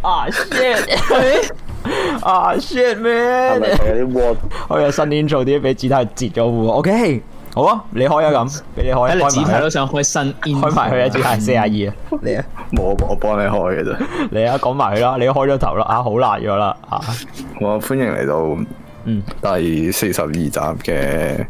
啊！shit！啊！shit，man！係咪同嗰 啲窩？我有新煙做啲俾紙牌截咗喎。OK，好啊，你開啊咁，俾 你開。一連紙牌都想開新煙，開埋佢啊！紙牌四十二啊，你啊，冇冇，我幫你開嘅啫。你啊，講埋佢啦，你都開咗頭啦，啊，好辣咗啦，啊，我歡迎嚟到。嗯，第四十二集嘅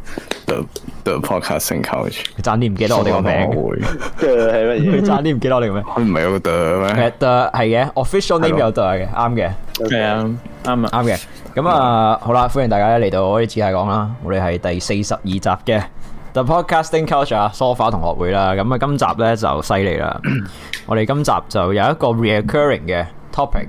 The The Podcasting Couch，爭啲唔記得我哋個名，即係乜嘢？爭啲唔記得我哋個名，唔係嗰度咩？The 係嘅，Official Name 有 The 嘅，啱嘅，係啱啱嘅。咁啊，好啦，歡迎大家嚟到我哋次下講啦。我哋係第四十二集嘅 The Podcasting Couch 啊，Sofa 同學會啦。咁啊，今集咧就犀利啦。我哋今集就有一個 reoccurring 嘅 topic。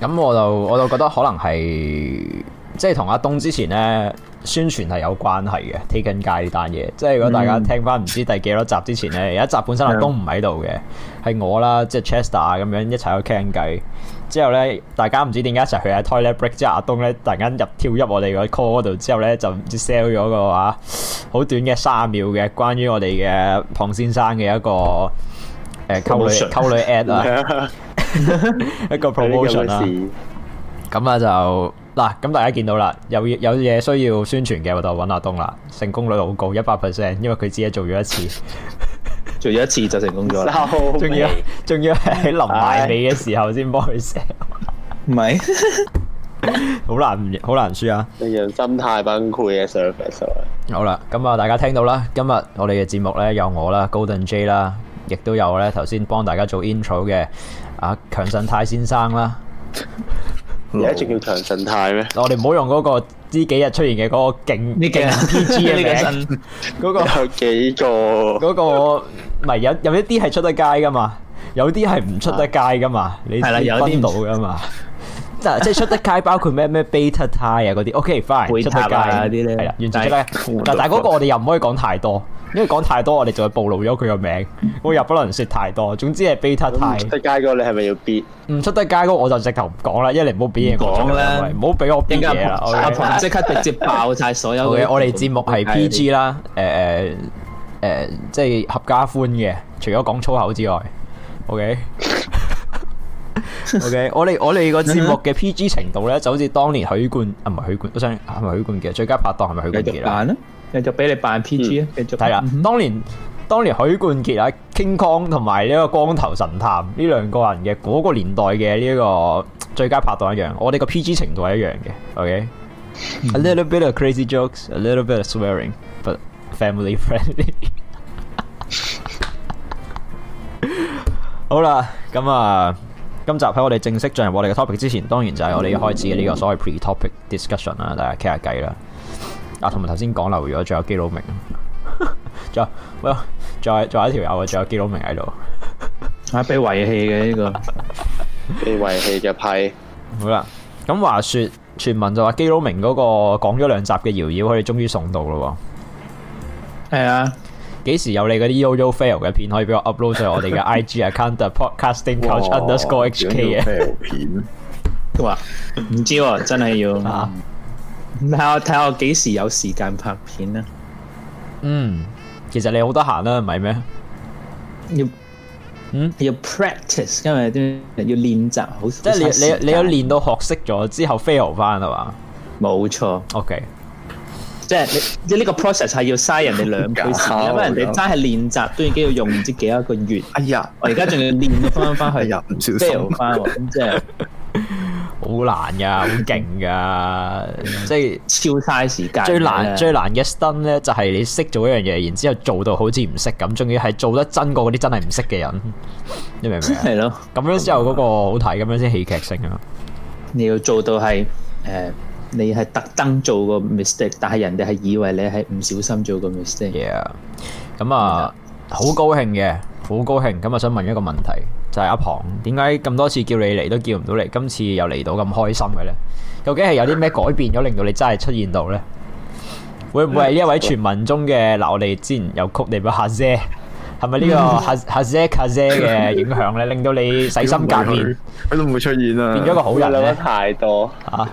咁我就我就覺得可能係即係同阿東之前咧宣傳係有關係嘅 take in 街呢單嘢，即係如果大家聽翻唔知第幾多集之前咧，嗯、有一集本身阿東唔喺度嘅，係、嗯、我啦，即、就、係、是、Chester 咁樣一齊去傾偈。之後咧大家唔知點解一齊去喺 toilet break，之後阿東咧突然間入跳入我哋個 call 嗰度之後咧就唔知 sell 咗個話好短嘅三秒嘅關於我哋嘅龐先生嘅一個。誒，溝女溝女 at 啊，一個 promotion 啦。咁啊就嗱，咁大家見到啦，有有嘢需要宣傳嘅，我就揾阿東啦。成功率好高，一百 percent，因為佢只係做咗一次，做咗一次就成功咗啦。仲要仲要喺臨埋尾嘅時候先幫佢 sell。唔係，好難好難輸啊！讓心態崩潰嘅 surface。好啦，咁啊，大家聽到啦，今日我哋嘅節目咧有我啦，Golden J 啦。亦都有咧，頭先幫大家做 intro 嘅啊強信泰先生啦，你一直叫強信泰咩？我哋唔好用嗰個呢幾日出現嘅嗰個勁呢個 PG 嘅名，嗰個有幾個？嗰個唔係有有一啲係出得街噶嘛，有啲係唔出得街噶嘛，你先要分到噶嘛。即係出得街，包括咩咩 Beta tie 啊嗰啲，OK fine 出得街嗰啲咧，係啦，完咗咧。但係嗰個我哋又唔可以講太多，因為講太多我哋就會暴露咗佢個名，我又不能說太多。總之係貝塔太。出得街嗰個你係咪要 B？唔出得街嗰個我就直頭唔講啦，一嚟唔好俾嘢講咧，唔好俾我。點解阿鵬即刻直接爆晒所有？我哋節目係 PG 啦，誒誒誒，即係合家歡嘅，除咗講粗口之外，OK。O、okay, K，我哋我哋個節目嘅 P G 程度咧，就好似當年許冠啊，唔係許冠，我想係唔係許冠傑最佳拍檔係咪許冠傑啦？繼續扮啦，繼續俾你扮 P G 啦。繼、嗯、續睇啦，當年當年許冠傑啊，King Kong 同埋呢個光頭神探呢兩個人嘅嗰個年代嘅呢個最佳拍檔一樣，我哋個 P G 程度係一樣嘅。O K，a、嗯、little bit of crazy jokes，a little bit of swearing，but family friendly 好。好、嗯、啦，咁啊。今集喺我哋正式進入我哋嘅 topic 之前，當然就係我哋要開始嘅呢個所謂 pre-topic discussion 啦，大家傾下計啦。啊，同埋頭先講漏咗，仲有基佬明，仲 有喂，仲有仲有一條友啊，仲有基佬明喺度，係被遺棄嘅呢個， 被遺棄就派。好啦，咁話說，傳聞就話基佬明嗰、嗰個講咗兩集嘅瑤瑤，佢哋終於送到咯。係啊。幾時有你嗰啲 U U Fail 嘅片可以俾我 upload 上我哋嘅 I G account podcasting couch underscore H K 嘅？fail 片，咁 啊，唔知，真係要啊！睇我睇我幾時有時間拍片啊？嗯，其實你好得閒啦，唔係咩？要，嗯，要 practice，因為要練習好，即係你你你要練到學識咗之後 fail 翻係嘛？冇錯錯，OK。即係你，即係呢個 process 係要嘥人哋兩倍時間，俾的人哋嘥係練習，都已經要用唔知幾多個月。哎呀，我而家仲要練到翻翻去，哎、即係好難噶，好勁噶，嗯、即係是超嘥時間。最難、最難嘅 stub 咧，就係、是、你識做一樣嘢，然之後做到好似唔識咁，仲要係做得真過嗰啲真係唔識嘅人，你明唔明啊？係咯了，咁樣之後嗰個好睇，咁樣先戲劇性啊！你要做到係誒。呃你係特登做個 mistake，但係人哋係以為你係唔小心做個 mistake。咁啊，好高興嘅，好高興。咁啊，想問一個問題，就係阿龐，點解咁多次叫你嚟都叫唔到你，今次又嚟到咁開心嘅咧？究竟係有啲咩改變咗，令到你真係出現到咧？會唔會係呢一位傳聞中嘅？嗱，我哋之前有曲你個 hasze，係咪呢個 hashasze hasze 嘅影響咧，令到你洗心革面？佢都唔會出現啊！變咗個好人咧？諗得太多啊！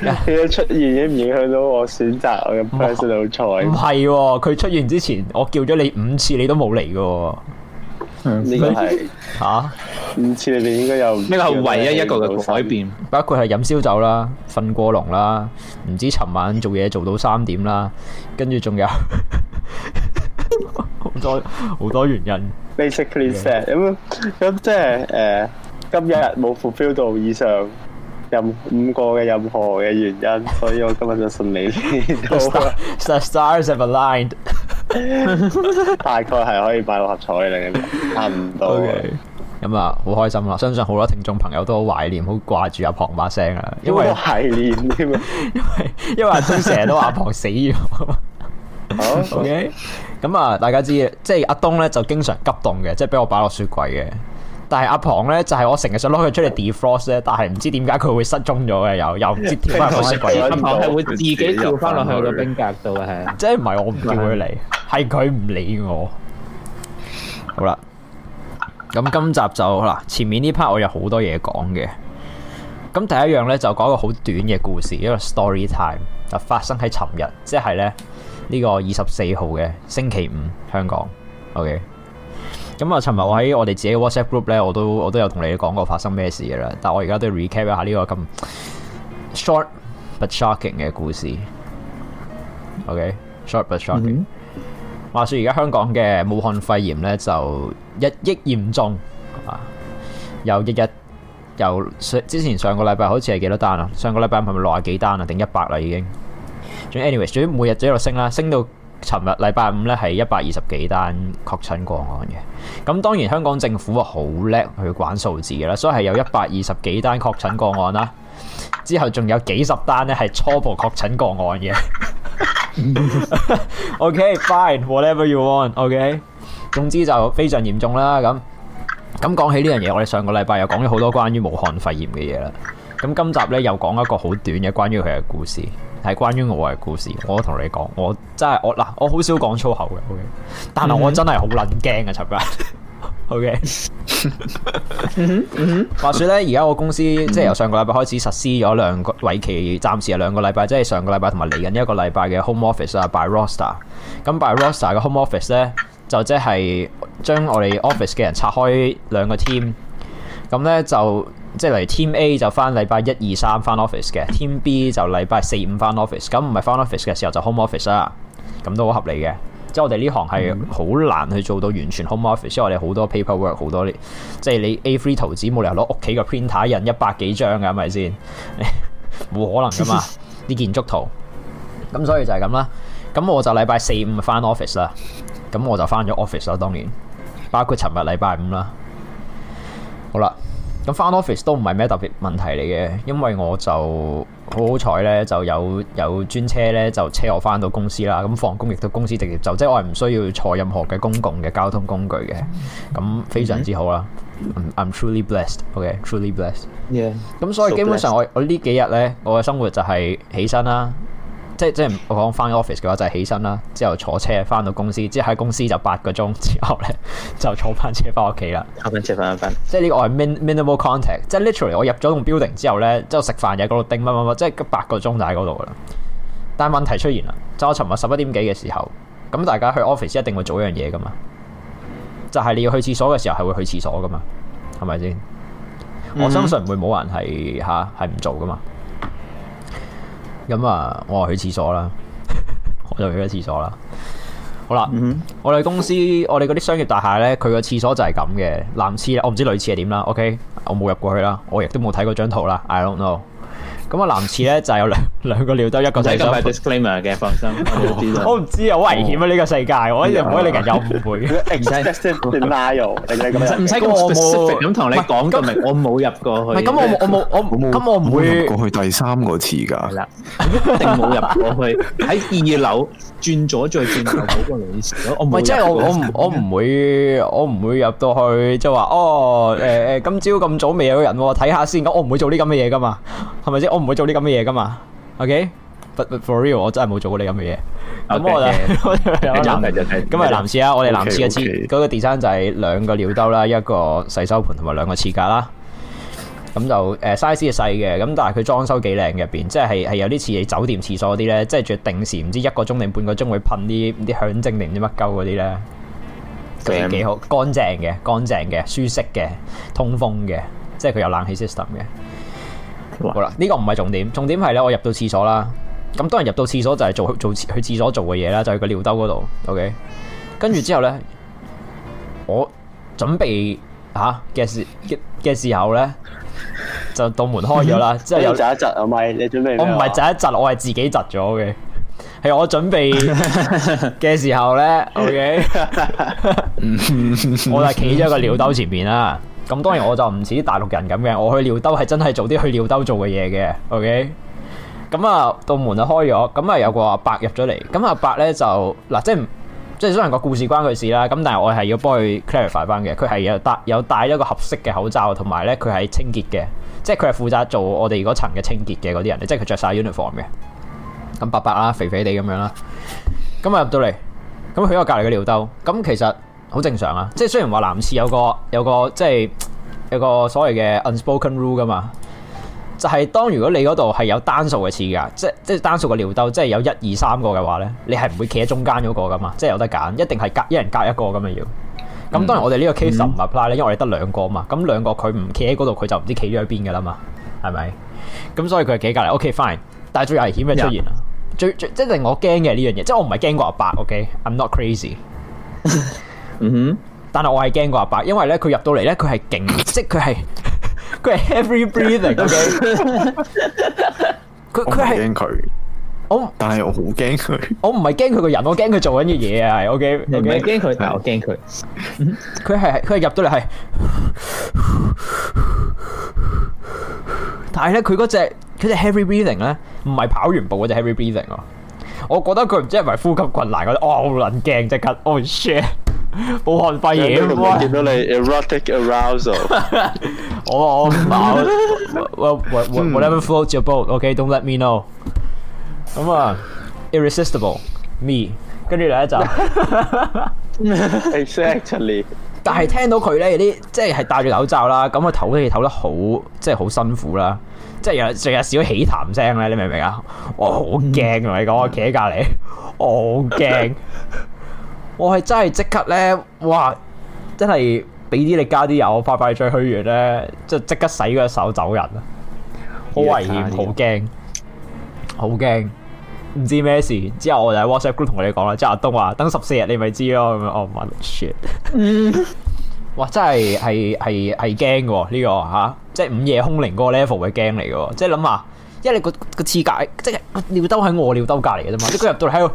佢出現有有影唔影響到我選擇我嘅 personal choice？唔係喎，佢財、哦、出現之前，我叫咗你五次，你都冇嚟㗎。呢個係吓五次裡邊應該有。呢個係唯一一個嘅改變，包括係飲燒酒啦、瞓過籠啦、唔知尋晚做嘢做到三點啦，跟住仲有 好多好 多原因。Basically sad 咁咁即係誒，今日冇 fulfill 到以上。任五個嘅任何嘅原因，所以我今日就順利到 stars have aligned，大概係可以擺六合彩嘅，差唔多。咁啊、okay，好開心啦！相信好多聽眾朋友都好懷念，好掛住阿 Pong 把聲啊！因為，因為懷念添啊， 因為因為阿東成日都話阿 Pong 死咗。好、 oh?，OK。咁啊，大家知即係阿東咧就經常急凍嘅，即係俾我擺落雪櫃嘅。但係阿龐咧，就係、是、我成日想攞佢出嚟 defrost 咧，但係唔知點解佢會失蹤咗嘅，又又唔知點解，阿龐，係會自己跳翻落去個冰格度嘅，即係唔係我唔叫佢嚟，係佢唔理我。好啦，咁今集就好啦，前面呢 part 我有好多嘢講嘅。咁第一樣咧就講個好短嘅故事，一個 story time 就發生喺尋日，即係咧呢、呢個二十四號嘅星期五，香港，OK。咁啊，尋日、嗯、我喺我哋自己嘅 WhatsApp group 咧，我都我都有同你哋講過發生咩事嘅啦。但我而家都 recap 一下呢個咁 sh、okay? short but shocking 嘅故事。OK，short but shocking。話説而家香港嘅武漢肺炎咧，就日益嚴重啊！又日日又，之前上個禮拜好似係幾多單啊？上個禮拜係咪六十幾單啊？定一百啦已經。總之，anyway，s 總之每日就仔都升啦，升到～尋日禮拜五咧，係一百二十幾單確診個案嘅，咁當然香港政府啊，好叻去玩數字嘅啦，所以係有一百二十幾單確診個案啦，之後仲有幾十單咧，係初步確診個案嘅。 OK fine whatever you want OK，總之就非常嚴重啦。咁咁講起呢樣嘢，我哋上個禮拜又講咗好多關於武漢肺炎嘅嘢啦。咁今集呢，又講一個好短嘅關於佢嘅故事。係關於我嘅故事，我同你講，我真係我嗱，我好少講粗口嘅，okay? 但係我真係好撚驚嘅尋日，好嘅。Okay? Mm hmm. mm hmm. 話說呢，而家我公司即係由上個禮拜開始實施咗兩個為期暫時係兩個禮拜，即係上個禮拜同埋嚟緊一個禮拜嘅 home office 啊、mm hmm.，by roster。咁 by roster 嘅 home office 呢，就即係將我哋 office 嘅人拆開兩個 team，咁呢，就。即係例如 Team A 就翻禮拜一二三翻 office 嘅，Team B 就禮拜四五翻 office。咁唔係翻 office 嘅時候就 home office 啦，咁都好合理嘅。即係我哋呢行係好難去做到完全 home office，因為我哋好多 paperwork，好多啲即係你 A3 圖紙冇理由攞屋企嘅 printer 印一百幾張㗎，係咪先？冇 可能噶嘛，啲 建築圖。咁所以就係咁啦。咁我就禮拜四五翻 office 啦。咁我就翻咗 office 啦，當然包括尋日禮拜五啦。好啦。咁翻 office 都唔係咩特別問題嚟嘅，因為我就好好彩咧，就有有專車咧，就車我翻到公司啦。咁放工亦都公司直接就，即係我係唔需要坐任何嘅公共嘅交通工具嘅。咁非常之好啦，Mm-hmm. I'm truly blessed，OK，truly blessed, okay? 咁 Yeah, 所以基本上我我呢幾日咧，我嘅生活就係起身啦。即即我講翻 office 嘅話就係、是、起身啦，之後坐車翻到公司，之後喺公司就八個鐘之後咧就坐翻車翻屋企啦，飯飯飯飯即翻呢個我係 min, minimal contact，即 literally 我入咗棟 building 之後咧，就食飯就喺嗰度叮乜乜乜，即八個鐘就喺嗰度啦。但問題出現啦，就我尋日十一點幾嘅時候，咁大家去 office 一定會做一樣嘢噶嘛，就係、是、你要去廁所嘅時候係會去廁所噶嘛，係咪先？嗯、我相信唔會冇人係嚇係唔做噶嘛。咁啊，我話去廁所啦，我就去咗廁所啦。好啦，嗯、哼我哋公司，我哋嗰啲商業大廈咧，佢個廁所就係咁嘅男廁，我唔知女廁係點啦。OK，我冇入過去啦，我亦都冇睇過張圖啦，I don't know。咁啊，男廁咧就有兩兩個尿兜，一個洗手間。Disclaimer 嘅，放心，我唔知啊，我唔知啊，好危險啊，呢個世界，我亦唔可以令人有誤會。唔使 Niall 唔使咁，唔使咁 specific 咁同你講，咁唔係我冇入過去，唔係咁我我冇我，咁我唔會入過去第三個次㗎，係啦，一定冇入過去喺二樓。轉咗再轉右嗰個女士我唔係即係我我唔 我唔會我唔會入到去即係話哦誒誒、呃、今朝咁早未有人看看我睇下先我我唔會做呢咁嘅嘢噶嘛係咪先我唔會做呢咁嘅嘢噶嘛 ok、But、for real 我真係冇做過呢咁嘅嘢咁我就咁係男士啊、uh, okay, okay, okay, okay. 我哋男士嘅廁嗰個 design 就係兩個尿兜啦一個洗手盆同埋兩個廁格啦。咁就 size 係細嘅，咁但係佢裝修幾靚入邊即係係係有啲似酒店廁所啲咧，即係仲要定時唔知一個鐘定半個鐘會噴啲啲響精靈啲乜鳩嗰啲咧，係幾好乾，乾淨嘅，乾淨嘅，舒適嘅，通風嘅，即係佢有冷氣 system 嘅。哇好啦，呢、呢個唔係重點，重點係咧，我入到廁所啦，咁當然入到廁所就係做，做，做去廁所做嘅嘢啦，就係個尿兜嗰度。OK，跟住之後咧，我準備嚇嘅、啊、嘅時候咧。就道門開咗啦， 之後有窒一窒，唔係你準備，我唔係窒一窒，我係自己窒咗嘅，係我準備嘅 時候咧，OK， 我就企咗個尿兜前面啦。咁當然我就唔似啲大陸人咁嘅，我去尿兜係真係做啲去尿兜做嘅嘢嘅，OK。咁啊，道門就開咗，咁啊有個阿伯入咗嚟，咁阿伯咧就嗱，即係。即係雖然個故事關佢事啦，咁但係我係要幫佢 clarify 翻嘅。佢係有帶有戴咗個合適嘅口罩，同埋咧佢係清潔嘅，即係佢係負責做我哋嗰層嘅清潔嘅嗰啲人，即係佢著晒 uniform 嘅。咁白白啦，肥肥地咁樣啦，咁啊入到嚟，咁佢喺我隔離嘅尿兜。咁其實好正常啊，即係雖然話男廁有個有個即係有個所謂嘅 unspoken rule 噶嘛。就係當如果你嗰度係有單數嘅刺噶，即即單數嘅尿兜，即係有一二三個嘅話咧，你係唔會企喺中間嗰個噶嘛，即係有得揀，一定係隔一人隔一個咁啊要。咁、嗯、當然我哋呢個 case 唔 apply 咧，app ly, 因為我哋得兩個嘛，咁兩個佢唔企喺嗰度，佢就唔知企咗喺邊噶啦嘛，係咪？咁所以佢係企隔籬。OK，fine，、okay, 但係最危險嘅出現啦 Yeah.，最最即係令我驚嘅呢樣嘢，即係我唔係驚過阿伯，伯。OK，I'm、okay? not crazy。嗯哼，但係我係驚過阿伯，伯，因為咧佢入到嚟咧，佢係勁即佢係。佢係 heavy breathing，OK。佢佢係驚佢，哦，他是我但係我好驚佢，我唔係驚佢個人，我驚佢做緊嘅嘢啊，係 OK, okay?。 你唔係驚佢，但係我驚佢。佢係佢係入到嚟係， 但係咧佢嗰隻佢隻 heavy breathing 咧，唔係跑完步嗰隻 heavy breathing。我覺得佢唔知係咪呼吸困難嗰啲，哦，好撚驚即刻，哦、oh、，shit。武漢肺炎，我見到你 erotic arousal，我我唔好，whatever floats your boat，OK，don't let me know。咁啊，irresistible，me，跟住嚟一陣。Exactly。但係聽到佢咧有啲，即係戴住口罩啦，咁佢唞都唞得好，即係好辛苦啦，即係有成日少起痰聲咧，你明唔明啊？我好驚同你講，我企喺隔籬，我好驚。我係真係即刻咧，哇！真係俾啲力加啲油，快快脆去完咧，就即刻洗個手走人啊！好危險，好驚，好驚，唔知咩事。之後我就喺 WhatsApp group 同佢哋講啦，即係阿東話等十四日你咪知咯。咁樣我 shit。嗯，哇！真係係係係驚嘅呢個吓、啊，即係午夜凶鈴嗰個 level 嘅驚嚟嘅，即係諗下，因為你、嗰個、嗰個廁格即係個尿兜喺我尿兜隔籬嘅啫嘛，即係佢入到嚟喺度。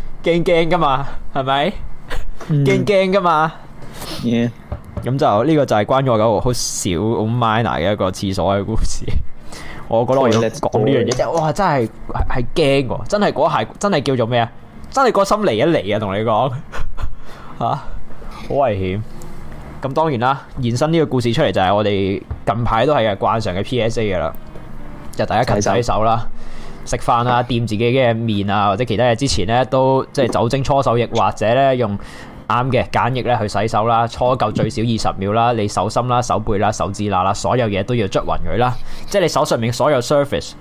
驚驚噶嘛，係咪？驚驚噶嘛，咁就呢個就係關於我一個好少 minor 嘅一個廁所嘅故事。我覺得我講呢樣嘢，哇，真係係驚，真係嗰下真係叫做咩啊？真係個心離一離啊！同你講，吓好危險。咁當然啦，延伸呢個故事出嚟就係我哋近排都係嘅慣常嘅 PSA 嘅啦，就大家勤洗手啦。食飯啊，掂自己嘅面啊，或者其他嘢之前呢，都即係酒精搓手液，或者呢，用啱嘅梘液呢去洗手啦，搓夠最少二十秒啦，你手心啦、手背啦、手指罅啦，所有嘢都要捽匀佢啦。即係你手上面所有 surface，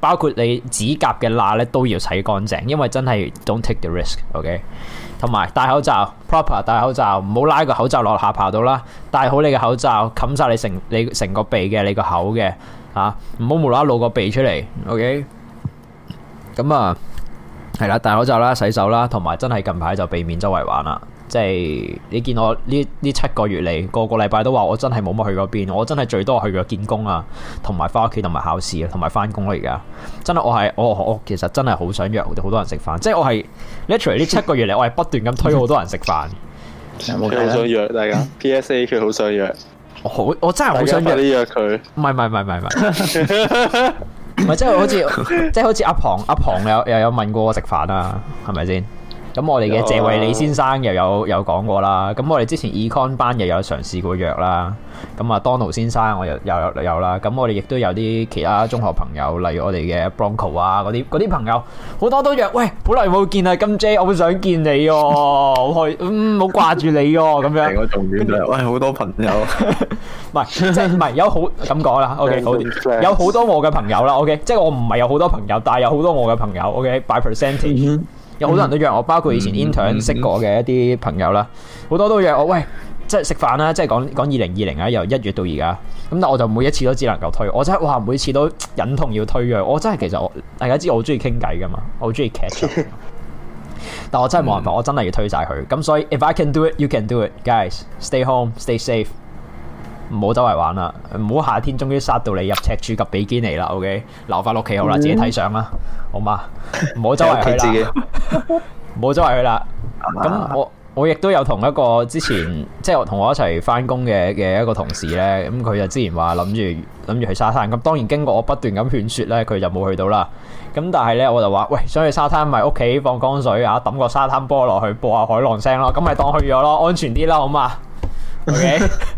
包括你指甲嘅罅呢，都要洗乾淨，因為真係 don't take the risk。OK，同埋戴口罩 proper 戴口罩，唔好拉個口罩落下巴度啦，戴好你嘅口罩，冚晒你成你成個鼻嘅，你個口嘅嚇，唔好冇啦啦露個鼻出嚟。OK。咁啊，係啦，戴口罩啦，洗手啦，同埋真係近排就避免周圍玩啦。即係你見我呢呢七個月嚟，個個禮拜都話我真係冇乜去嗰邊。我真係最多去咗見工啊，同埋翻屋企，同埋考試啊，同埋翻工啦。而家真係我係我我其實真係好想約好多人食飯。即係我係你除咗呢七個月嚟， 我係不斷咁推好多人食飯。好想約大家。PSA 佢好想約。 我我真係好想約你約佢。唔係唔係唔係唔係。 唔係，即係好似，即係好似阿龐阿龐又有，有問過我食飯啊，係咪先？咁我哋嘅謝慧李先生又有有講過啦，咁我哋之前 Econ 班又有嘗試過約啦，咁啊 Donald 先生又我又又有有啦，咁我哋亦都有啲其他中學朋友，例如我哋嘅 Bronco 啊嗰啲啲朋友，好多都約喂，好耐冇見啊，金姐，我好想見你哦，好開 嗯，好掛住你哦，咁樣，我仲要約，喂，好多朋友，唔係即係唔係有好咁講啦，OK，好，有好多我嘅朋友啦，OK，即係我唔係有好多朋友，但係有好多我嘅朋友，OK，by percentage 有好多人都約我，包括以前 intern 識過嘅一啲朋友啦，好 多都約我，喂，即係食飯啦，即係講講二零二零啊，2020，由一月到而家，咁但我就每一次都只能夠推，我真係哇，每次都忍痛要推約，我真係其實我大家知道我好中意傾偈噶嘛，我好中意 catch up 但我真係冇辦法，我真係要推晒佢，咁所以 if I can do it, you can do it, guys, stay home, stay safe。唔好周圍玩啦，唔好夏天終於殺到你入赤柱及比堅尼啦，OK？留翻屋企好啦，嗯、自己睇相啦，好嘛？唔好周圍去啦，唔好周圍去啦。咁 我我亦都有同一個之前即係我同我一齊翻工嘅嘅一個同事呢。咁佢就之前話諗住諗住去沙灘，咁當然經過我不斷咁勸說呢，佢就冇去到啦。咁但係呢，我就話喂，想去沙灘咪屋企放江水啊，抌個沙灘波落去播下海浪聲咯，咁咪當去咗咯，安全啲啦，好嘛？OK？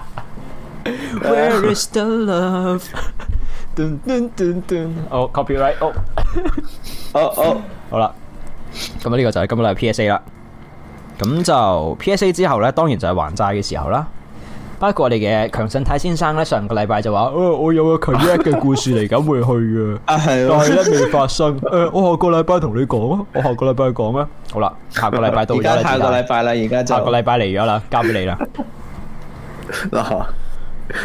Where is the love？哦，copyright！好啦，咁呢個就係今日 P S A 啦。咁就 P S A 之後呢，當然就係還債嘅時候啦。包括我哋嘅強信泰先生呢，上個禮拜就話、呃，我有個嘅故事嚟緊會去嘅。啊但係呢未發生。我下個禮拜同你講啊，我下個禮拜講啊。好啦，下個禮拜到，下個禮拜啦，而家就下個禮拜嚟咗啦，交俾你啦。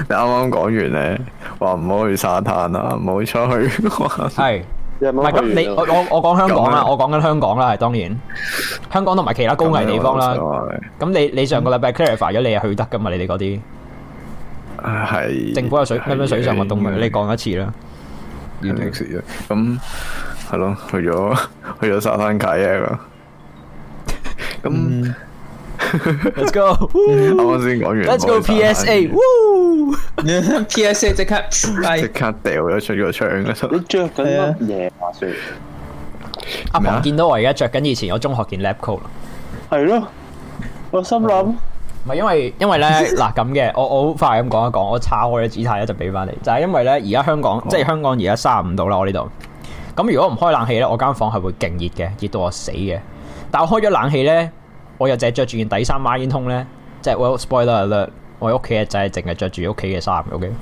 你啱啱講完咧，話唔好去沙灘啦，唔好出去。係，唔係咁你我我我講香港啦，樣我講緊香港啦，係當然，香港都唔係其他高危地方啦。咁你你，你上個禮拜 clarify 咗，你係去得噶嘛？嗯、你哋嗰啲係，政府有水咩咩水上運動，咪你講一次啦。咁係咯，去咗去咗沙灘睇啊！咁 Let's go！啱啱先講完。Let's go p s a p s a 即 刻即刻掉咗出個窗。我着緊乜嘢啊？阿鵬見到我而家着緊以前我中學件 lab coat 啦。係咯，我心諗唔係因為因為咧嗱咁嘅，我我好快咁講一講，我抄開嘅姿態一就俾翻你，就係、是、因為咧而家香港、哦、即係香港而家三十五度啦，我呢度。咁如果唔開冷氣咧，我間房係會勁熱嘅，熱到我死嘅。但我開咗冷氣咧。我又淨係着住件底衫孖煙通咧，即係 well spoiler alert。我屋企嘅仔淨係着住屋企嘅衫，ok。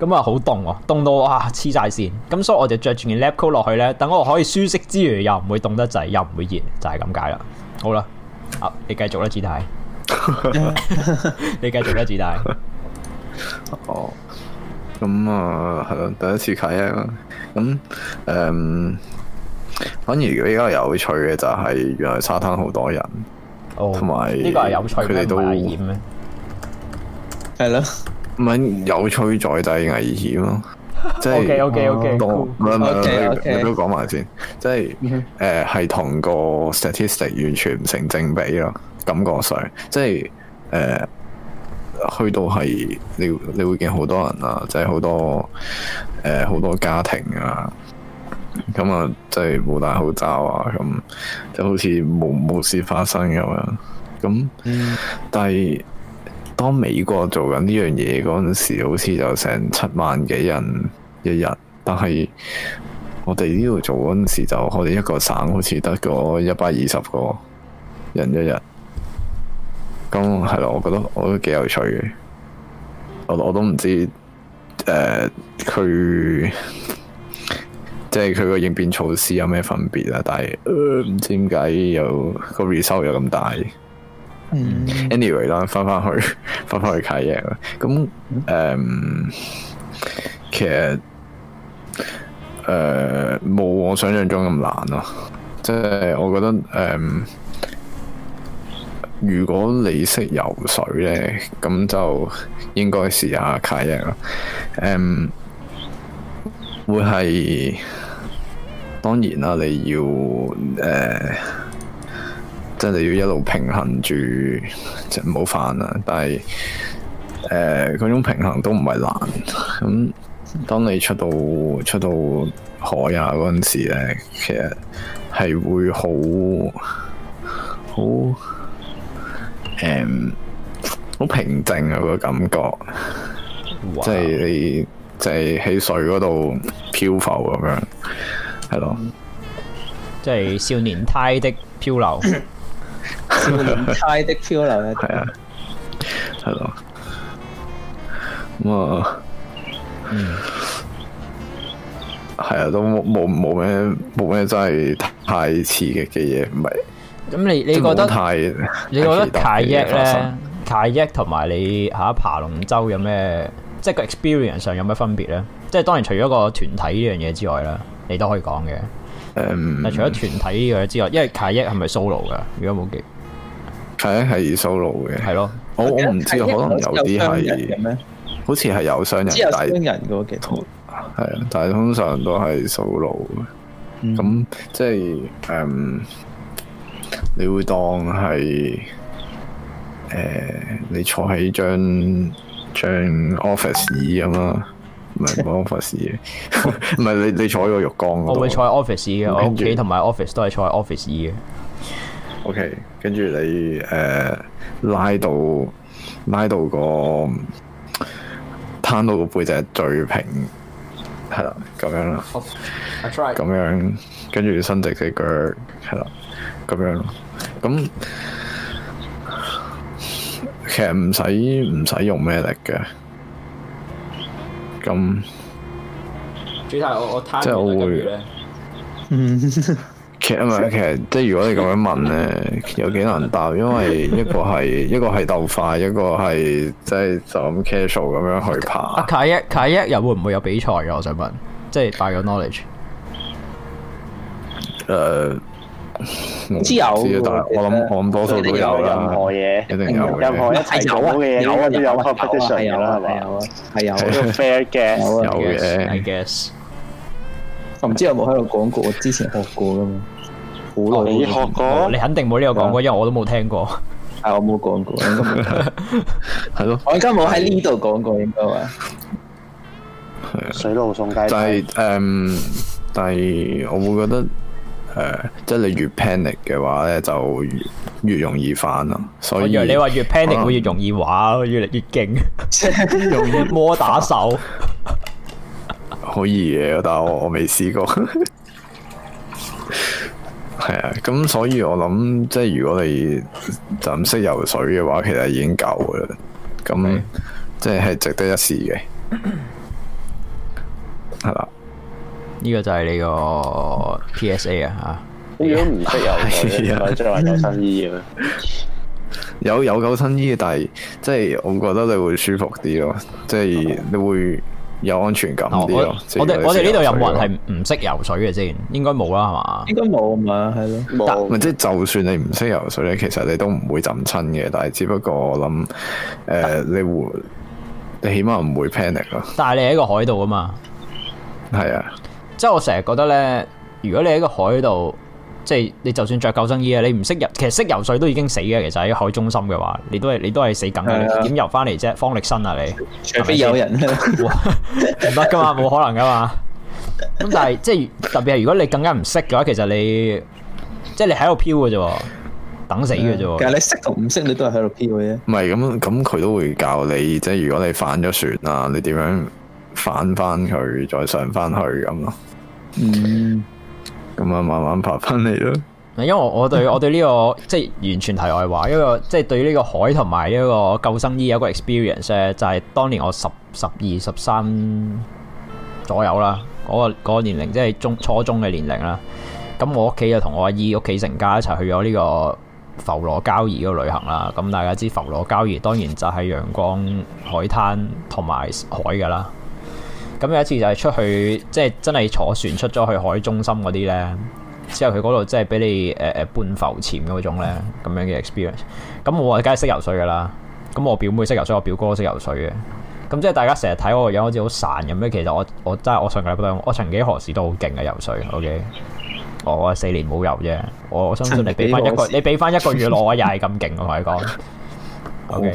咁啊，好凍哦，凍到啊黐晒線。咁所以我就着住件 lap coat 落去咧，等我可以舒適之餘又唔會凍得滯，又唔會熱，就係、是、咁解啦。好啦，啊你繼續啦，Gtai，你繼續啦，Gtai。哦，咁啊係咯，第一次睇啊。咁誒、嗯，反而如果比較有趣嘅就係，原來沙灘好多人。同埋呢個係有趣，唔係危險咩？係咯，唔係有趣在就係危險咯、啊。O K O K O K，你都講埋先，即係誒係同個 statistic 完全唔成正比咯，感覺上即係誒、呃、去到係你你會見好多人啊，即係好多誒好、呃、多家庭啊。咁啊，就係冇戴口罩啊，咁就好似冇冇事發生咁樣。咁，嗯、但係當美國做緊呢樣嘢嗰陣時，好似就成七萬幾人一日，但係我哋呢度做嗰陣時就，就我哋一個省好似得個一百二十個人一日。咁係啦，我覺得我都幾有趣嘅。我我都唔知誒，佢、呃。即係佢個應變措施有咩分別啊？但係唔、呃、知點解有個 result 有咁大。anyway 啦，翻翻、anyway，去翻翻去卡爺啦。咁誒、嗯嗯，其實誒冇、呃、我想象中咁難咯、啊。即係我覺得誒、嗯，如果你識游水咧，咁就應該試下卡爺。誒、嗯，會係。當然啦，你要誒、呃，即係你要一路平衡住，即係唔好煩啊。但係誒，嗰、呃、種平衡都唔係難。咁當你出到出到海啊嗰陣時咧，其實係會好好誒，好、嗯、平靜啊個感覺，Wow. 即係你即係喺水嗰度漂浮咁樣。係咯，即係、嗯就是、少年胎的漂流， 少年胎的漂流係 啊，係咯咁啊，嗯，係啊，都冇冇冇咩冇咩真係太刺激嘅嘢，唔係。咁你你覺得 你覺得 kayak 咧？kayak 同埋你吓、啊、爬龍舟有咩？即係個 experience 上有咩分別咧？即、就、係、是、當然除咗個團體呢樣嘢，之外啦。你都可以講嘅。誒，um, 除咗團體呢樣之外，因為 kayak 係咪 solo 嘅？如果冇記，係啊，係 solo 嘅。係咯，我我唔知道，可能有啲係，好似係有雙人，雙人的但人嗰個啊，但係通常都係 solo 嘅。咁、嗯、即係誒，um, 你會當係誒、呃，你坐喺張、嗯、張 office 椅咁啊。唔係 office 椅，唔係 你你坐喺個浴缸。我會坐喺 office 椅，後我屋企同埋 office 都係坐喺 office 椅嘅。O K，跟住你誒、呃，拉到拉到個攤到個背脊最平，係啦，咁樣啦，咁、oh, I 樣，跟住伸直隻腳，係啦，咁樣，咁其實唔使唔使用咩力嘅。咁，即係那我，我，我會，嗯 其實唔其實即係如果你咁樣問咧， 有幾難答，因為一個係 一個係鬥快，一個係即係就咁 casual 咁樣 cas 去爬、啊啊。Kayak kayak 又會唔會有比賽嘅？我想問，即係大個 knowledge。Uh, 唔知有，我諗我諗多數都有啦，一定有任何一齊講嘅嘢，有啊都有啊，係有啦係咪？有啊，係有。Fair guess，有嘅。I guess，我唔知有冇喺度講過，我之前學過噶嘛？好耐，你學過？你肯定冇呢個講過，因為我都冇聽過。係我冇講過，係咯？我而家冇喺呢度講過，應該係。水路送雞仔，就係誒，但係我會覺得。誒、 嗯，即係你越 panic 嘅話咧，就越容易翻咯。所以，以你話越 panic 會越容易玩，能越嚟越勁，越 容易摩打手。可以嘅，但係我我未試過。係 啊，咁 所以我諗，即係如果你就唔識游水嘅話，其實已經夠嘅啦。咁的即係係值得一試嘅。係 啦。呢個就係你個 P.S.A. 啊吓，如果唔識游水咧，即係有救生衣嘅，有有救生衣，但係即係我覺得你會舒服啲咯，即係你會有安全感啲咯。我哋我哋呢度有冇人係唔識游水嘅，先應該冇啦係嘛？應該冇咪係咯，冇即係就算你唔識游水咧，其實你都唔會浸親嘅。但係只不過我諗，誒，你會你起碼唔會 panic 咯。但係你喺個海度啊嘛，係啊。即係我成日覺得咧，如果你喺個海度，即係你就算着救生衣啊，你唔識游，其實識游水都已經死嘅。其實喺海中心嘅話，你都係你都係死梗嘅，點游翻嚟啫？方力申啊，你，除非有人唔得噶嘛，冇 可能噶嘛。咁但係即係特別係如果你更加唔識嘅話，其實你即係你喺度漂嘅啫，等死嘅啫。但係你識同唔識，你都係喺度漂嘅啫。唔係咁咁，佢都會教你，即係如果你反咗船啊，你點樣反翻去再上翻去咁咯。嗯，咁啊，慢慢爬翻嚟咯。因為我對我對呢個即係完全題外話，一個即係對呢個海同埋一個救生衣、e、有個 experience 就係當年我十十二十三左右啦，嗰、嗰個、嗰個年齡即係中初中嘅年齡啦。咁我屋企就同我阿姨屋企成家一齊去咗呢個浮羅交怡嗰個旅行啦。咁大家知道浮羅交怡當然就係陽光海灘同埋海噶啦。咁有一次就係出去，即係真係坐船出咗去海中心嗰啲咧，之後佢嗰度即係俾你誒誒、呃、半浮潛嗰種咧咁樣嘅 experience。咁我梗係識游水噶啦。咁我表妹識游水，我表哥識游水嘅。咁即係大家成日睇我個樣好似好孱咁咧，其實我我真係我上個禮拜，我曾幾何時都好勁嘅游水。OK，我四年冇游啫，我相信你俾翻一個，你俾翻一個月我，又係咁勁。我同 你講，OK。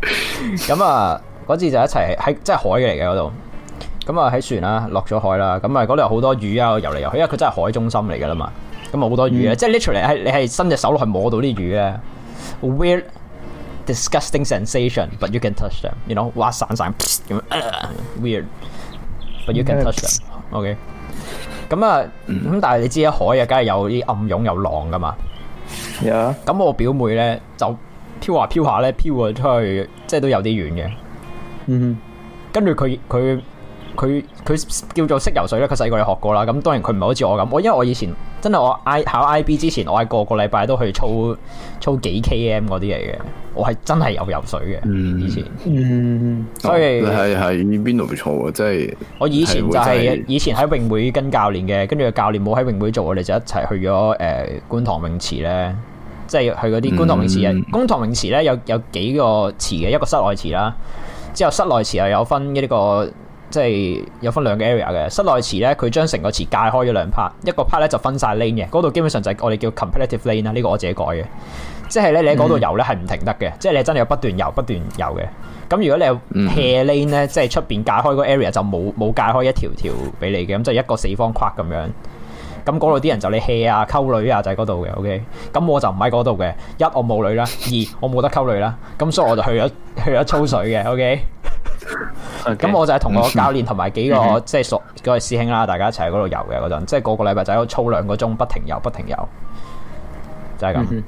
咁啊，嗰、 嗯、次就一齊喺即係海嚟嘅嗰度，咁啊喺船啦，落咗海啦，咁啊嗰度有好多魚啊游嚟游去，因為佢真係海中心嚟噶啦嘛，咁啊好多魚啊，嗯、即係 literally 你係伸隻手落去摸到啲魚咧，weird disgusting sensation，but you can touch them，you know，哇散散、呃、weird but you can touch them，ok，、okay? 咁啊咁、嗯、但係你知喺海啊，梗係有啲暗湧有浪噶嘛，咁 Yeah. 我表妹咧就。飄下飄下咧，飄啊出去，即係都有啲遠嘅。嗯、mm，hmm. 跟住，佢佢佢佢叫做識游水咧。佢細個又學過啦。咁當然佢唔係好似我咁。我因為我以前真係我 I 考 IB 之前，我係個個禮拜都去操操幾 KM 嗰啲嚟嘅。我係真係有游水嘅。嗯、mm，hmm. 以前嗯，mm hmm. 所以係係邊度唔錯啊！即係我以前就係以前喺泳會跟教練嘅，跟住教練冇喺泳會做，我哋就一齊去咗誒、呃、觀塘泳池咧。即係去嗰啲觀塘泳池啊！觀塘泳池咧，有有幾個池嘅，一個室內池啦，之後室內池又有分呢個即係有分兩個 area 嘅。室內池咧，佢將成個池界開咗兩 part，一個 part 咧就分晒 lane 嘅，嗰度基本上就係我哋叫 competitive lane 啦。呢個我自己改嘅，即係咧你喺嗰度游咧係唔停得嘅，嗯、即係你真係有不斷游、不斷游嘅。咁如果你有 hair lane 咧、嗯，即係出邊界開個 area 就冇冇界開一條條俾你嘅，咁就一個四方框咁樣。咁嗰度啲人就你 hea 啊、溝女啊，就係嗰度嘅。OK，咁我就唔喺嗰度嘅。一我冇女啦，二我冇得溝女啦。咁所以我就去咗 去咗抽水嘅。OK，咁 我就係同我教練同埋幾個即係、就是、熟嗰位師兄啦，大家一齊喺嗰度游嘅嗰陣，即係、就是、個禮都個禮拜就喺度抽兩個鐘，不停游不停游，就係、是、咁。嗯、哼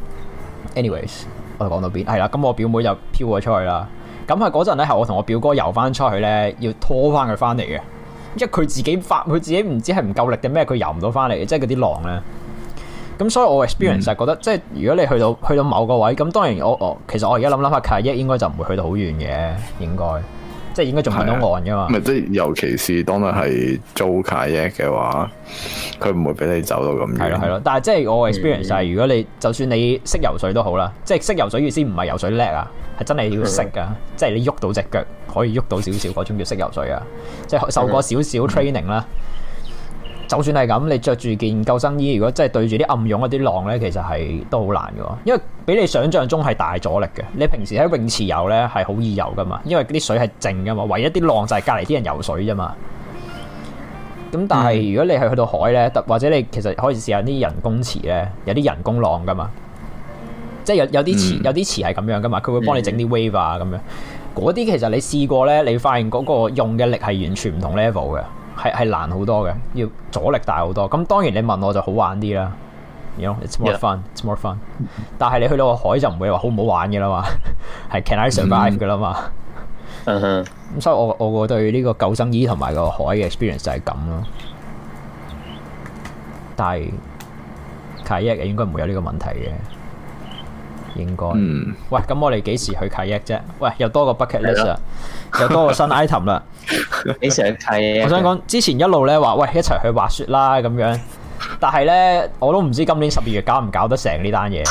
Anyways，我哋講到邊？係啦，咁我表妹就飄咗出去啦。咁係嗰陣咧，係我同我表哥游翻出去咧，要拖翻佢翻嚟嘅。因為佢自己發，佢自己唔知係唔夠力定咩，佢游唔到翻嚟，即係嗰啲浪咧。咁所以我 experience 係覺得，嗯、即係如果你去到去到某個位，咁當然我我其實我而家諗諗下，卡一應該就唔會去到好遠嘅，應該即係應該仲見到岸噶嘛。唔係，即係尤其是當佢係租卡一嘅話，佢唔會俾你走到咁遠。係咯係咯，但係即係我 experience 係，嗯、如果你就算你識游水都好啦，即係識游水意思唔係游水叻啊。真係要識噶，即係你喐到隻腳，可以喐到少少嗰種叫 識游水啊！即係受過少少 training 啦。就算係咁，你着住件救生衣，如果真係對住啲暗湧，一啲浪呢，其實係都好難噶。因為比你想象中係大阻力嘅。你平時喺泳池游呢係好易游噶嘛，因為啲水係靜噶嘛，唯一啲浪就係隔籬啲人游水啫嘛。咁但係如果你係去到海呢，或者你其實可以試下啲人工池呢，有啲人工浪噶嘛。即係有有啲池，有啲池係咁樣噶嘛，佢會幫你整啲 wave 啊咁樣。嗰啲其實你試過咧，你發現嗰個用嘅力係完全唔同 level 嘅，係係難好多嘅，要阻力大好多。咁當然你問我就好玩啲啦，You know，it's more fun，it's more fun。Yeah. 但係你去到個海就唔會話好唔好玩嘅啦嘛，係 can I survive 嘅啦嘛。嗯，咁所以我我對呢個救生衣同埋個海嘅 experience 就係咁咯。但係 kayaking 應該唔會有呢個問題嘅。應該。嗯。喂，咁我哋幾時去契約啫？喂，又多個 bucket list 了又多個新 item 啦。幾時契約？我想講之前一路咧，話，喂，一齊去滑雪啦咁樣。但係咧，我都唔知今年十二月搞唔搞得成呢單嘢。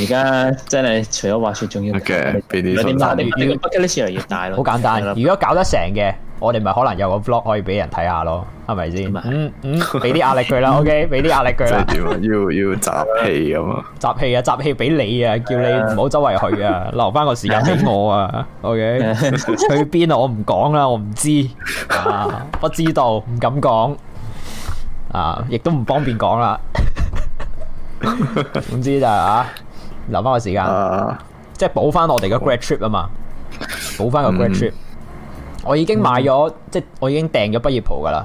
而家 真係除咗滑雪，仲要 Okay,。嘅，俾啲。你啲 bucket list 越嚟越大咯。好簡單，了如果搞得成嘅，我哋咪可能有個 vlog 可以俾人睇下咯。係咪先？嗯嗯，俾啲壓力佢啦 ，OK，俾啲壓力佢啦。要要要集氣咁啊！集氣啊！集氣俾你啊！叫你唔好周圍去啊！留翻個時間俾我啊！OK， 去邊啊？我唔講啦，我唔知， 啊，不知道，唔敢講，啊，亦都唔方便講啦。總之就係啊，留翻個時間， 即係補翻我哋嘅 grad trip 啊嘛，補翻個 grad trip。嗯、我已經買咗，嗯、即係我已經訂咗畢業袍㗎啦。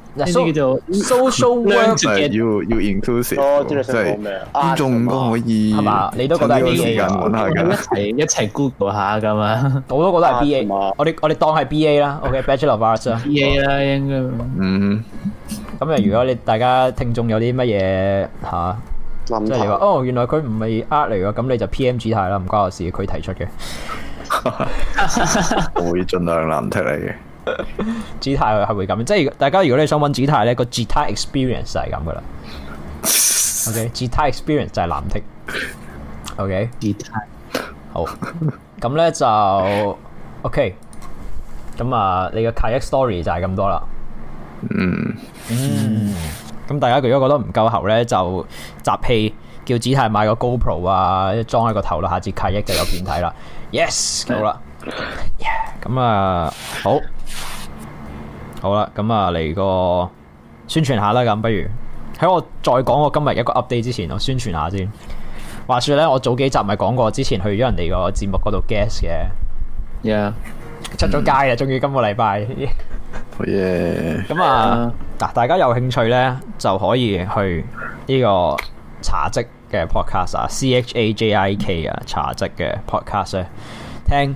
呢啲叫做 social work，即係要要 inclusive，即係觀眾都可以係嘛？你都覺得係呢啲嘅，一齊一齊 Google 下咁啊！我都覺得係 B A，我哋我哋當係 B A 啦。O K，Bachelor of Arts。B A 啦，應該嗯。咁啊，如果你大家聽眾有啲乜嘢吓，即係話哦，原來佢唔係呃嚟噶，咁你就 P M 主題啦，唔關我事，佢提出嘅。我會盡量難踢你嘅。姿太係會咁，即係大家如果你想揾姿太咧，個姿態 experience 就係咁噶啦。 o、okay, K，姿態 experience 就係藍剔。O、okay, K，姿態態好，咁咧就 O K。咁、okay, 啊，你個卡益 story 就係咁多啦。嗯嗯，咁、嗯、大家如果覺得唔夠喉咧，就集氣叫姿太買個 GoPro 啊，裝喺個頭啦，下次卡益就有片睇啦。 yes，好啦。咁、yeah, 啊，好，好啦，咁啊，嚟個宣傳下啦。咁不如喺我再講我今日一個 update 之前，我宣傳下先。話說咧，我早幾集咪講過，之前去咗人哋個節目嗰度 guest 嘅 Yeah。出咗街啊，終於今個禮拜。咁啊，嗱，大家有興趣咧就可以去呢個查職嘅 podcast 啊，C H A J I K 啊，查職嘅 podcast 咧聽。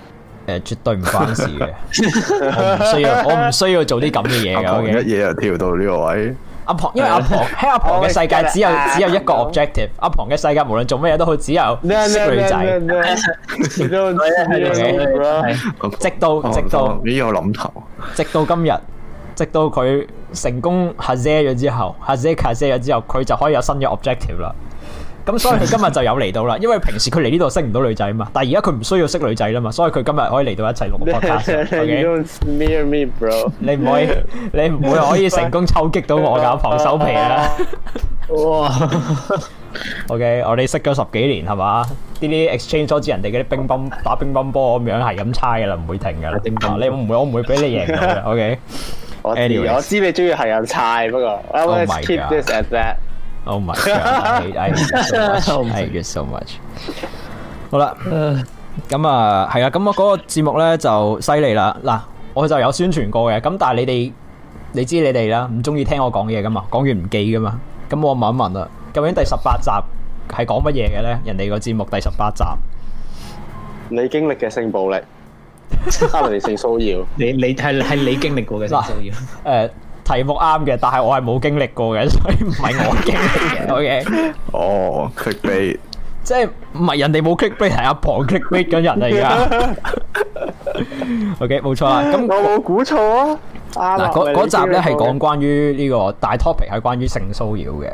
誒，絕對唔關事嘅，我唔需要，我唔需要做啲咁嘅嘢嘅。阿龐一嘢就跳到呢個位。阿龐因為阿龐喺阿龐嘅世界只有只有一個 objective。阿龐嘅世界無論做咩嘢都好，只有 識女仔。 直到直到呢個諗頭，直到今日，直到佢成功 hashtag 咗之後 hashtag 咗之後，佢就可以有新嘅 objective 啦。咁所以佢今日就有嚟到啦，因為平時佢嚟呢度識唔到女仔嘛，但係而家佢唔需要識女仔啦嘛，所以佢今日可以嚟到一齊碌碌卡。你唔會，你唔會可以成功抽擊到我架防守皮啦。哇！O K，我哋識咗十幾年係嘛？啲啲 exchange 咗人哋嗰啲乒乓打乒乓波咁樣係咁猜噶啦，唔會停噶啦。你唔會，我唔會俾你贏噶啦。O K，我知，我知你中意係咁猜，不過。Oh my god！係，yes so much。好啦，咁啊，係啊，咁我嗰個節目咧就犀利啦。嗱，我就有宣傳過嘅，咁但係你哋，你知你哋啦，唔中意聽我講嘢噶嘛，講完唔記噶嘛。咁我問一問啊，究竟第十八集係講乜嘢嘅咧？人哋個節目第十八集，你經歷嘅性暴力，阿明性騷擾，你你係係你經歷過嘅性騷擾，誒。題目啱嘅，但係我係冇經歷過嘅，所以唔係我經歷嘅。O K，哦，clickbait，即係唔係人哋冇 clickbait，係阿 Pongclickbait 緊人嚟噶。O K，冇錯啦。咁我冇估錯啊。嗱，嗰嗰集咧係講關於呢個大 topic 係關於性騷擾嘅。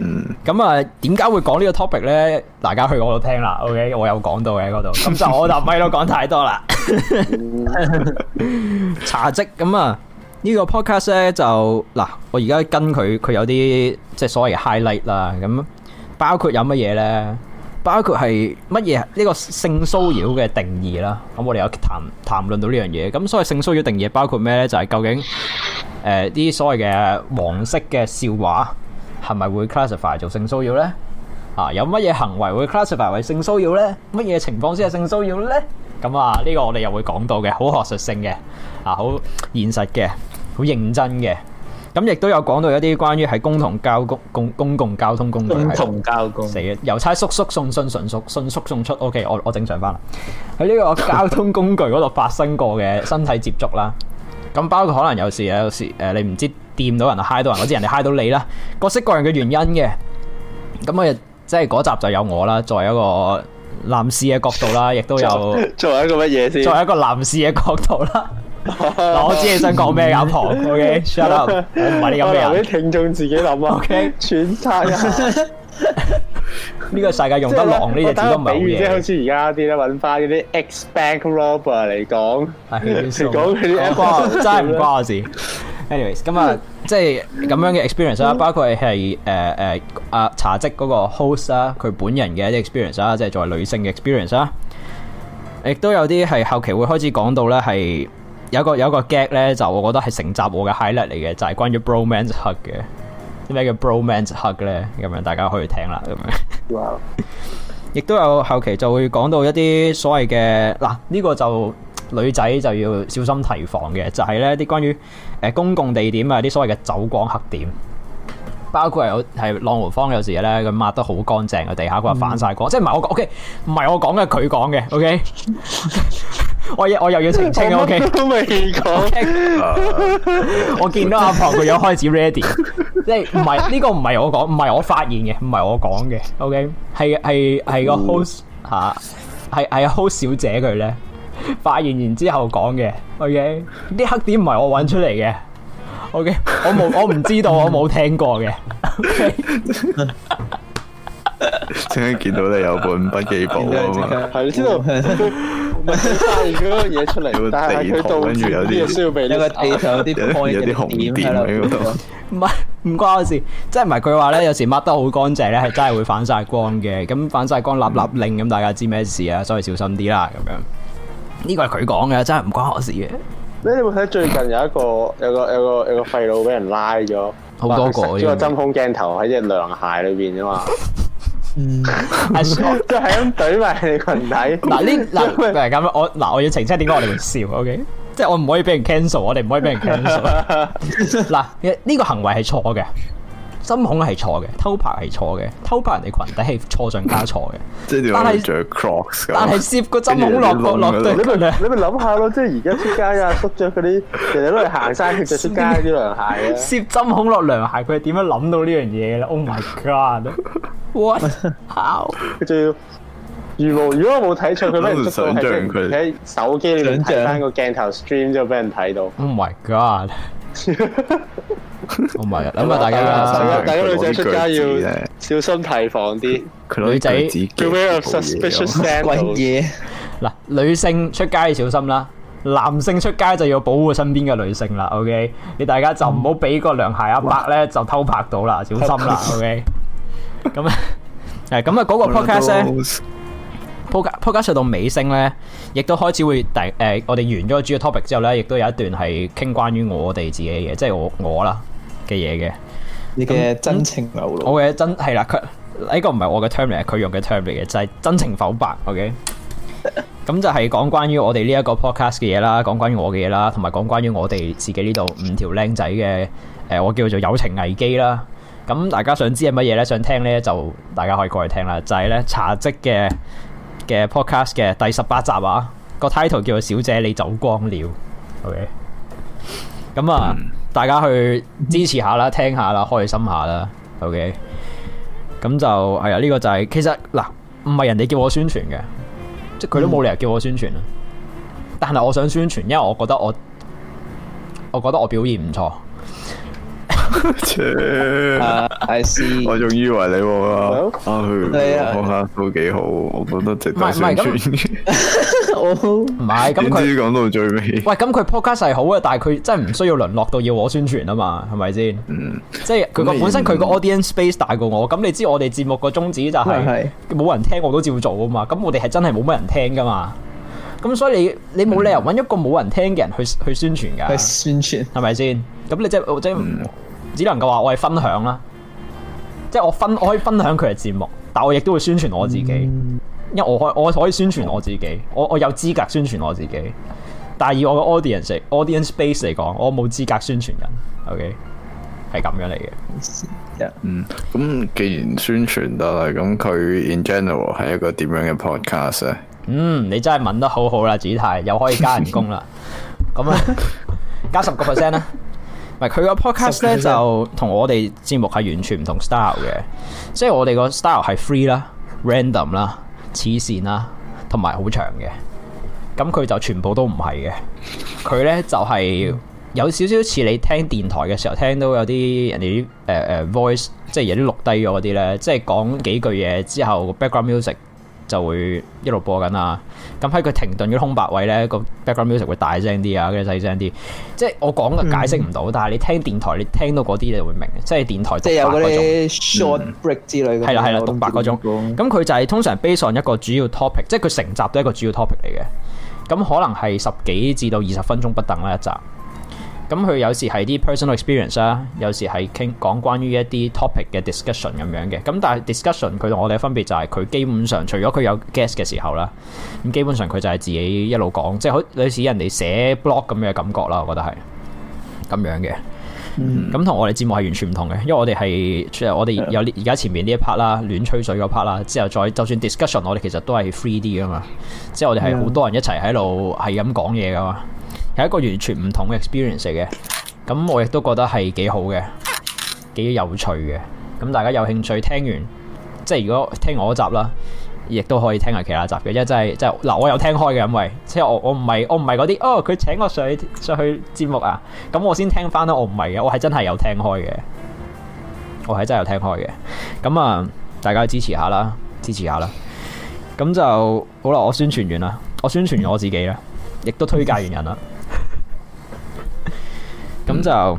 嗯。咁啊，點解會講呢個 topic 咧？大家去嗰度聽啦。O K，我有講到嘅嗰度。咁就我搭咪都講太多啦。查職咁啊。呢個 podcast 咧就嗱，我而家跟佢，佢有啲即係所謂 highlight 啦，咁包括有乜嘢咧？包括係乜嘢？呢個性騷擾嘅定義啦。咁我哋有談談論到呢樣嘢，咁所謂性騷擾定義包括咩咧？就係究竟誒，啲所謂嘅黃色嘅笑話係咪會 classify 做性騷擾咧？啊，有乜嘢行為會 classify 為性騷擾咧？乜嘢情況先係性騷擾咧？咁啊呢個我哋又會講到嘅，好學術性嘅，啊好現實嘅。好認真嘅，咁亦都有講到一啲關於喺公同交公公公共交通工具，公同交公，死啊！郵差叔叔送信純屬迅速送出，OK，我我正常翻啦。喺呢個交通工具嗰度發生過嘅身體接觸啦，咁 包括可能有時有時誒、呃，你唔知掂到人啊，揩到人，我知人哋揩到你啦，各式各樣嘅原因嘅。咁我即係嗰集就有我啦，作為一個男士嘅角度啦，亦都有 作為一個乜嘢先？作為一個男士嘅角度啦。我知你想講咩啊婆，OK，唔係啲咁嘅人。啲聽眾自己諗啊，OK，揣測啊。呢個世界用得狼呢隻字都唔係嘢。即係好似而家啲咧，搵翻嗰啲 X bank robber 嚟講，係嚟講佢啲瓜真係唔關事。Anyways，咁啊，即係咁樣嘅 experience 啦，包括係誒誒啊茶職嗰個 host 啦，佢本人嘅一啲 experience 啦，即係作為女性嘅 experience 啦，亦都有啲係後期會開始講到咧係。有個有個 gag 咧，就我覺得係承襲我嘅 highlight 嚟嘅，就係、是、關於 bromance hug 嘅。啲咩叫 bromance hug 咧？咁樣大家可以聽啦。咁樣，亦 Wow. 都有後期就會講到一啲所謂嘅嗱，呢、啊呢個就女仔就要小心提防嘅，就係咧啲關於、呃、公共地點啊啲所謂嘅走光黑點。包括係有係朗豪坊有時咧，佢抹得好乾淨嘅地下，佢話反晒光。嗯、即係唔係我講，OK，唔係我講嘅，佢講嘅，OK， 我我又要澄清都，OK，都未講，我見到阿龐佢已經開始 ready， 即係唔係呢個，唔係我講，唔係我發現嘅，唔係我講嘅，OK，係係係個 host 吓、啊，係係 host 小姐佢咧發現完之後講嘅，OK，啲 黑點唔係我揾出嚟嘅。嗯 O K，我冇，我唔知道，我冇聽過嘅。O K，見到你有本筆記簿啊，係知道唔係真係嗰個嘢出嚟。個地圖跟住有啲需要俾呢個地圖有啲 point 嘅點喺嗰度。唔係唔關我事，即係唔係佢話咧，有時抹得好乾淨咧，係真係會反晒光嘅。咁反晒光立立令咁，大家知咩事啊？所以小心啲啦，咁樣呢個係佢講嘅，真係唔關我事嘅。你你有冇睇最近有一個有一個有個有個廢佬俾人拉咗，食咗個針孔鏡頭喺隻涼鞋裏邊啊嘛， 嗯，即係咁懟埋你裙底。嗱呢嗱係咁，我嗱、啊、我要澄清，點解我哋會笑？OK，即係我唔可以俾人 cancel，我哋唔可以俾人 cancel、 啊。嗱，呢個行為係錯嘅。針孔係錯嘅，偷拍係錯嘅，偷拍人哋裙底係錯上加錯嘅。即係、啊、着 crocs，但係攝個針孔落落落，你咪諗下咯，即係而家出街阿叔着嗰啲，其實都係行山佢就出街啲涼鞋。攝針孔落涼鞋，佢係點樣諗到呢樣嘢嘅咧？Oh my god！What？How？佢仲要，如果我冇睇錯，佢都係着住佢喺手機裏邊睇翻個鏡頭 stream 之後俾人睇到。Oh my god！我唔係啊，諗下大家啦，大家女仔出街要小心提防啲女仔，叫咩啊？Suspicious 鬼嘢嗱，女性出街要小心啦，男性出街就要保護身邊嘅女性啦。OK，你大家就唔好俾個涼鞋阿伯咧就偷拍到啦，小心啦。OK，咁咧係咁啊，嗰個 podcast 咧，podcast 到尾聲咧，亦都開始會第誒、呃，我哋完咗主要 topic 之後咧，亦都有一段係傾關於我哋自己嘅嘢，即係我我啦嘅嘢嘅。你嘅真情流露、嗯，我嘅真係啦，佢呢、啊這個唔係我嘅 term 嚟，係佢用嘅 term 嚟嘅，就係、是、真情剖白。OK，咁 就係講關於我哋呢一個 podcast 嘅嘢啦，講關於我嘅嘢啦，同埋講關於我哋自己呢度五條靚仔嘅誒，我叫做友情危機啦。咁大家想知係乜嘢咧？想聽咧就大家可以過嚟聽啦。就係咧茶漬嘅嘅 podcast 嘅第十八集啊，個 title 叫做《小姐你走光了》，OK，咁啊，嗯、大家去支持下啦，嗯、聽下啦，開心下啦，OK，咁就係啊，呢、這個就係、是、其實嗱，唔係人哋叫我宣傳嘅，即係佢都冇理由叫我宣傳啊，嗯、但係我想宣傳，因為我覺得我，我覺得我表現唔錯。切，我仲以為你喎，No? 啊，去 yeah, yeah. 我講下都幾好，我覺得值得宣傳。唔係咁佢講到最尾，嗯，喂，咁佢 podcast 係好啊，但係佢真係唔需要淪落到要我宣傳啊嘛，係咪先？嗯、即係佢個本身佢個 audience space 大過我，咁你知我哋節目個宗旨就係冇人聽我都照做啊嘛，咁我哋係真係冇乜人聽噶嘛，咁所以你你冇理由揾一個冇人聽嘅人去去宣傳噶，宣傳係咪先？咁你即係即係。嗯只能夠話我係分享啦，即係我分我可以分享佢嘅節目，但我亦都會宣傳我自己，因為我可我可以宣傳我自己，我我有資格宣傳我自己，但係以我嘅 audience audience base 嚟講，我冇資格宣傳人。OK，係咁樣嚟嘅。嗯，咁既然宣傳得啦，咁佢 in general 係一個點樣嘅 podcast？嗯，你真係問得好好啦，子泰，又可以加人工啦，咁啊， 加十個 percent 啦。佢個 podcast 咧就同我哋節目係完全唔同 style 嘅，即係我哋個 style 係 free 啦、random 啦、黐線啦，同埋好長嘅。咁佢就全部都唔係嘅，佢咧就係、是、有少少似你聽電台嘅時候，聽到有啲人哋啲、呃呃、voice，即係有啲錄低咗嗰啲咧，即係講幾句嘢之後 background music，就會一路播緊啊！咁喺佢停頓嘅空白位呢，個 background music 會大聲啲啊，跟住細聲啲。即係我講嘅解釋唔到，嗯、但係你聽電台，你聽到嗰啲你就會明，即係電台獨白嗰種。即係有嗰啲 short break 之類。係啦係啦，獨白嗰種。咁佢、嗯、就係、是、通常 based on 一個主要 topic，即係佢成集都係一個主要 topic 嚟嘅。咁可能係十幾至到二十分鐘不等啦，一集。咁佢有時係啲 personal experience 啦、啊，有時係傾講關於一啲 topic 嘅 discussion 咁樣嘅。咁但係 discussion 佢同我哋嘅分別就係佢基本上除咗佢有 guest 嘅時候啦，咁基本上佢就係自己一路講，即係好似人哋寫 blog 咁嘅感覺啦，我覺得係咁樣嘅。咁同、嗯、我哋節目係完全唔同嘅，因為我哋係即係我哋有而家前面呢一 part 啦，亂吹水嗰 part 啦，之後再就算 discussion，我哋其實都係 free 啲㗎嘛，即係我哋係好多人一齊喺度係咁講嘢噶嘛。係一個完全唔同嘅 experience 嚟嘅，咁我亦都覺得係幾好嘅，幾有趣嘅。咁大家有興趣聽完，即係如果聽我嗰集啦，亦都可以聽下其他一集嘅，即係真係即係嗱，我有聽開嘅，因為即係我我唔係我唔係嗰啲哦。佢請我上去上去節目啊，咁我先聽翻啦。我唔係嘅，我係真係有聽開嘅，我係真係有聽開嘅。咁啊，大家支持一下啦，支持下啦。咁就好啦。我宣傳完啦，我宣傳完我自己啦，亦 都推介完人啦。咁就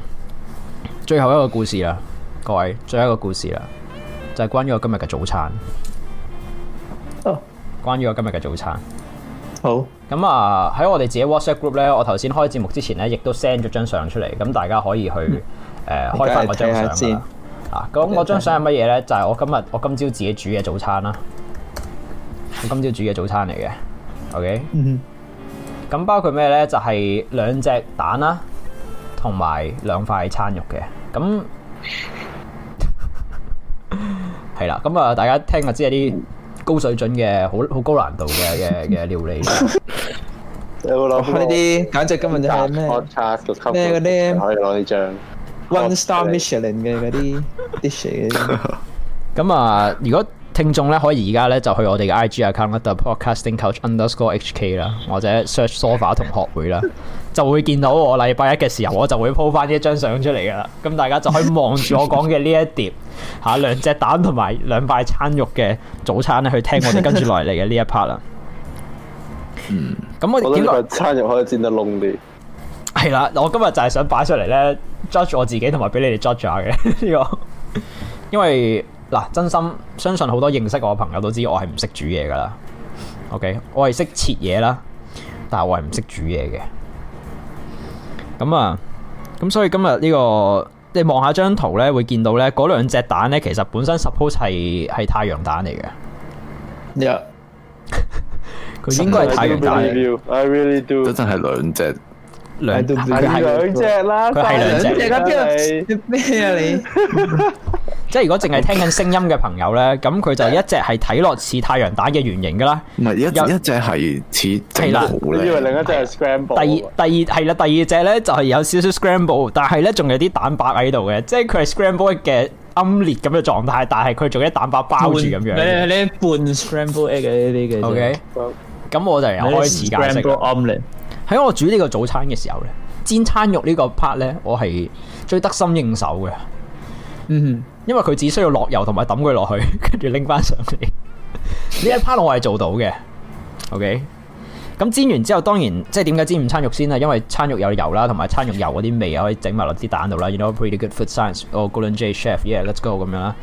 最後一個故事啦，各位最後一個故事啦，就係、是、關於我今日嘅早餐。哦，oh. 關於我今日嘅早餐。好。咁啊，喺我哋自己 WhatsApp group 咧，我頭先開節目之前咧，亦都 send 咗張相出嚟，咁大家可以去誒、 呃、開翻嗰張相啦。啊，咁我張相係乜嘢咧？就係、是、我今日我今朝自己煮嘅早餐啦。我今朝煮嘅早餐嚟嘅。OK、mm。咁、hmm. 包括咩咧？就係兩隻蛋啦、啊。同埋兩塊餐肉嘅，咁係啦，咁 啊大家聽就知一啲高水準嘅，好好高難度嘅嘅嘅料理。呢啲？簡直今日就係咩咩嗰啲，可以攞啲章。One Star Michelin 嘅嗰啲 dish。咁啊， 如果～聽眾咧可以而家咧就去我哋嘅 IG account 啦，就 Podcasting Coach Underscore HK 啦，或者 Search Sofa 同學會啦，就會見到我禮拜一嘅時候，我就會鋪翻呢一張相出嚟噶啦。咁大家就可以望住我講嘅呢一碟吓兩隻蛋同埋兩塊餐肉嘅早餐咧，去聽我哋跟住落嚟嘅呢一 part 啦。嗯，咁我哋煎落餐肉可以煎得濃啲。係啦，我今日就係想擺出嚟咧 judge 我自己同埋俾你哋 judge 下嘅呢個，因為。嗱，真心相信好多認識我嘅朋友都知我係唔識煮嘢噶啦，OK？我係識切嘢啦，但係我係唔識煮嘢嘅。咁啊，咁所以今日呢個，你望下張圖咧，會見到咧嗰兩隻蛋咧，其實本身 suppose 係係太陽蛋嚟嘅。佢 Yeah. 應該係太陽蛋 I, I really do 兩。都真係兩隻，兩，係兩隻啦，三隻都係咩嚟？即係如果淨係聽緊聲音嘅朋友咧，咁佢就是一隻係睇落似太陽蛋嘅圓形噶啦，唔係一一隻係似煎。係啦的，以為另一隻係 scramble。第第二係啦，第二隻咧就係、是、有少少 scramble，但係咧仲有啲蛋白喺度嘅，即係佢係 scramble 嘅 omelet 咁嘅狀態，但係佢做啲蛋白包住咁樣。你你半 scramble egg 嘅呢啲嘅。O K，咁我就有開始解釋啦。係我煮呢個早餐嘅時候咧，煎餐肉這個呢個 part 咧，我係最得心應手嘅。嗯哼。因為佢只需要落油同埋抌佢落去，跟住拎翻上嚟。呢一 part 我係做到嘅，OK。咁煎完之後，當然即係點解煎午餐肉先啊？因為餐肉有油啦，同埋餐肉油嗰啲味可以整埋落啲蛋度啦。You know, pretty good food science、oh, yeah, go,。我 Golden Jay Chef，yeah，let's go 咁樣啦。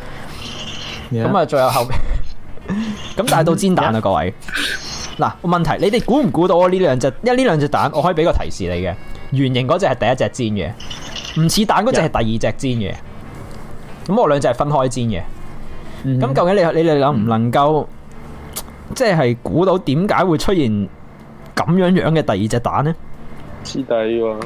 咁啊，最後後邊。咁但係到煎蛋啦，Yeah. 各位。嗱，問題你哋估唔估到啊？呢兩隻，因為呢兩隻蛋，我可以俾個提示你嘅。圓形嗰隻係第一隻煎嘅，唔似蛋嗰隻係第二隻煎嘅。Yeah. 咁我兩隻係分開煎嘅，咁究竟你你哋諗唔能夠，即係估到點解會出現咁樣樣嘅第二隻蛋呢？似底喎，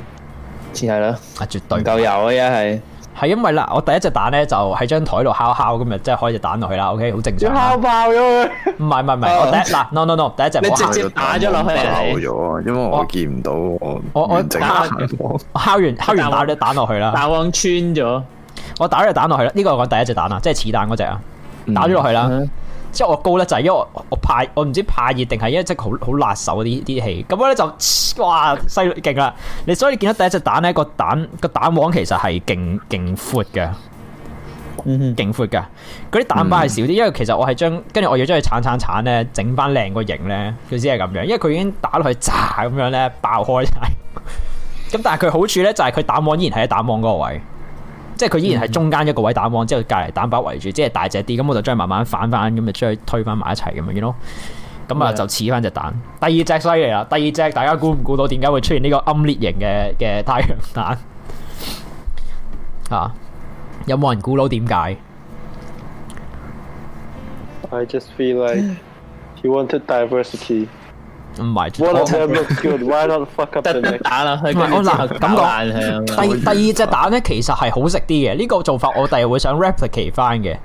似係啦，啊絕對唔夠油啊，而係係因為啦，我第一隻蛋呢就喺張台度敲敲，咁咪即係開隻蛋落去啦。OK，好正常。敲爆咗，佢？唔係唔係唔係，我嗱 no no no，第一隻我直接打咗落去。錯咗，因為我見唔到我我我敲完敲完打啲蛋落去啦。大旺穿咗。我打咗、這個、隻蛋落去啦，呢個我第一隻蛋啊，即係似蛋嗰隻啊，打咗落去啦。嗯、即係我高咧，就係、是、因為我我怕我唔知怕熱定係因為即好好辣手啲啲氣，咁咧就嘩哇犀利勁啦。你所以見到第一隻蛋咧，個蛋個蛋黃其實係勁勁闊嘅，嗯嗯，勁闊噶。啲蛋白係少啲，嗯、因為其實我係將跟住我要將佢鏟鏟鏟咧整翻靚個型咧，佢先係咁樣，因為佢已經打落去炸咁樣咧爆開晒。咁 但係佢好處咧就係佢蛋黃依然喺蛋黃嗰個位。即係佢依然係中間一個位、嗯、蛋黃，之後隔籬蛋白圍住，即係大隻啲，咁我就將佢慢慢反翻，咁就將佢推翻埋一齊咁樣咯。咁啊 you know?、oh yeah. 嗯，就似翻隻蛋。第二隻犀利啦，第二隻大家估唔估到點解會出現呢個暗裂型嘅嘅太陽蛋 啊？有冇人估到點解？I just feel like you wanted diversity. 唔係，嗯、第二隻蛋呢，其實係好食啲嘅。呢、這個做法我第日會想 replicate 翻嘅。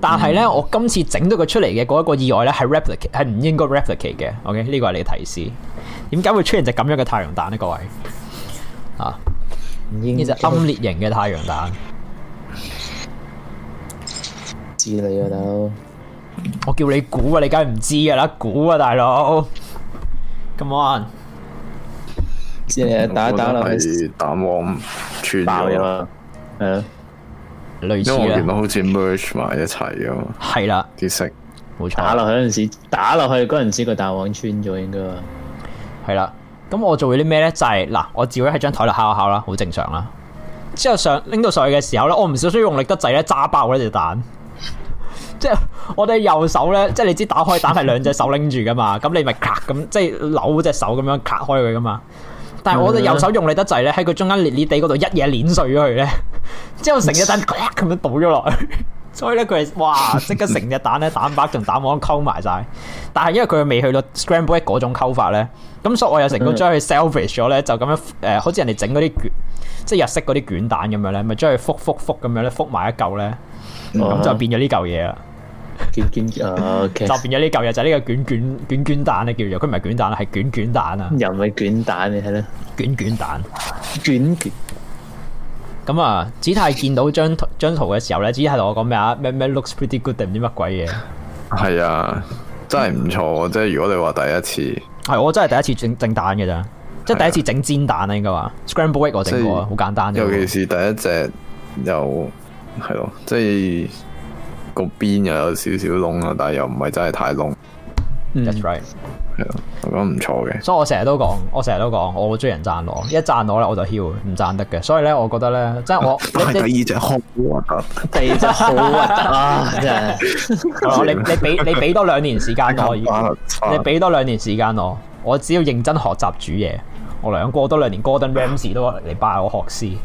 但係呢，嗯、我今次整到佢出嚟嘅嗰一個意外呢，係 replicate，係唔應該 replicate 嘅。OK，呢個係你嘅提示。點解會出現隻咁樣嘅太陽蛋呢？各位啊，呢隻暗裂型嘅太陽蛋，唔知你啊，大佬。我叫你估啊，你梗係唔知噶啦，估啊，大佬。Come on 打一打啦，蛋黃穿咗啦，誒，因為我覺得好似 merge 埋一齊啊嘛，係啦了，啲色冇錯，打落去嗰陣時，打落去嗰陣時個蛋黃穿咗應該，係啦，咁我做咗啲咩咧？就係、是、嗱，我自己喺張台度敲一敲啦一，好正常啦，之後上拎到上去嘅時候咧，我唔少需要用力得滯咧，炸爆呢隻蛋。即係我哋右手咧，即係你知打開蛋係兩隻手拎住噶嘛，咁 你咪咭咁，即係扭嗰隻手咁樣咭開佢噶嘛。但係我哋右手用力得滯咧，喺佢中間裂裂地嗰度一嘢碾碎咗佢咧，之後成隻蛋咭咁樣倒咗落去，所以咧佢係哇，即刻成隻蛋咧蛋白同蛋黃溝埋晒。但係因為佢未去到 scramble 嗰種溝法咧，咁所以我又成功將佢 salvage 咗咧，就咁樣誒、呃，好似人哋整嗰啲即係日式嗰啲卷蛋咁樣咧，咪將佢覆覆覆咁樣咧，覆埋一嚿咧。咁就變咗呢嚿嘢啦，卷 okay 卷，就變咗呢嚿嘢，就係呢個卷卷卷卷卷蛋咧，叫做佢唔係卷蛋啦，係卷卷蛋啊，又唔係卷蛋？你睇啦，卷卷蛋，卷卷。咁啊，子太見到張張圖嘅時候咧，子太同我講咩啊？咩咩 looks pretty good，定唔知乜鬼嘢。係啊，真係唔錯，即係 如果你話第一次，係我真係第一次整整蛋嘅咋，即係第一次整煎蛋啊，應該話。Scramble egg 我整過，好、就是、簡單。尤其是第一隻又。係咯，即係個邊又有少少窿啊，但係又唔係真係太窿。That's right、嗯。係咯，我講唔錯嘅。所以，我成日都講，我成日都講，我好中意人讚我，一讚我咧我就 h 唔讚得嘅。所以咧，我覺得咧，即係我，我，我，我，我，我，我，我。你係第二隻好啊，第二隻好啊，好真係。你你俾你俾多兩年時間我， 你俾多兩年時間我，我只要認真學習煮嘢，我嚟講過多兩年，戈登 Ramsey 都嚟拜我學師。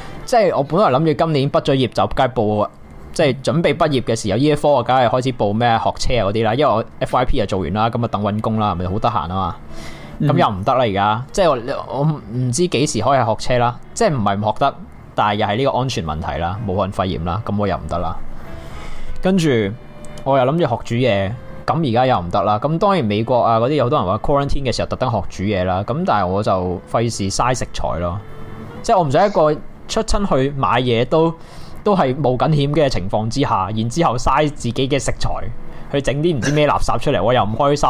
即係我本來諗住今年畢咗業就梗係報，即係準備畢業嘅時候，呢一科啊梗係開始報咩學車嗰啲啦。因為我 FYP 就做完啦，咁啊等搵工啦，係咪好得閒啊嘛？咁又唔得啦，而家即係我唔知幾時可以學車啦。即係唔係唔學得，但係又係呢個安全問題啦，武漢肺炎啦，咁我，我又唔得啦。跟住我又諗住學煮嘢，咁而家又唔得啦。咁當然美國啊嗰啲有好多人話 quarantine 嘅時候特登學煮嘢啦。咁但係我就費事嘥食材咯，即係我唔想一個。出親去買嘢都都係冒緊險嘅情況之下，然之後嘥自己嘅食材去整啲唔知咩垃圾出嚟，我又唔開心，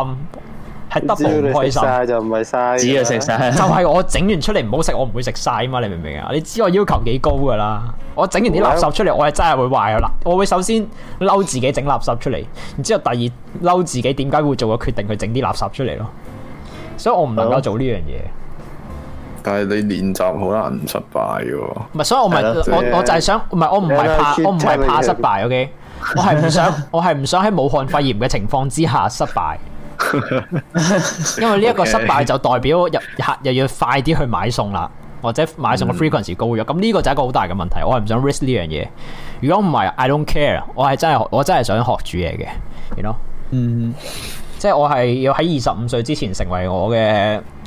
係得唔開心就唔係嘥，只要食晒 就係我整完出嚟唔好食，我唔會食晒啊嘛！你明唔明啊？你知我要求幾高噶啦！我整完啲垃圾出嚟，我係真係會壞噶啦！我我會首先嬲自己整垃圾出嚟，然之後第二嬲自己點解會做個決定去整啲垃圾出嚟咯。所以我唔能夠做呢樣嘢。但係你練習好難唔失敗嘅。唔係所以我唔係的我我就係想唔係我唔係怕的我唔係怕失敗，OK？ 我係唔想我係唔想喺武漢肺炎嘅情況之下失敗， 因為呢一個失敗就代表入客又要快啲去買餸啦，或者買餸嘅 frequency 高咗，咁呢、嗯、個就係一個好大嘅問題，我係唔想 risk 呢樣嘢。如果唔係，I don't care，我係真係我真係想學煮嘢嘅，你諗？嗯，即係我係要喺二十五歲之前成為我嘅。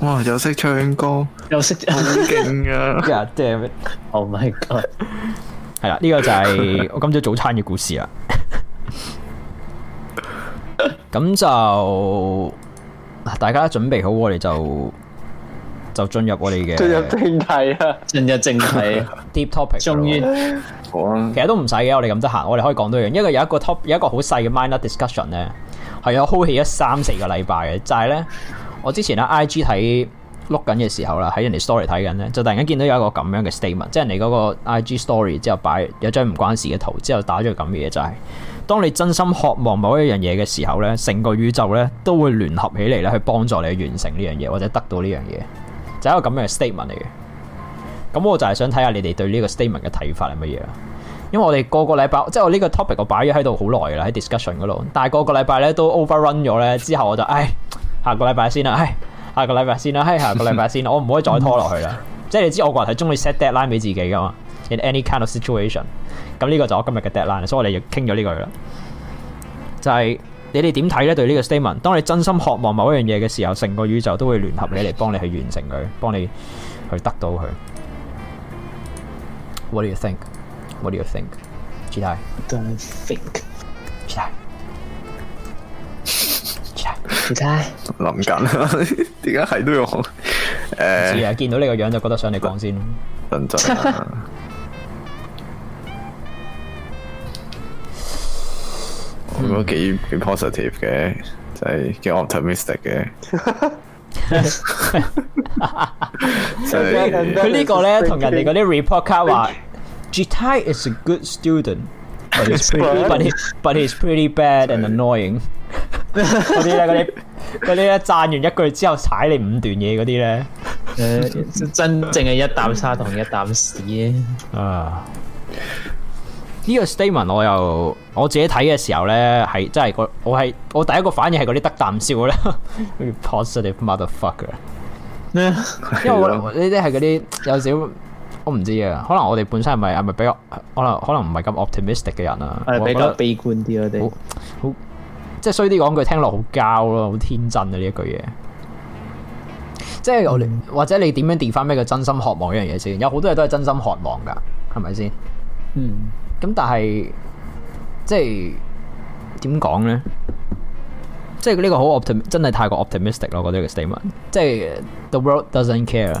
哇！又識唱歌，又識好勁啊！即係 Oh my god！係啦，呢、呢個就係我今朝早，早餐嘅故事啦。咁 就大家準備好，我哋就就進入我哋嘅正題啊！進入正題 ，deep topic 了。終於其實都唔使嘅。我哋咁得閒，我哋可以講多樣。因為有一個 top，有一個小有好細嘅 minor discussion 咧，係有 hold 起咗三四個禮拜嘅，就係、是、咧。我之前咧，I G 睇碌緊嘅時候啦，喺人哋 story 睇緊咧，就突然間見到有一個咁樣嘅 statement，即係人哋嗰個 I G story 之後擺有張唔關事嘅圖，之後打咗個咁嘅嘢就係，當你真心渴望某一樣嘢嘅時候咧，成個宇宙咧都會聯合起嚟咧去幫助你完成呢樣嘢或者得到呢樣嘢，就係一個咁樣嘅 statement 嚟嘅。咁我就係想睇下你哋對呢個 statement 嘅睇法係乜嘢。因為我哋個個禮拜即係我呢個 topic 我擺咗喺度好耐啦，喺 discussion 嗰度，但係個個禮拜咧都 overrun 咗咧，之後我就唉。下個禮拜先啦，係、哎、下個禮拜先啦，係、哎、下個禮拜先啦，我唔可以再拖落去啦。 即係你知我個人係中意 set deadline 俾自己噶嘛。In any kind of situation，咁呢個就我今日嘅 deadline，所以我哋亦傾咗呢句啦。就係、是、你哋點睇咧？對呢個 statement，當你真心渴望某一樣嘢嘅時候，成個宇宙都會聯合你嚟幫你去完成佢，幫你去得到佢。What do you think？What do you think？Gtai。Don't think。唔知諗緊啊？點解係都要講？誒，見到你個樣就覺得想你講先。認真。我覺得幾幾 positive 嘅，就係幾 optimistic 嘅。佢呢個咧，同人哋嗰啲 report card 話，Gtai is a good student。But he's pretty, but he's but he's pretty bad and annoying。嗰啲咧，嗰啲嗰啲咧，讚完一句之後踩你五段嘢嗰啲咧，誒，真正嘅一啖沙同一啖屎啊！呢個 statement 我又我自己睇嘅時候咧，係真係個我係我第一個反應係嗰啲得啖笑啦，positive motherfucker。因為我覺得呢啲係嗰啲有少。我唔知啊，可能我哋本身係咪係咪比較可能可能唔係咁 optimistic 嘅人啊，比較悲觀啲我哋，好即係衰啲講句聽落好膠咯，好,好好好天真啊呢一句嘢，即係、嗯、或者你點樣 define 咩叫真心渴望呢樣嘢先？有好多嘢都係真心渴望噶，係咪先？嗯但是，咁但係即係點講呢？即係呢個好 optim 真係太過 optimistic 咯、啊，我覺得個 statement，即係 the world doesn't care。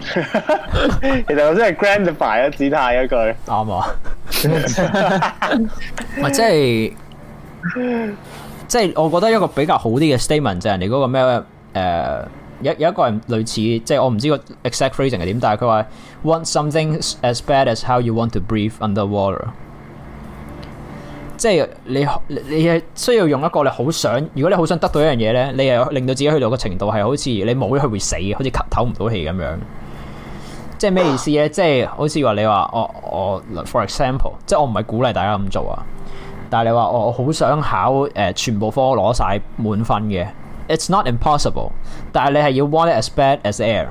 其實 我真係 grandify 咗子 e r 姿態一句啱啊。我即係，即係 我覺得一個比較好啲嘅 statement 就係你嗰個咩誒，有，uh, 有一個類似，即係我唔知個 exact phrasing 係點，但係佢話 want something as bad as how you want to breathe underwater。即係你你係需要用一個你好想，如果你好想得到一樣嘢咧，你又令到自己去到個程度係好似你冇咗佢會死，好似吸唞唔到氣咁樣。即係咩意思咧？即係好似話你話我我 for example，即係我唔係鼓勵大家咁做啊。但係你話我我好想考誒、呃、全部科攞晒滿分嘅，it's not impossible。但係你係要 want it as bad as air，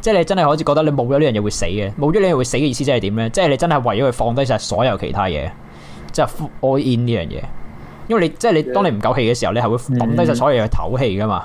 即係你真係好似覺得你冇咗呢樣嘢會死嘅，冇咗呢樣會死嘅意思即係點咧？即係你真係為咗去放低晒所有其他嘢，即係 all in 呢樣嘢。因為你即係你當你唔夠氣嘅時候，你係會放低晒所有嘢去唞氣噶嘛。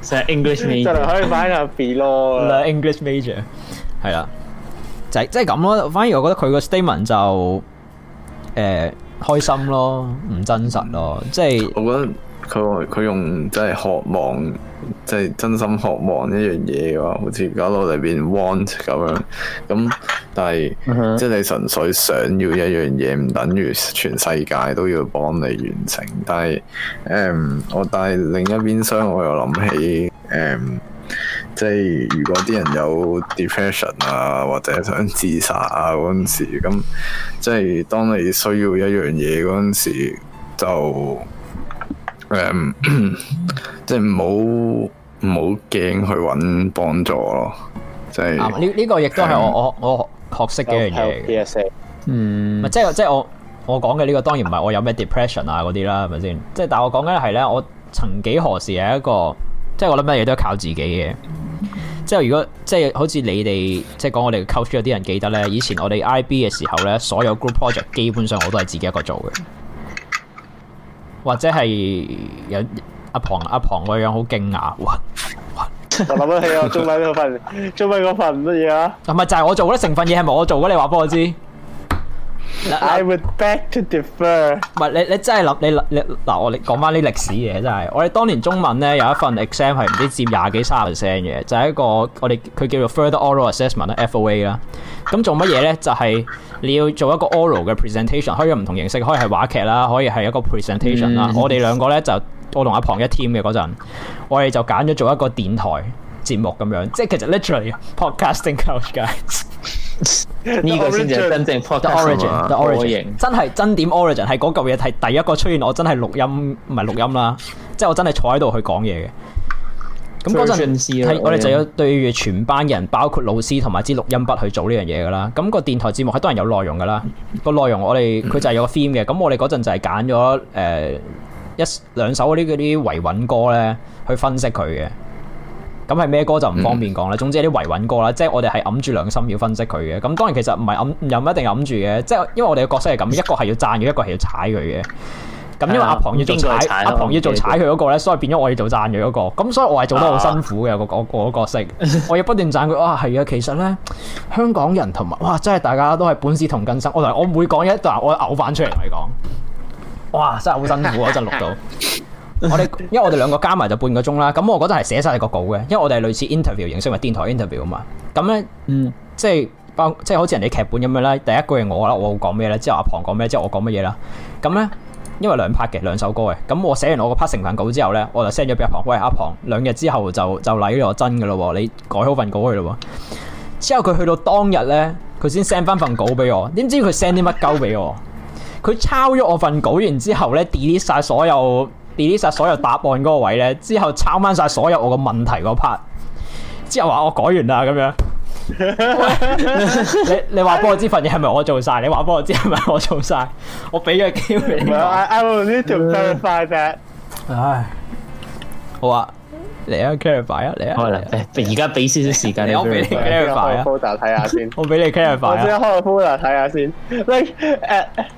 就係 English major，就嚟可以翻入 B 咯。The English major，係啦，就即係咁咯。反而我覺得佢個 statement 就，誒，開心咯，唔真實咯。即係我覺得。佢佢用即係渴望，即係真心渴望一樣嘢嘅話，好似搞到你變 want 咁樣。咁但係、mm hmm. 即係你純粹想要一樣嘢，唔等於全世界都要幫你完成。但係誒、嗯，我但係另一邊廂，所以我又諗起誒、嗯，即係如果啲人有 depression 啊，或者想自殺啊嗰陣時，咁即係當你需要一樣嘢嗰陣時就。誒，即係唔好唔好驚去揾幫助咯，就係呢呢個亦都係我我我學識嘅一樣嘢嚟嘅。嗯，唔係即係即係我我講嘅呢個，當然唔係我有咩 depression 啊嗰啲啦，係咪先？即係但係我講緊係咧，我曾幾何時係一個，即係我諗乜嘢都靠自己嘅。即係如果即係好似你哋即係講我哋嘅 coach 有啲人記得咧，以前我哋 IB 嘅時候咧，所有 group project 基本上我都係自己一個做嘅。或者係有阿龐，阿龐個樣好驚訝，哇！哇我諗起啊，做咩嗰份？做咩嗰份乜嘢啊？唔係，就係我做咧，成份嘢係咪我做嘅？你話畀我知。I would beg to defer 唔係你，你真係諗你，你嗱我，你講翻啲歷史嘢真係。我哋當年中文咧有一份 exam 係唔知佔廿幾卅 percent 嘅，就係、是、一個我哋佢叫做 Further Oral Assessment 啦 （FOA） 啦。咁做乜嘢咧？就係、是、你要做一個 oral 嘅 presentation，可以有唔同形式，可以係話劇啦，可以係一個 presentation 啦、mm.。我哋兩個咧就我同阿龐一 team 嘅嗰陣，我哋就揀咗做一個電台節目咁樣，即係其實 literally podcasting c o guys。呢 個先係真正的 origin，真係真點 origin 係嗰嚿嘢係第一個出現，我真係錄音唔係錄音啦，即係我真係坐喺度去講嘢嘅。咁嗰陣我哋就要對住全班人，包括老師同埋支錄音筆去做呢樣嘢噶啦。咁、嗰個電台節目係當然有內容噶啦，嗰個內容我哋佢就係有個 theme 嘅。咁我哋嗰陣就係揀咗誒一兩首嗰啲嗰啲維穩歌咧去分析佢嘅。咁係咩歌就唔方便講啦。嗯、總之啲維穩歌啦，即係我哋係揞住良心要分析佢嘅。咁當然其實唔係揞又唔一定揞住嘅，即係因為我哋嘅角色係咁，一個係要讚佢，一個係要踩佢嘅。咁因為阿龐要做踩，踩阿龐要做踩佢嗰、嗰個咧，所以變咗我要做讚佢嗰、嗰個。咁所以我係做得好辛苦嘅個角色，啊、我要不斷讚佢。哇，係啊，其實咧香港人同埋哇，真係大家都係本是同根生。我同我每講一段，我嘔翻出嚟同你講。哇，真係好辛苦啊！嗰陣錄到。 我哋，因為我哋兩個加埋就半個鐘啦，咁我覺得係寫晒個稿嘅，因為我哋類似 interview 形式，咪電台 interview 啊嘛，咁咧，嗯，即係包，即係好似人哋劇本咁樣啦，第一句係我啦，我講咩咧，之後阿 Pong 講咩，之後我講乜嘢啦，咁咧，因為兩 part 嘅，兩首歌嘅，咁我寫完我個 part 成品稿之後咧，我就 send 咗俾阿 Pong，喂阿 Pong，兩日之後就就嚟咗真噶咯，你改好份稿去咯，之後佢去到當日咧，佢先 send 翻份稿俾我，點知佢 send 啲乜鳩俾我？佢抄咗我份稿，然之後咧 delete 晒所有。delete 晒所有答案嗰個位咧，之後抄翻晒所有我個問題嗰 part，之後話我改完啦咁樣。 你你話俾我知份嘢係咪我做晒？你話俾我知係咪我做晒？我俾咗機會你。唔係 ，I will need to verify that。唉，好啊，嚟啊，Clarify 啊，嚟啊好，嚟吧。而家俾少少時間你一時間。你我俾你 Clarify 啊。開個 folder 睇下先。我俾你 Clarify 我先開個 folder 睇下先。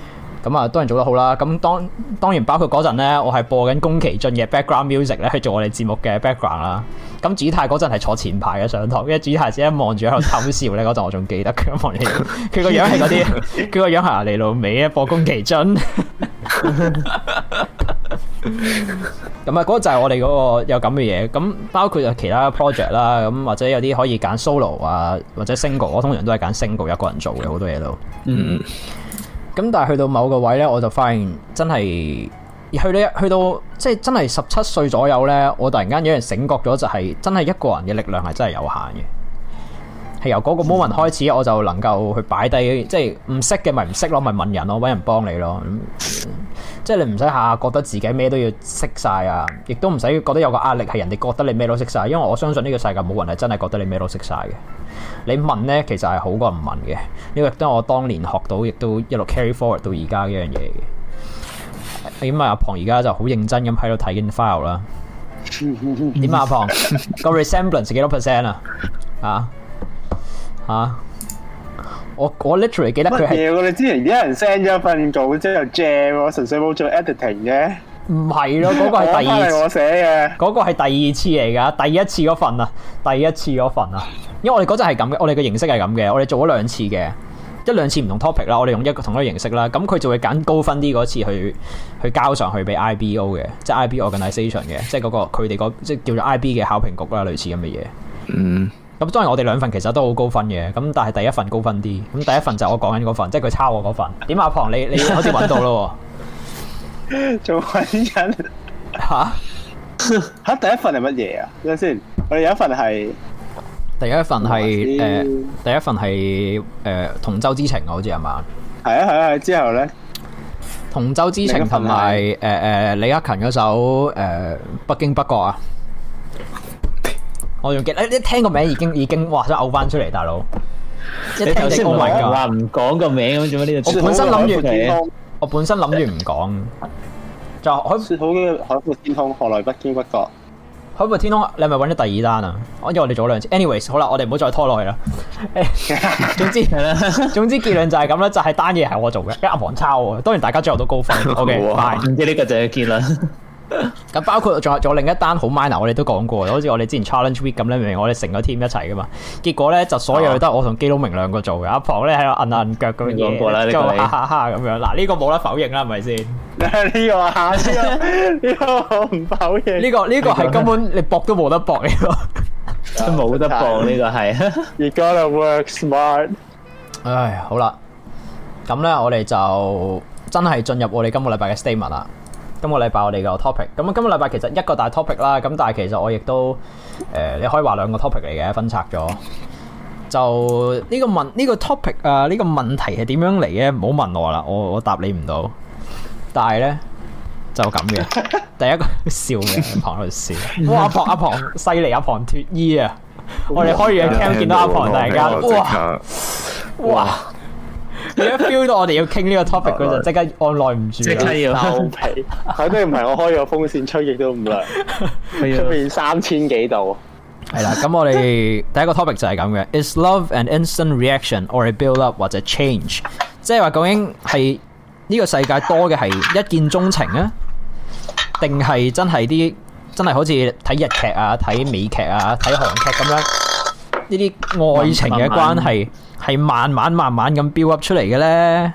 咁啊，當然做得好啦。咁當當然包括嗰陣咧，我係播緊宮崎駿嘅 background music 咧去做我哋節目嘅 background 啦。咁主太嗰陣係坐前排嘅上堂，因為主太只係望住喺度偷笑咧。嗰陣我仲記得嘅，望佢個樣係嗰啲，佢個樣係嚟你老味咧播宮崎駿。咁啊，嗰個就係我哋嗰個有咁嘅嘢。咁包括其他 project 啦，咁或者有啲可以揀 solo 啊，或者 single，我通常都係揀 single 一個人做嘅，好多嘢都嗯。Mm hmm. 咁但係去到某個位呢，我就發現真係，去到去到即係真係十七歲左右呢，我突然間有人醒覺咗、就是，就係真係一個人嘅力量係真係有限嘅，係由嗰個 moment 開始，我就能夠去擺低，即係唔識嘅咪唔識咯，咪問人咯，搵人幫你咯。嗯即係你唔使下下覺得自己咩都要識晒啊，亦都唔使覺得有個壓力係人哋覺得你咩都識晒，因為我相信呢個世界冇人係真係覺得你咩都識晒嘅。你問呢，其實係好過唔問嘅。呢個都係我當年學到，亦都一路 carry forward 到而家一樣嘢嘅。點啊，阿龐而家就好認真咁喺度睇緊 file 啦。點啊 阿龐個 resemblance 幾多 percent 啊？啊啊！我我 literally 記得佢係乜嘢？你之前啲人 send 咗份稿之後 jam 喎，純粹冇做 editing 嘅。唔係咯，嗰、嗰個係第二個我寫嘅。嗰個係第二次嚟噶， 第一次嗰份啊，第一次嗰份啊，因為我哋嗰陣係咁嘅，我哋嘅形式係咁嘅，我哋做咗兩次嘅，一兩次唔同 topic 啦，我哋用一個同一個形式啦，咁佢就會揀高分啲嗰次去去交上去俾 IBO 嘅，即係 IB Organisation 嘅，即係、嗰、嗰個佢哋嗰即係叫做 IB 嘅考評局啦，類似咁嘅嘢。嗯。咁當然我哋兩份其實都好高分嘅，咁但係第一份高分啲，咁第一份就我講緊嗰份，即係佢抄我嗰份。點，阿龐，你你好似揾到咯？仲揾緊？吓吓，第一份係乜嘢啊？等下先，我哋有一份係第一份係誒，第一份係誒《同舟之情》好啊，好似係嘛？係啊係啊，之後咧《同舟之情》同埋誒誒李克勤嗰首誒《北京北角》啊。我仲記得，哎，一你聽個名已經已經，哇想嘔翻出嚟，大佬。聽，你頭先唔明噶，唔講個名咁做咩呢度？我本身諗住唔講，就海闊天空，的海闊天空何來不知不覺？海闊天空，你係咪揾咗第二單啊？反正我哋做咗兩次。Anyways，好啦，我哋唔好再拖落去啦。 總之係啦， 總之結論就係咁啦，就係、是、單嘢係我做嘅，跟住阿黃抄。當然大家最後都高分。O K，唔知呢個就係結論。哇 咁 包括仲有仲有另一單好 minor，我哋都講過，好似我哋之前 challenge week 咁咧，明明？我哋成個 team 一齊噶嘛，結果咧就所有都係我同 Gtai 明兩個做嘅，阿 Pong 咧喺度硬硬腳咁樣講過啦，呢、這個你哈哈哈咁樣，嗱呢、這個冇得否認啦，係咪先？呢、 這個下先，呢、這個我唔否認。呢、這個呢個係根本你搏都冇得搏呢、這個， 真冇得搏呢 個係。You gotta work smart。 唉，好啦，咁咧我哋就真係進入我哋今個禮拜嘅 statement 啦。今個禮拜我哋嘅 topic，咁、嗯、啊今個禮拜其實一個大 topic 啦，咁但係其實我亦都誒、呃，你可以話兩個 topic 嚟嘅，分拆咗。就呢個問呢、這個 topic 啊，呢、這個問題係點樣嚟嘅？唔好問我啦，我我答你唔到。但係呢，就咁嘅，第一個笑嘅旁龐律師。阿龐阿龐犀利，阿龐脫衣啊！Yeah, 哇我哋開完嘅 cam< 到>見到阿龐突然間，哇上哇！哇哇你一 feel 到我哋要傾呢個 topic，佢就即刻按耐唔住，即 刻要流佢都唔係， 我開個風扇吹亦都唔涼，出 面三千幾度。係啦，咁我哋第一個 topic 就係咁嘅，is love an instant reaction or a build up 或者 change？即係話究竟係呢個世界多嘅係一見鍾情啊，定係真係啲真係好似睇日劇啊、睇美劇啊、睇韓劇咁樣呢啲愛情嘅關係？係慢慢慢慢咁 build up 出嚟嘅咧，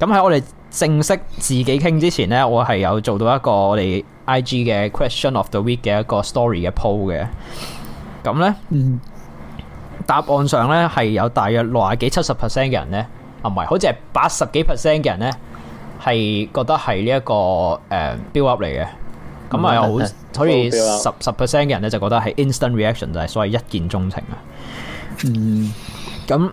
咁喺我哋正式自己傾之前呢，我係有做到一個我哋 I G 嘅 question of the week 嘅一個 story 嘅 po 嘅，咁咧，mm hmm. 答案上呢係有大約六十幾七十 percent 嘅人呢，啊唔係，好似係八十幾 percent 嘅人呢，係覺得係呢一個誒 build up 嚟嘅，咁啊好，所以十十 percent 嘅人呢，就覺得係 instant reaction 就係所謂一見鍾情啊，嗯、mm，咁、hmm.。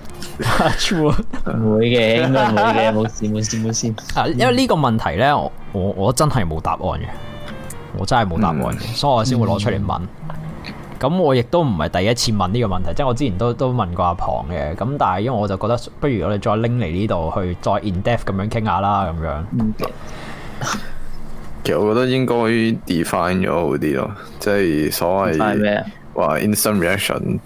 唔 True 會嘅，應該唔會嘅，冇事冇事冇事。啊， 因為呢個問題咧，我我真係冇答案嘅，我真係冇答案嘅，案嗯、所以我先會攞出嚟問。咁、嗯、我亦都唔係第一次問呢個問題，即係我之前都都問過阿龐嘅。咁但係因為我就覺得，不如我哋再拎嚟呢度去再 in depth 咁樣傾下啦，咁樣。其實我覺得應該 define 咗好啲咯，即係所謂話 instant reaction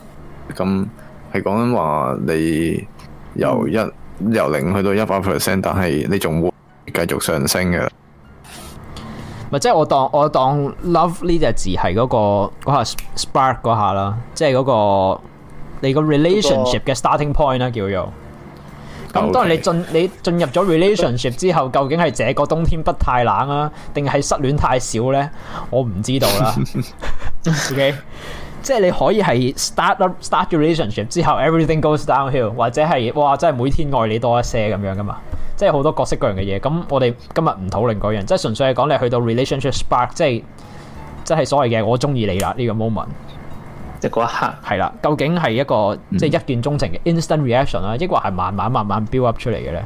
咁。係講緊話你由一、嗯、由零去到一百 percent，但係你仲會繼續上升嘅。咪即係我當我當 love 呢隻字係嗰個嗰下 spark 嗰下啦，即係嗰、嗰個你個 relationship 嘅 starting point 啦、啊、叫做。咁 Okay. 當然你進你進入咗 relationship 之後，究竟係這個冬天不太冷啊，定係失戀太少呢？我唔知道啦。O K。即係你可以係 start up start relationship 之後 everything goes downhill，或者係哇真係每天愛你多一些咁樣噶嘛，即係好多角色各樣嘅嘢。咁我哋今日唔討論嗰樣，即係純粹係講你去到 relationship spark，即係即係所謂嘅我中意你啦呢個 moment，即嗰一刻。係啦，究竟係一個即係一見鍾情嘅 instant reaction 啦，抑或係慢慢慢慢 build up 出嚟嘅咧？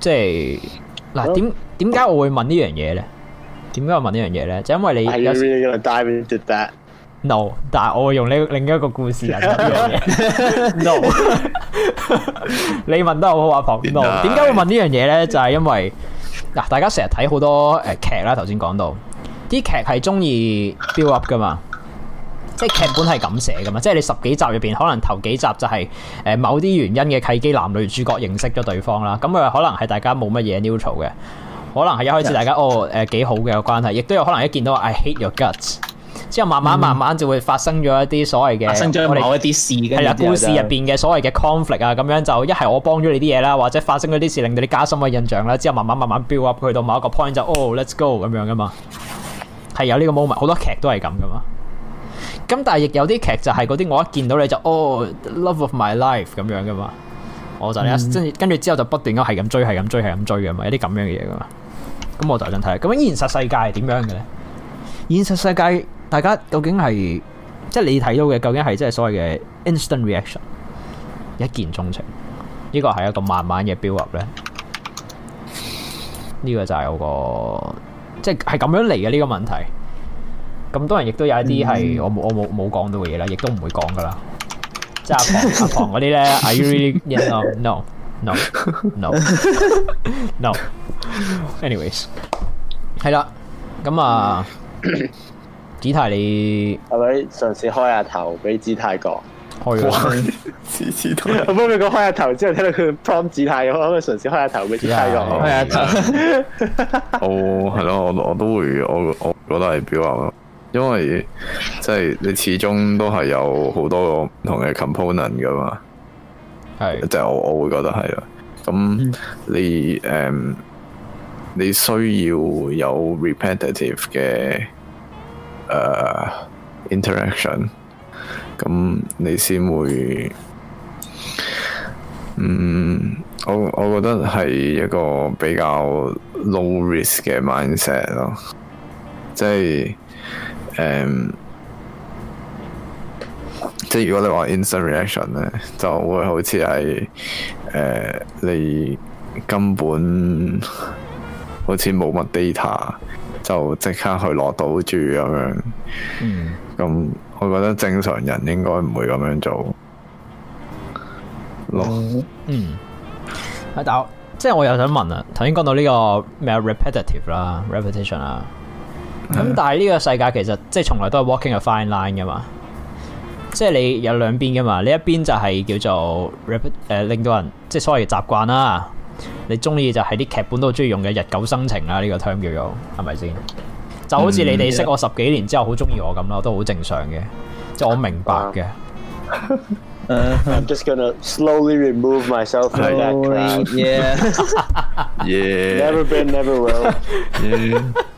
即係嗱，點點解我會問呢樣嘢咧？點解我問呢樣嘢咧？就因為你係 really gonna dive into that？No, 但係我會用呢另一個故事嚟講呢樣嘢。 No， 你問得好啊，龐。No，點解會問呢樣嘢咧？就係、是、因為嗱，大家成日睇好多誒劇啦，頭先講到啲劇係中意 build up 噶嘛。即係劇本係咁寫噶嘛？即係你十幾集入邊，可能頭幾集就係、是、誒、呃、某啲原因嘅契機，男女主角認識咗對方啦。咁啊，可能係大家冇乜嘢 neutral 嘅，可能係一開始大家 Yes. 哦誒、呃、幾好嘅關係，亦都有可能一見到 I hate your guts 之後，慢慢慢慢就會發生咗一啲所謂嘅發生咗某一啲事嘅係的故事入邊嘅所謂嘅 conflict 啊，咁樣就一係我幫咗你啲嘢啦，或者發生咗啲事令到你加深個印象啦，之後慢慢慢慢 build up 去到某一個 point 就哦 let's go 咁樣噶嘛，係有呢個 moment，好多劇都係咁噶嘛。咁但係亦有啲劇就係嗰啲我一見到你就哦、oh, Love of my life 咁樣噶嘛，我就一、嗯、跟住之後就不斷咁係咁追係咁追係咁追噶嘛，一啲咁樣嘅嘢噶嘛。咁我就想睇下咁現實世界係點樣嘅呢？現實世界大家究竟係即係你睇到嘅究竟係即係所謂嘅 instant reaction 一見鍾情呢、呢個係一個慢慢嘅 build up 呢、呢個就係有個即係係咁樣嚟嘅呢個問題。咁多人亦都有一啲係我冇、嗯、我冇冇講到嘅嘢啦，亦都唔會講噶啦。 即係阿 Pong 阿 Pong 嗰啲咧，Are you really in love? No，no，no，Anyways，no, no. 係啦。咁啊，咳咳子泰，你係咪嘗試開下頭俾子泰講？開咗、啊。試試睇。我冇俾佢開下頭，之後聽到佢 prom 子泰，我諗佢嘗試開下頭俾子泰講。係啊。哦，係咯，我我都會，我我覺得係表揚咯。因為即係你始終都係有好多個唔同嘅 component 噶嘛，係的，就我我會覺得係啦。咁你誒、嗯嗯、你需要有 repetitive 嘅誒、uh, interaction，咁你先會，嗯，我我覺得係一個比較 low risk 嘅 mindset 咯，即係。誒，um, 即係如果你話 instant reaction 咧，就會好似係誒，你根本好似冇乜 data，就即刻去攞到住咁樣。嗯。咁，我覺得正常人應該唔會咁樣做。嗯。啊，但係即係我又想問啊，頭先講到呢個咩 repetitive 啦，repetition 啦。咁、嗯、但係呢個世界其實即係從來都係 walking a fine line 噶嘛，即係你有兩邊噶嘛，你一邊就係叫做誒、uh, 令到人即係所謂習慣啦，你中意就係啲劇本都中意用嘅日久生情啦，呢、這個 term 叫做係咪先？就好似你哋識我十幾年之後好中意我咁囉，都好正常嘅，即係我明白嘅。Wow. I'm just gonna slowly remove myself Yeah. yeah. Never been, never will. Yeah.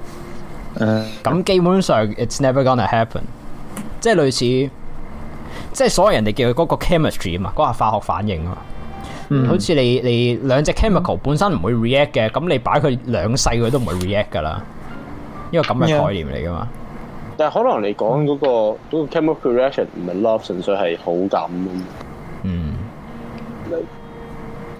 咁基本上，it's never going to happen，即係類似，即係所有人哋叫佢嗰個 chemistry 啊嘛，嗰下化學反應啊，嗯，好似你你兩隻 chemical 本身唔會 react 嘅，咁你擺佢兩世佢都唔會 react 噶啦，因為咁嘅概念嚟噶嘛。但係可能你講嗰個嗰個 chemical reaction 唔係 love，純粹係好感咯。嗯。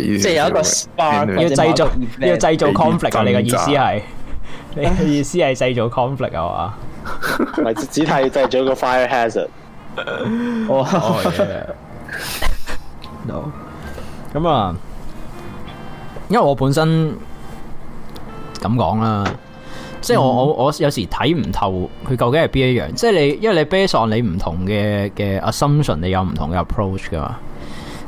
即係有一個 spark 要製造要製造 conflict 啊！你嘅意思係，你嘅意思係製造 conflict 啊？嘛，只係製造個 fire hazard。哦，咁啊，因為我本身咁講啦，即係我我我有時睇唔透佢究竟係邊一樣。即係你，因為你 based on 你唔同嘅嘅 assumption，你有唔同嘅 approach 㗎嘛。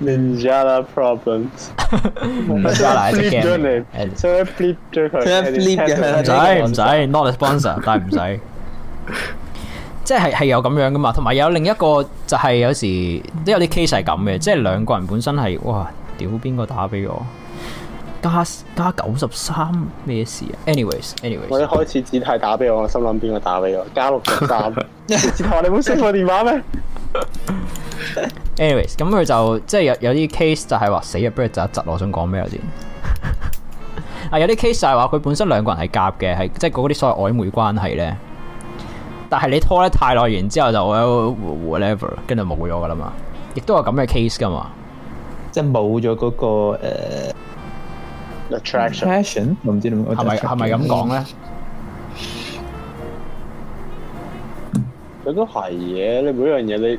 零下來 problems，下來啲錢，所以 flip t r l i turn，f i 嘅，唔使唔使，not a s p o s o 但係唔使，即係係有咁樣噶嘛，同埋有，有另一個就係有時都有啲 case 係咁嘅，即係兩個人本身係哇，屌邊個打俾我？加加九十三咩事啊？Anyways，anyways，anyways. 我一開始只太打俾我，我心諗邊個打俾我？加六十三，你冇熄我電話咩？ Anyways，咁佢就即係有有啲 case 就係話死嘅，不如窒一窒咯。我想講咩先？啊， 有啲 case 係話佢本身兩個人係夾嘅，係即係嗰啲所謂曖昧關係咧。但係你拖得太耐，然之後就 well, whatever，跟住冇咗噶啦嘛。亦都有咁嘅 case 噶嘛，即係冇咗嗰個誒 attraction，我唔知係咪係咪咁講咧？咁都係嘅，你每樣嘢你。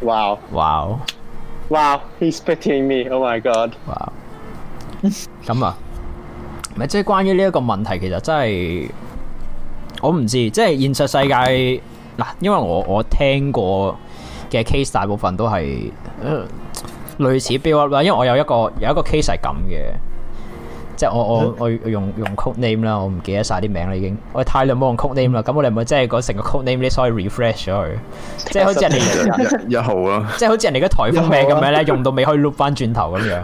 Wow, wow, 哇，哇，he's pitying me, oh my god，哇，咁啊，咪即係關於呢一個問題，其實真係我唔知，即係現實世界嗱，因為我我聽過嘅 case 大部分都係類似 build up 啦，因為我有一個有一個 case 係咁嘅。即係我我我用用 code name 啦，我唔記得晒啲名啦已經。我哋太耐冇用 code name 啦，咁我哋唔係即係改成個 code name 啲所謂 refresh 咗佢，即係好似人哋一號咯，即係好似人哋嘅颱風名咁樣咧，用到未可以碌翻轉頭咁樣。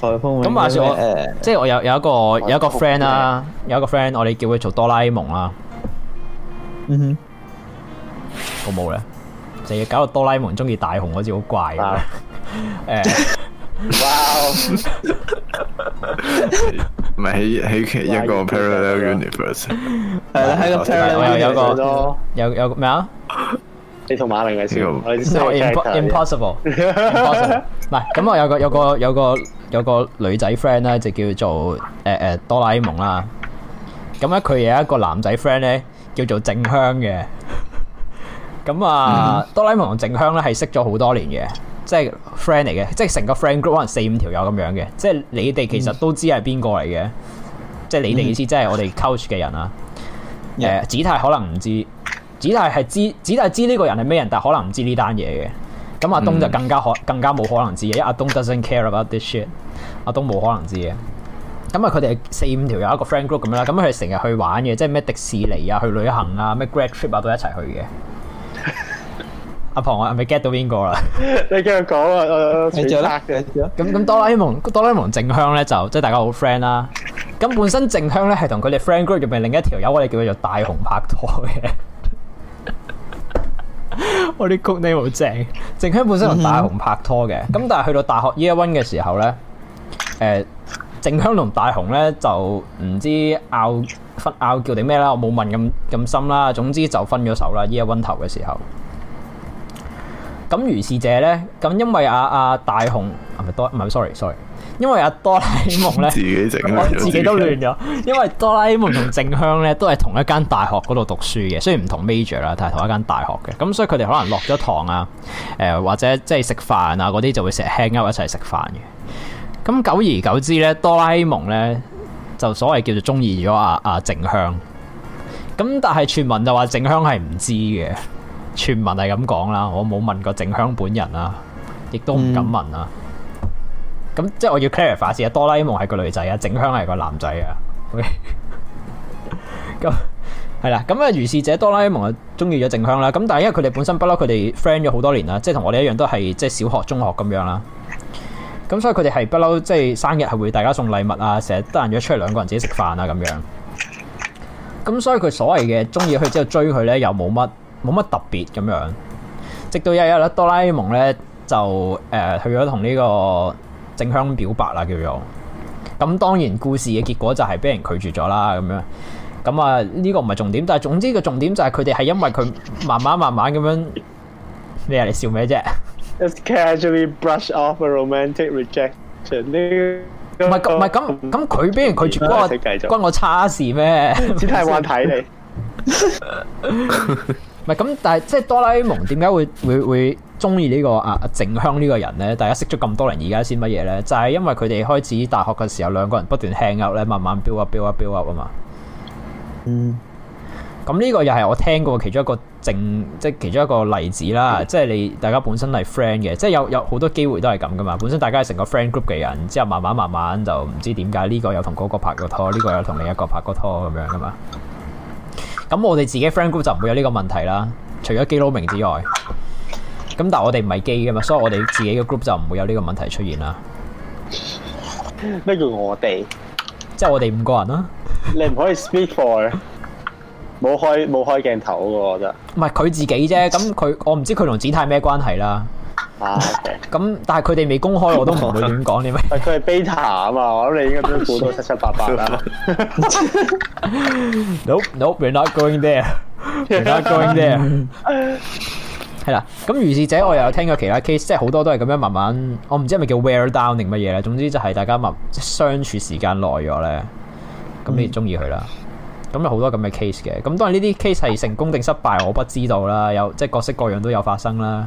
颱風名咁，話說我誒，即係我有有一個有一個 friend 啦，有一個 friend 我哋叫佢做哆啦 A 夢啦。嗯哼，好冇咧，成日搞到哆啦 A 夢，中意大雄好似好怪咁。誒。哇！唔係喺喺其一個 parallel universe，係啦喺個 parallel 有個有有咩啊？你同馬明嘅笑，impossible。嗱咁我有個有個有個有個女仔 friend 咧就叫做誒誒哆啦 A 夢啦。咁咧佢有一個男仔 friend 咧叫做靜香嘅。咁啊哆啦 A 夢同靜香咧係識咗好多年嘅。即係 friend 嚟嘅，即係成個 friend group 可能四五條友咁樣嘅。即係你哋其實都知係邊個嚟嘅，嗯、即係你哋意思即係我哋 coach 嘅人啊。誒、嗯呃，子泰可能唔知，子泰係知，子泰知呢個人係咩人，但係可能唔知呢單嘢嘅。咁阿東就更加可，更加冇可能知嘅，嗯、因為阿東 doesn't care about this shit，阿東冇可能知嘅。咁啊，佢哋係四五條友一個 friend group 咁樣啦，咁佢哋成日去玩嘅，即係咩迪士尼啊，去旅行啊，咩 great trip 啊都一齊去嘅。 阿婆，我係咪 get 到邊個啦？你繼續講 啊！你做咧？咁咁哆啦 A 夢哆啦 A 夢，靜香咧就即係大家好 friend 啦。咁本身靜香咧係同佢哋 friend group 入面另一條友，我哋叫佢做大雄拍拖嘅。 我啲 code name 好正。靜香本身同大雄拍拖嘅，咁、mm hmm. 但係去到大學 year one 嘅時候咧，誒、呃、靜香同大雄咧就唔知拗分拗叫定咩啦，我冇問咁咁深啦。總之就分咗手啦，year one 頭嘅時候。咁如是者咧，咁因為阿、啊、阿、啊、大雄，唔係多，唔係 sorry sorry，因為阿哆啦 A 夢咧，自己整自，自己都亂咗。 因為哆啦 A 夢同靜香咧，都係同一間大學嗰度讀書嘅，雖然唔同 major 啦，但係同一間大學嘅。咁所以佢哋可能落咗堂啊，誒、呃、或者即係食飯啊嗰啲就會成日 hang 勾一齊食飯嘅。咁久而久之咧，哆啦 A 夢咧就所謂叫做中意咗阿阿靜香。咁但係傳聞就話靜香係唔知嘅。傳聞係咁講啦，我冇問過靜香本人啊，亦都唔敢問啊。咁、嗯、即係我要 clarify 先啊。哆啦 A 夢係個女仔啊，靜香係個男仔啊。OK，咁係啦，咁啊如是者哆啦 A 夢啊，中意咗靜香啦。咁但係因為佢哋本身不嬲，佢哋 friend 咗好多年啦，即係同我哋一樣都係即係小學、中學咁樣啦。咁所以佢哋係不嬲，即係生日係會大家送禮物啊，成日得閒約出嚟兩個人自己食飯啊咁樣。咁所以佢所謂嘅中意佢之後追佢咧，又冇乜。冇乜特別咁樣，直到有一日咧，哆啦 A 夢咧就誒、呃、去咗同呢個靜香表白啦，叫做。咁當然故事嘅結果就係俾人拒絕咗啦，咁樣。咁啊呢、呢個唔係重點，但係總之個重點就係佢哋係因為佢慢慢慢慢咁樣。咩啊？ 你笑咩啫？casually brush off a romantic rejection. 唔唔係咁咁佢俾人拒絕，關 我，關 我叉事咩？只係話睇你。 唔係咁，但係即係哆啦 A 夢點解會會會中意呢個啊？阿靜香呢個人呢，大家識咗咁多年，而家先乜嘢呢？就係因為佢哋開始大學嘅時候，兩個人不斷 hang out 咧，慢慢 build up，build up，build up 啊嘛。嗯。咁呢個又係我聽過其中一個正，即係其中一個例子啦。即係你大家本身係 friend 嘅，即係有有好多機會都係咁噶嘛。本身大家係成個 friend group 嘅人，之後慢慢慢慢就唔知點解呢個又同嗰個拍個拖，呢個又同另一個拍個拖咁樣噶嘛。咁我哋自己 friend group 就唔會有呢個問題啦，除咗基佬明之外，咁但係我哋唔係基噶嘛，所以我哋自己嘅 group 就唔會有呢個問題出現啦。咩叫我哋？即係我哋五個人啦。你唔可以 speak for，冇開冇開鏡頭噶我覺得。唔係佢自己啫，咁佢我唔知佢同子泰咩關係啦。啊，咁 但係佢哋未公開，我都唔會亂講你咩。佢係 beta 啊嘛，我諗你應該都估到七七八八啦。 no no，we're not going there，we're not going there, not going there. 。係啦，咁如是者，我又有聽過其他 case，即係好多都係咁樣慢慢，我唔知係咪叫 wear down 定乜嘢咧。總之就係大家慢慢相處時間耐咗咧，咁你中意佢啦。咁有好多咁嘅 case 嘅，咁當然呢啲 case 係成功定失敗，我不知道啦。有即係各式各樣都有發生啦。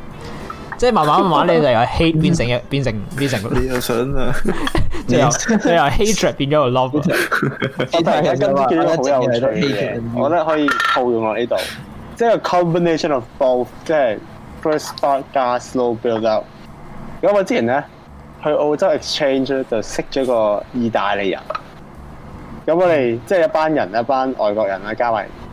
即係慢慢慢你就由 hate 變成嘅，變成變成。你又想啊？即係你由 hatred 變咗 個 love。但係係好有趣嘅，我覺得可以套用落呢度。即係 combination of both，即係 first start 加 slow build out。咁我之前咧去澳洲 exchange 咧就識咗個意大利人。咁我哋、嗯、即係一班人，一班外國人咧加埋。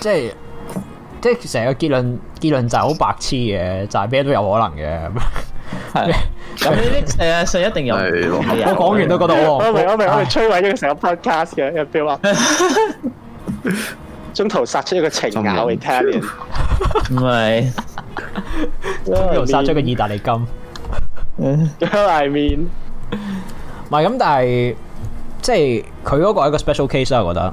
即係即係成個結論，結論就係好白痴嘅，就係咩都有可能嘅。係咁呢啲誒，信一定有。我講完都覺得，我明我明我哋摧毀咗成個 podcast 嘅。build up，中途殺出一個情雅的 Italian，唔係，中途殺出個意大利金。Well, I mean，唔係咁，但係即係佢嗰個係一個 special case 啦，我覺得。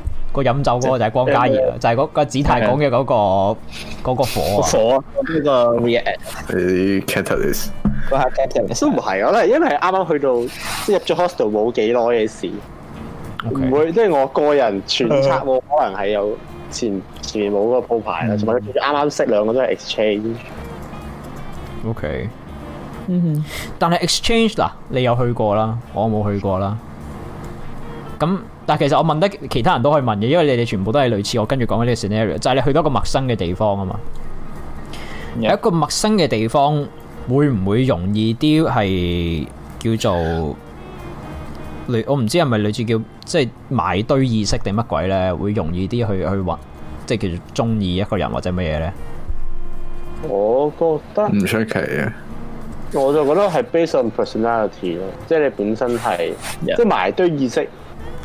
個飲酒嗰個就係江嘉怡啦，就係嗰個子泰講嘅嗰個嗰個火，火呢個 react，佢係 catalyst，都唔係，我都係因為啱啱去到即入咗 hostel 冇幾耐嘅事，唔會，即我個人全揣我可能係有前前面冇嗰個鋪排啦，同埋啱啱識兩個都係 exchange。OK，嗯，但係 exchange 嗱，你有去過啦，我冇去過啦，咁。但其實我問得其他人都可以問嘅，因為你哋全部都係類似我跟住講緊呢個 scenario，就係你去到一個陌生嘅地方啊嘛。Yeah. 一個陌生嘅地方，會唔會容易啲係叫做？我唔知係咪類似叫即係埋堆意識定乜鬼呢？會容易啲去去揾即係叫做中意一個人或者乜嘢呢？我覺得唔出奇啊！我就覺得係 based on personality 咯，即係你本身係 Yeah. 即係埋堆意識。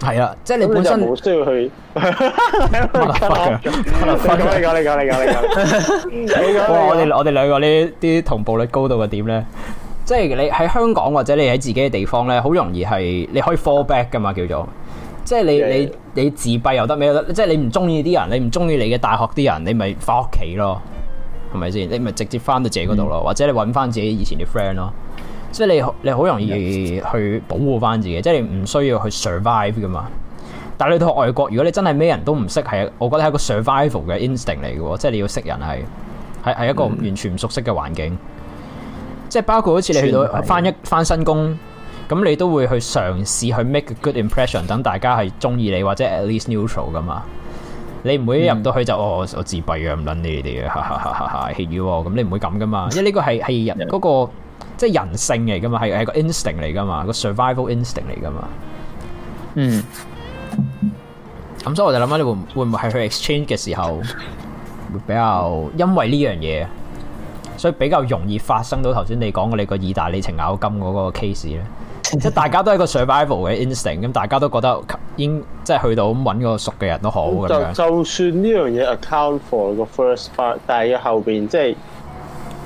係啊，即係你本身冇需要去。你講你講你講你講。哇，我哋我哋兩個呢啲同步率高到嘅點咧？ 即係你喺香港或者你喺自己嘅地方咧，好容易係你可以 fall back 噶嘛叫做。即係你 Yeah. 你你自閉又得咩得？即係你唔中意啲人，你唔中意你嘅大學啲人，你咪翻屋企咯，係咪先？你咪直接翻到自己嗰度咯，嗯、或者你搵翻自己以前啲 friend 咯。即係你你好容易去保護翻自己，即係你唔需要去 survive 噶嘛。但係你到外國，如果你真係咩人都唔識，係我覺得係一個 survival 嘅 instinct 嚟嘅，即係你要識人係，係係一個完全唔熟悉嘅環境。嗯、即係包括好似你去到翻一翻新工，咁你都會去嘗試去 make a good impression，等大家係中意你或者 at least neutral 噶嘛。你唔會一入到去就、嗯、哦我自閉啊唔撚你哋啊哈，哈哈哈！閪嘢喎、 哦，咁你唔會咁噶嘛， 因為呢個係係人、嗰個。即係人性嚟噶嘛，係係個 instinct 嚟噶嘛，個 survival instinct 嚟噶嘛。嗯，咁所以我就諗下，會會唔會係去 exchange 嘅時候，會比較因為呢樣嘢，所以比較容易發生到頭先你講嘅你個意大利程咬金嗰個 case 咧？ 即係大家都係個 survival 嘅 instinct，咁大家都覺得應即係去到搵個熟嘅人都好就,就算呢樣嘢 account for 個 first part，但係喺後邊即係。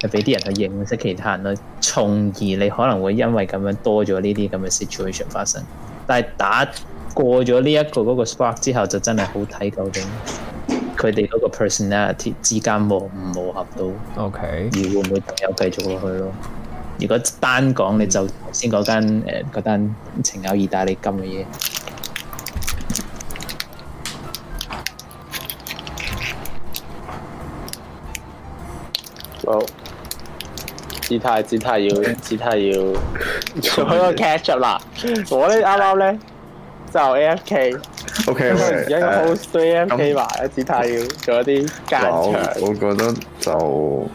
係俾啲人去認識其他人咯，從而你可能會因為咁樣多咗呢啲咁嘅 situation 發生。但係打過咗呢一個嗰個 spark 之後，就真係好睇究竟佢哋嗰個 personality 之間磨唔磨合到。OK，而會唔會有繼續落去咯？如果單講你就頭先嗰間誒嗰單情有意大利金嘅嘢，oh. 姿態，姿態要，Okay. 姿態要做嗰個 catch up 啦。我咧啱啱咧就 AFK，OK，而家 p o 好 three MK 話，姿態要做一啲加強。我覺得就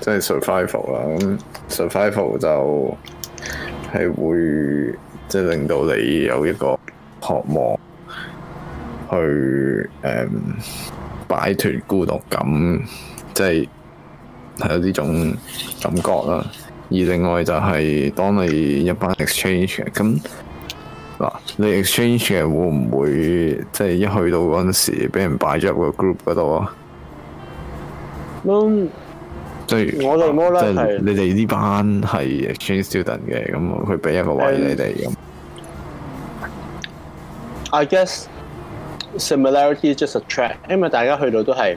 即係 survival 啦，咁 survival 就係會即係、就是、令到你有一個渴望去誒、um, 擺脫孤獨感，即係。係有呢種感覺啦，而另外就係當你一班 exchange 咁，嗱，你 exchange 會唔會即係一去到嗰陣時，俾人擺咗入個 group 嗰度啊？咁即係我哋，即係你哋呢班係 exchange student 嘅，咁佢俾一個位你哋咁。Um, 樣 I guess similarity is just attract 因為大家去到都係。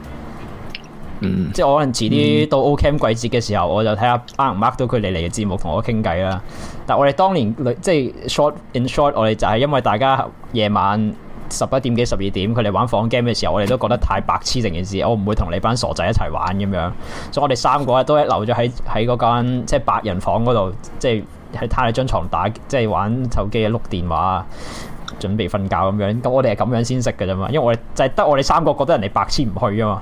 嗯， 即係我可能遲啲到 Ocamp 季節嘅時候，我就睇下 Mark Mark 到佢哋嚟嘅節目同我傾偈啦。但係我哋當年即係 short in short，我哋就係因為大家夜晚十一點幾十二點，佢哋玩房 game 嘅時候，我哋都覺得太白痴成件事，我唔會同你班傻仔一齊玩咁樣。所以我哋三個都係留咗喺喺嗰間即係白人房嗰度，即係喺攤喺張床打即係玩手機啊碌電話啊，準備瞓覺咁樣。咁我哋係咁樣先識嘅啫嘛，因為我哋就係、是、得我哋三個覺得人哋白痴唔去啊嘛。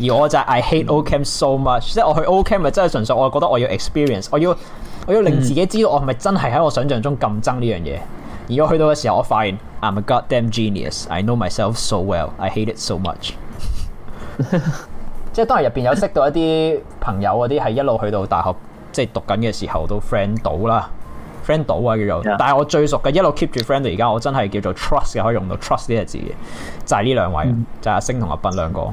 而我就係 I hate OCAM so much，即係我去 OCAM 咪真係純粹我覺得我要 experience，我要我要令自己知道我係咪真係喺我想象中咁憎呢樣嘢。而我去到嘅時候，我發現 I'm a goddamn genius，I know myself so well，I hate it so much。 即係當日入邊有識到一啲朋友，嗰啲係一路去到大學即係、就是、讀緊嘅時候都 friend 到啦，friend 到啊叫做。但係我最熟嘅一路 keep 住 friend 到而家，我真係叫做 trust 嘅可以用到 trust 呢個字嘅，就係、是、呢兩位， 就係阿星同阿斌兩個。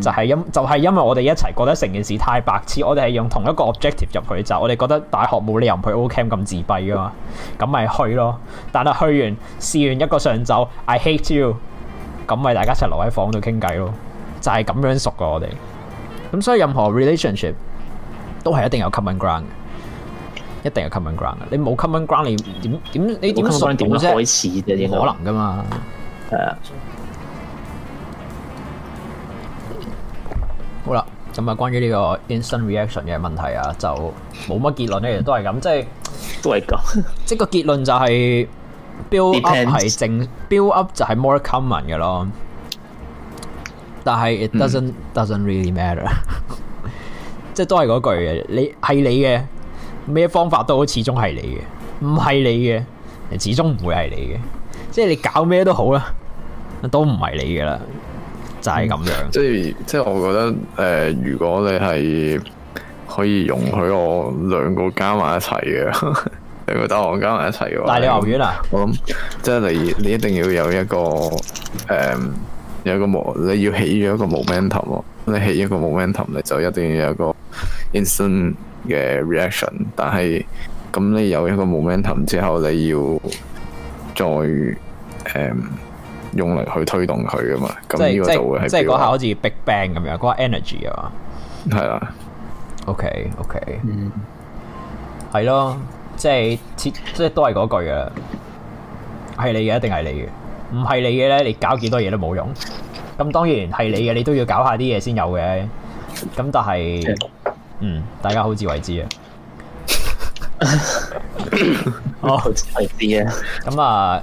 就係因就係、是、因為我哋一齊覺得成件事太白痴，我哋係用同一個 objective 入去就，我哋覺得大學冇理由唔去 O camp 咁自閉噶嘛，咁咪去咯。但係去完試完一個上晝，I hate you，咁咪大家一齊留喺房度傾偈咯，就係、是、咁樣熟噶我哋。咁所以任何 relationship 都係一定有 common ground 嘅，一定有 common ground 嘅。你冇 common ground 你點點你點想點樣開始可能噶嘛？係啊。好啦，咁啊，關於呢個 instant reaction 嘅問題啊，就冇乜結論咧，其實都係咁，即係都係咁。 即係個結論就係 build up 係 Depends. 正，build up 就係 more common 嘅咯。但係 it doesn't、mm. doesn't really matter， 即係都係嗰句嘅，你係你嘅，咩方法都好，始終係你嘅，唔係你嘅，始終唔會係你嘅。即係你搞咩都好啦，都唔係你嘅啦。就係咁樣，嗯、即係即係我覺得，誒、呃，如果你係可以容許我兩個加埋一齊嘅，兩個答案加埋一齊嘅話，但係你牛丸啊，我諗即係你你一定要有一個，誒、嗯，有一個模，你要起咗一個 momentum，你起一個 momentum，你就一定要有一個 instant 嘅 reaction。但係咁你有一個 momentum 之後，你要再，誒、嗯。用嚟去推動佢噶嘛？咁呢個就會係即係嗰下好似 Big Bang 咁樣嗰個 energy 啊嘛。係啊的。OK，OK、okay, okay。嗯。係咯，即係切，即係都係嗰句啊。係你嘅，一定係你嘅。唔係你嘅咧，你搞幾多嘢都冇用。咁當然係你嘅，你都要搞下啲嘢先有嘅。咁但係，嗯，大家好自為之啊。哦， oh, 好自為之啊。咁啊、oh。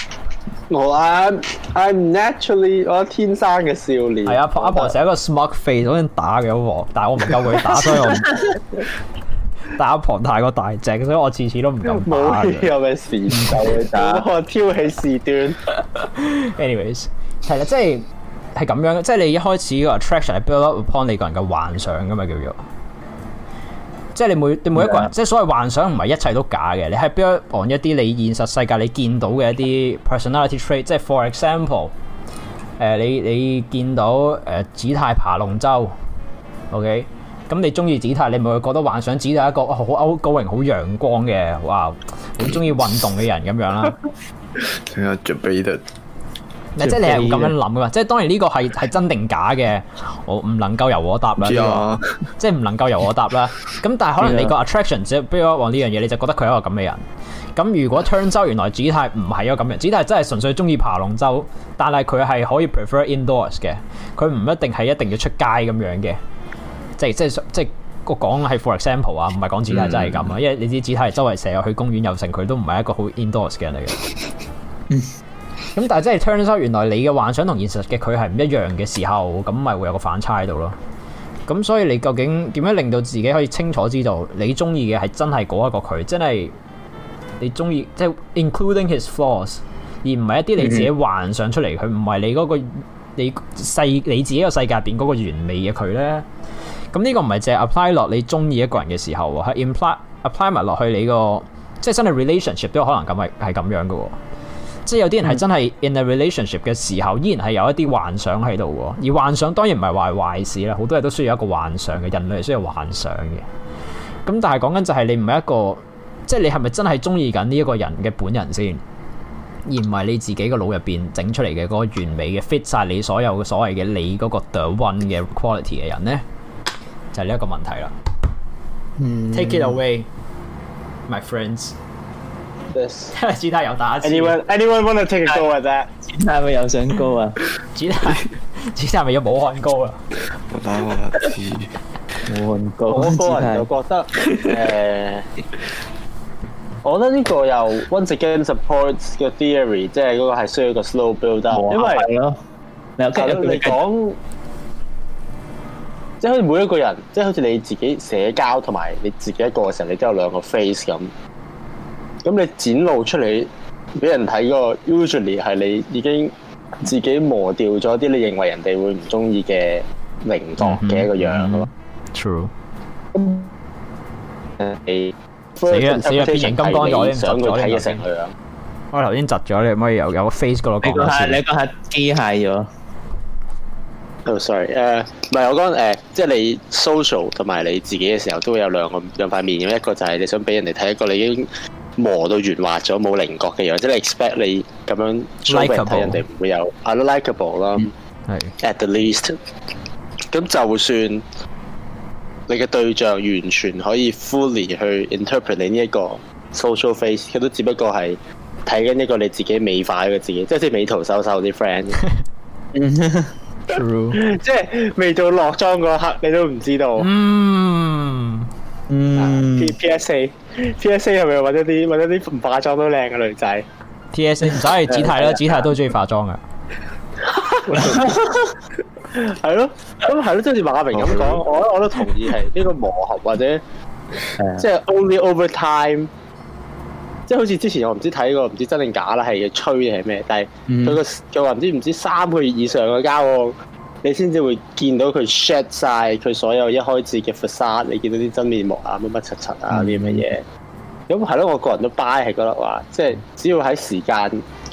我啊，I'm naturally 我天生嘅少年。係、嗯嗯、啊，阿婆成日一個 smug face，好似打嘅，但係我唔夠佢打 所以唔打。阿婆太過大隻，所以我次次都唔夠打， 打。冇呢咁嘅事，就會打。我挑起事端。 Anyways，係啦，即係係咁樣嘅，即係你一開始個 attraction 係 build up upon 你個人嘅幻想噶嘛、這個、叫做。即係你每你每一個人，Yeah. 即係所謂幻想唔係一切都假嘅。你係邊一旁一啲你現實世界你見到嘅一啲 personality trait，即係 for example，誒、呃，你你見到誒紫泰爬龍舟，OK，咁你中意紫泰，你咪會覺得幻想紫泰一個好高榮、好陽光嘅，哇，好中意運動嘅人咁樣啦。 即係你係咁樣諗噶嘛？即係當然呢個係係真定假嘅，我唔能夠由我答啦。啊、即係唔能夠由我答啦。咁但係可能你個 attraction 即係比如往呢樣嘢，你就覺得佢係一個咁嘅人。咁如果 turn out 原來子泰唔係一個咁樣嘅人，子泰真係純粹中意爬龍舟，但係佢係可以 prefer indoors 嘅，佢唔一定係一定要出街咁樣嘅。即係即係即係個講係 for example 啊，唔係講子泰真係咁啊。因為你知子泰周圍成日去公園遊成，佢都唔係一個好 indoors 嘅人嚟嘅。嗯咁但係真係 turns out，原來你嘅幻想同現實嘅佢係唔一樣嘅時候，咁咪會有個反差喺度咯。咁所以你究竟點樣令到自己可以清楚知道你中意嘅係真係嗰一個佢，真係你中意，即係 including his flaws，而唔係一啲你自己幻想出嚟，佢唔係你嗰、嗰個你世你自己嘅世界邊嗰個完美嘅佢咧。咁呢個唔係淨係 apply 落你中意一個人嘅時候，係 impla apply 埋落去你個即係真係 relationship 都可能咁係係咁樣噶。即係有啲人係真係 in a relationship 嘅時候，依然係有一啲幻想喺度。而幻想當然唔係話係壞事啦，好多人都需要一個幻想嘅，人類係需要幻想嘅。咁但係講緊就係你唔係一個，即係你係咪真係中意緊呢一個人嘅本人先，而唔係你自己個腦入邊整出嚟嘅嗰個完美嘅 fit 晒你所有所謂嘅你嗰個 the one 嘅 quality 嘅人呢，就係呢一個問題啦。Mm. Take it away, my friends. 子 This. 帶又打紫，anyone anyone want to take a go at that？紫帶咪又想高啊？紫帶紫帶咪又武漢高啊？我打我知，武漢高。我個人就覺得誒帶、呃，我覺得呢個又 once again supports 嘅 the theory，即係嗰個係需要一個 slow build up。因為你又即係你講，即係好似每一個人，即係好似你自己社交同埋你自己一個嘅時候，你都有兩個 face 咁。咁你展露出嚟俾人睇嗰個 usually 係你已經自己磨掉咗啲你認為人哋會唔中意嘅輪廓嘅一個樣咯。Oh, mm, 吧 True。死啊死啊！變成金光想睇嘅成佢樣。我頭先窒咗，你可唔可以有有個 face 過我講下？你講下機械咗。Oh sorry，誒, uh，唔係我講誒，uh, 即係你 social 同埋你自己嘅時候，都有兩個兩塊面嘅，一個就係你想俾人哋睇一個你已經。磨到圓滑咗，冇棱角嘅樣，即係你 expect 你咁樣 show 俾人睇，人哋唔會有 unlikeable 啦。係 at the least，咁就算你嘅對象完全可以 fully 去 interpret 你呢一個 social face，佢都只不過係睇緊一個你自己美化嘅自己，即係似美圖秀秀啲 friend。True，即係未到落妝嗰刻，你都唔知道。嗯，P P, SA, P SA 是是 S A P S A 係咪揾一啲揾一啲唔化妝都靚嘅女仔？P S A，唔使紫太啦，紫太都中意化妝嘅，係咯，咁係咯，即係似馬明咁講，我我都同意係呢個磨合或者，即係 only over time，即係好似之前我唔知睇過唔知真定假啦，係嘅吹嘅係咩？但係佢、那個佢話唔知唔知三個月以上嘅交往。你先至會見到佢 shut 晒佢所有一開始嘅 facade，你見到啲真面目啊，乜乜柒柒啊啲乜嘢咁係咯，我個人都 buy 係覺得話，即係只要喺時間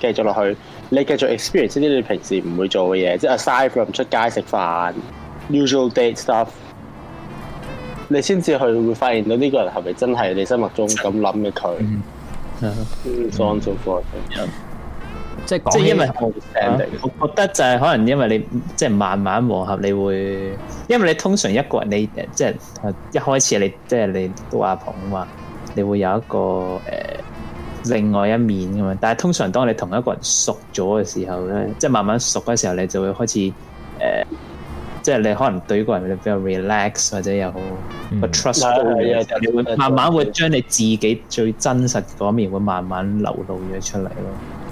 繼續落去，你繼續 experience 啲你平時唔會做嘅嘢，即係 aside from 出街食飯，usual date stuff，你先至去會發現到呢個人係咪真係你心目中咁諗嘅佢？嗯 s、嗯嗯即係因為我誒，我覺得就係可能因為你即係慢慢磨合，你會因為你通常一個人你即係一開始你即係你都話旁話，你會有一個誒另外一面咁樣。但係通常當你同一個人熟咗嘅時候咧，即係慢慢熟嘅時候，你就會開始誒，即係你可能對一個人你比較 relax 或者有個 trust，嗯、慢慢會將你自己最真實嗰一面會慢慢流露咗出嚟咯。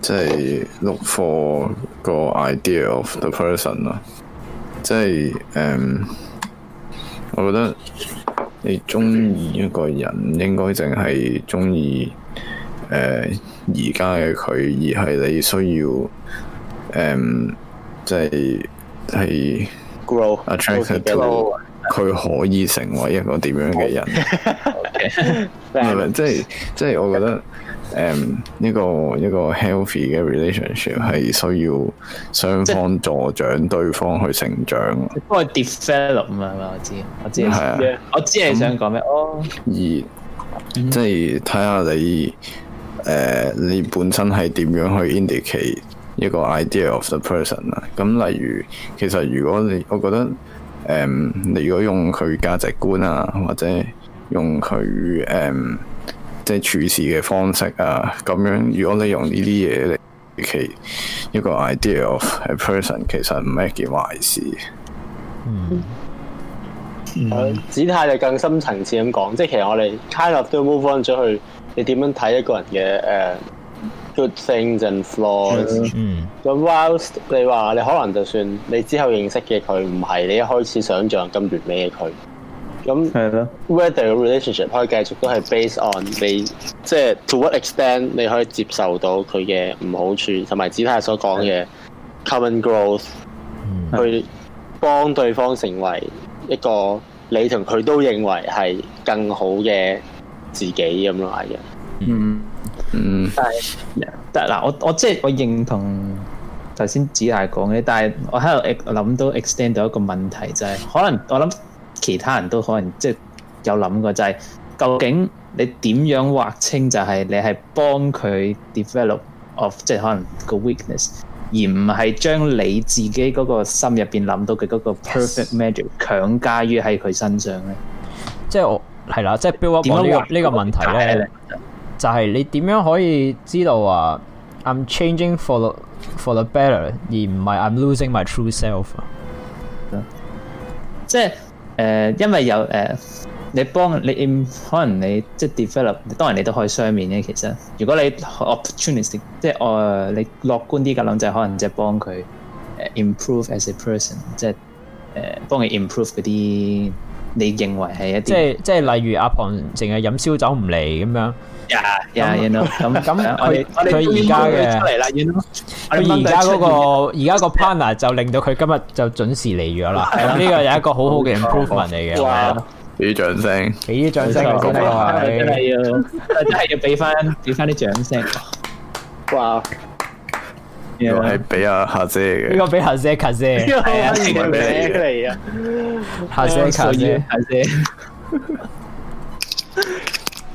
即係 look for 個 idea of the person 咯，即係誒，我覺得你中意一個人，唔應該淨係中意誒而家嘅佢，而係你需要誒、嗯，即係係 grow attractive to 佢可以成為一個點樣嘅人， Okay. 即係 即係，我覺得。誒，呢個、um, 一個 healthy 嘅 relationship 係需要雙方助長對方去成長，即係 develop 啊嘛，我知係，係啊、我知係啊，我知係想講咩哦，oh. 而即係睇下你誒、mm. 呃，你本身係點樣去 indicate 一個 idea of the person 啊？咁例如，其實如果你，我覺得誒，um, 你如果用佢價值觀啊，或者用佢誒。Um, 即係處事嘅方式啊，咁樣如果你用呢啲嘢嚟其一個 idea of a person，其實唔係一件壞事。嗯，mm. mm. uh, Gtai，你更深層次咁講，即係其實我哋 kind of，都 move on 咗去，你點樣睇一個人嘅誒、uh, good things and flaws？嗯，咁 whilst, Yes .、mm. 你話你可能就算你之後認識嘅佢唔係你一開始想象咁完美嘅佢。咁那的，whether relationship 可以繼續都係 based on 你，即係 to what extent 你可以接受到佢嘅唔好處，同埋 Gtai 所講嘅 common growth，的去幫對方成為一個你同佢都認為係更好嘅自己咁咯，係嘅、嗯。嗯是嗯，但係得嗱，我我即係，我認同頭先 Gtai 講嘅，但係我喺度諗都 extend 到一個問題，就係、是、可能我諗。其他人都可能即係有諗過、就是，就係究竟你點樣劃清，就係你係幫佢 develop，of 即係可能個 weakness，而唔係將你自己嗰個心入邊諗到嘅嗰個 perfect magic 強加於喺佢身上咧。即係我係啦，即係、就是、build up 呢、這個、個問題咧，題呢就係你點樣可以知道話、啊、I'm changing for the for the better，而唔係 I'm losing my true self。即係。Uh, 因為有、uh, 你幫你 im 可能你即係 develop，當然你都可以雙面嘅。其實，如果你 opportunistic 即係我、uh, 你樂觀啲嘅諗就係可能即係幫佢 improve as a person，即係誒、uh, 幫佢 improve 嗰啲你認為係一啲，即係即係例如阿 Pong 淨係飲燒酒唔嚟咁樣。yeah yeah you know，咁咁佢佢而家嘅出嚟啦，you know，佢而家嗰個而家個 partner 就令到佢今日就準時嚟咗啦。呢個有一個好好嘅 improvement 嚟嘅，哇！俾啲掌聲，俾啲掌聲，真係要真係要俾翻俾翻啲掌聲。哇！要係俾阿霞姐嘅，要俾霞姐，霞姐，霞姐，霞姐，霞姐。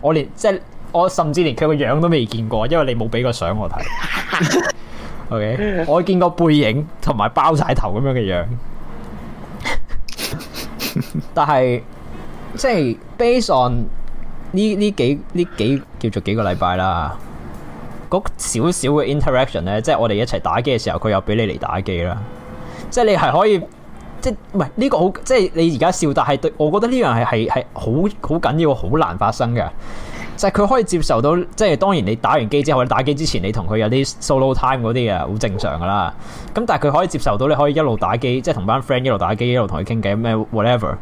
我連即係我甚至連佢個樣都未見過，因為你冇俾個相我睇。OK，我見過背影同埋包晒頭咁樣嘅樣， 但係即係 based on 呢呢幾呢幾叫做幾個禮拜啦，嗰少少嘅 interaction 呢，即係我哋一齊打機嘅時候，佢又俾你嚟打機啦，即係你係可以。即係呢、這個好即係你而家笑，但係對我覺得呢樣係係係好好緊要，好難發生嘅。就係、是、佢可以接受到，即係當然你打完機之後，或者打機之前你，你同佢有啲 solo time 嗰啲啊，好正常噶啦。咁但係佢可以接受到，你可以一路打機，即係同班 friend 一路打機，一路同佢傾偈咩 whatever。Whatever,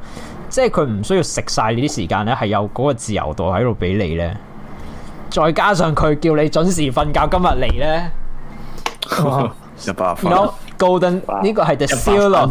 即係佢唔需要食晒呢啲時間咧，係有嗰個自由度喺度俾你咧。再加上佢叫你準時瞓覺，今日嚟咧。一八分。Golden 呢個係 The Solo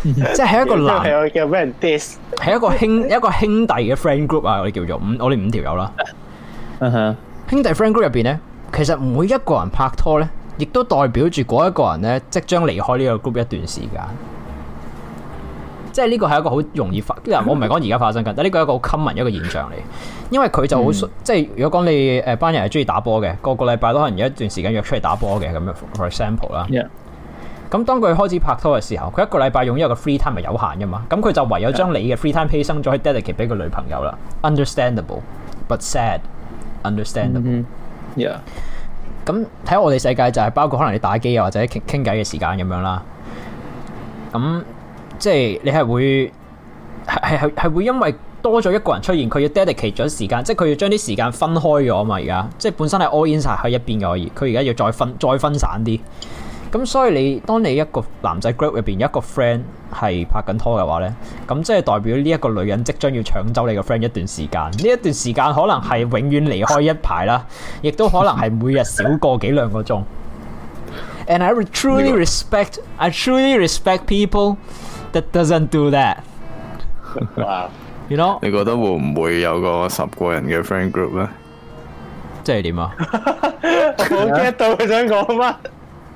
即係一個男，係我嘅 friend，係一個兄，一個兄弟嘅 friend group 啊，我哋叫做五，我哋五條友啦。Huh. 兄弟 friend group 入邊呢，其實每一個人拍拖呢，亦都代表住嗰一個人呢，即將離開呢個 group 一段時間。即係呢個係一個好容易發，我唔係講而家發生緊， 但係呢個係一個好 common 一個現象嚟。因為佢就好、嗯、即係如果講你誒班人係中意打波嘅，個個禮拜都可能有一段時間約出嚟打波嘅咁樣，for example 啦。Yeah. 咁當佢開始拍拖嘅時候，佢一個禮拜用一個 free time 係有限噶嘛，咁佢就唯有將你嘅 free time 犧牲咗去 dedicate 俾個女朋友啦。Understandable，but sad。Understand、mm。Understandable，yeah。咁喺我哋世界就係包括可能你打機又或者傾傾偈嘅時間咁樣啦。咁即係你係會係係係會因為多咗一個人出現，佢要 dedicate 咗時間，即係佢要將啲時間分開咗啊嘛。而家即係本身係 all in 曬喺一邊嘅，可以，佢而家要再分再分散啲。咁所以你當你一個男仔 group 入邊有一個 friend 係拍緊拖嘅話呢，咁即係代表呢一個女人即將要搶走你個 friend 一段時間。呢一段時間可能係永遠離開一排啦，亦都可能係每日少過幾兩個鐘。And I truly respect, I truly respect people that doesn't do that. You know？你覺得會唔會有個十個人嘅 friend group 呢？即係點啊？我 get 到佢想講乜？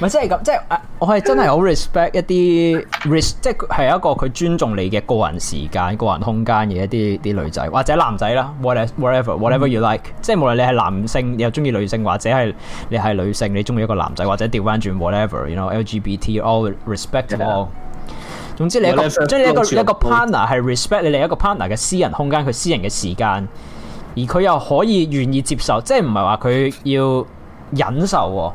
咪即係咁，即係我係真係好 respect 一啲，即係一， 一個佢尊重你嘅個人時間、 個人空間嘅一啲啲女仔，或者男仔啦，whatever，whatever you like，即係無論你係男性又中意女性，或者係你係女性你中意一個男仔，或者調翻轉 whatever，you know L G B T all respectful。總之你一個 即係你一個， 個 partner 係 respect 你哋一個 partner 嘅私人空間，佢私人嘅時間，而佢又可以願意接受，即係唔係話佢要忍受，哦。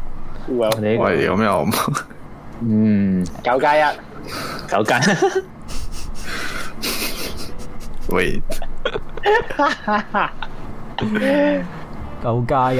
喂，有咩，嗯，九加一，九加，喂，九加一。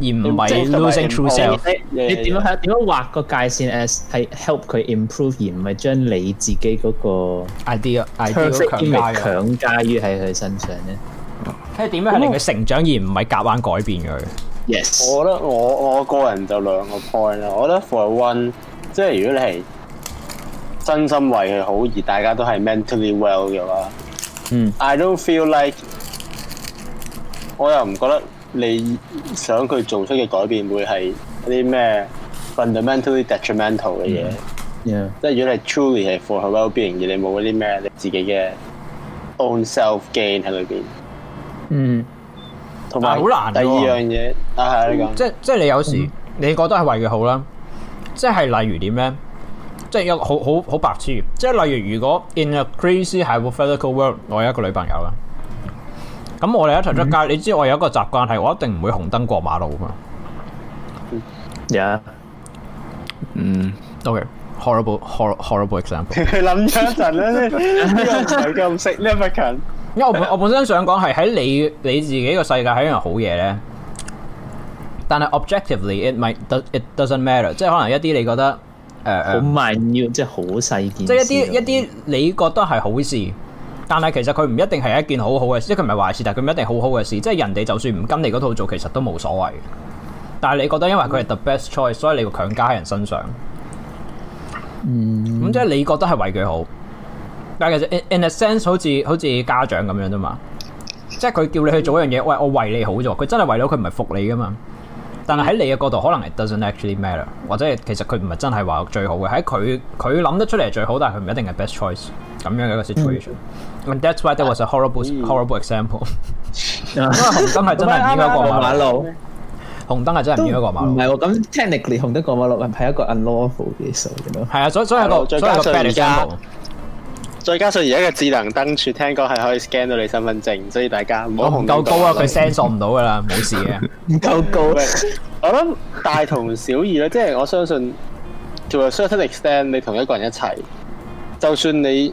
而唔係 losing true self 也也也。你點樣點樣畫個界線？As 係 help 佢 improve，而唔係將你自己嗰個 idea、idea 強加於強加於喺佢身上咧。即係點樣令佢成長，而唔係夾硬改變佢？Yes 我。我覺得我我個人就兩個 point 啦。我覺得 for one，即係如果你係真心為佢好，而大家都係 mentally well 嘅話，嗯，I don't feel like 我又唔覺得。你想佢做出嘅改變會係啲咩 fundamentally detrimental 嘅嘢？Yeah, yeah. 即係如果你係 truly 係 for her well-being 而你冇嗰啲咩你自己嘅 own self gain 喺裏邊？嗯，同埋好難第二樣嘢，嗯、啊係、嗯、你講說，即係即係你有時、嗯、你覺得係為佢好啦，即係例如點咧？即係有個好好好白痴，即係例如如果 in a crazy hypothetical world 我有一個女朋友啦。咁我哋一齊出街，嗯、你知我有一個習慣係我一定唔會紅燈過馬路，嗯，呀、okay，horrible，horrible horrible example。諗咗一陣咧，呢咁識，因為我我本身想講係喺你你自己個世界係一樣好嘢咧，但係 objectively it might, it doesn't matter，即係可能一啲你覺得誒好 minor，i not，即係好細件，即係一啲一啲你覺得係好事。但係其實佢唔一定係一件好好嘅事，即佢唔係壞事，但係佢唔一定好好嘅事。即係人哋就算唔跟你嗰套做，其實都冇所謂。但係你覺得因為佢係 the best choice，所以你要強加喺人身上。嗯。咁即係你覺得係為佢好。但係其實 in a sense 好似好似家長咁樣啫嘛。即係佢叫你去做一樣嘢，喂，我為你好咗。佢真係為咗佢唔係服你㗎嘛。但係喺你嘅角度，可能係 doesn't actually matter，或者係其實佢唔係真係話最好嘅。喺佢佢諗得出嚟最好，但係佢唔一定係 best choice 咁樣嘅一個 situation。Mm. That's why that was a horrible,mm. horrible example。 因為紅燈係真係唔應該過馬路。紅燈係真係唔應該過馬路。唔係喎，咁 technically 紅燈過馬路係一個 unlawful 嘅事咁樣。係啊，所以所以一個，再 加上而家，再加上而家嘅智能燈柱，聽講係可以 scan 到你身份證，所以大家冇 紅燈。夠高啊，佢 sense 唔到㗎啦，冇事嘅。唔夠高， 我諗大同小異啦。即係 我相信，to a certain extent，你同一個人一齊，就算你。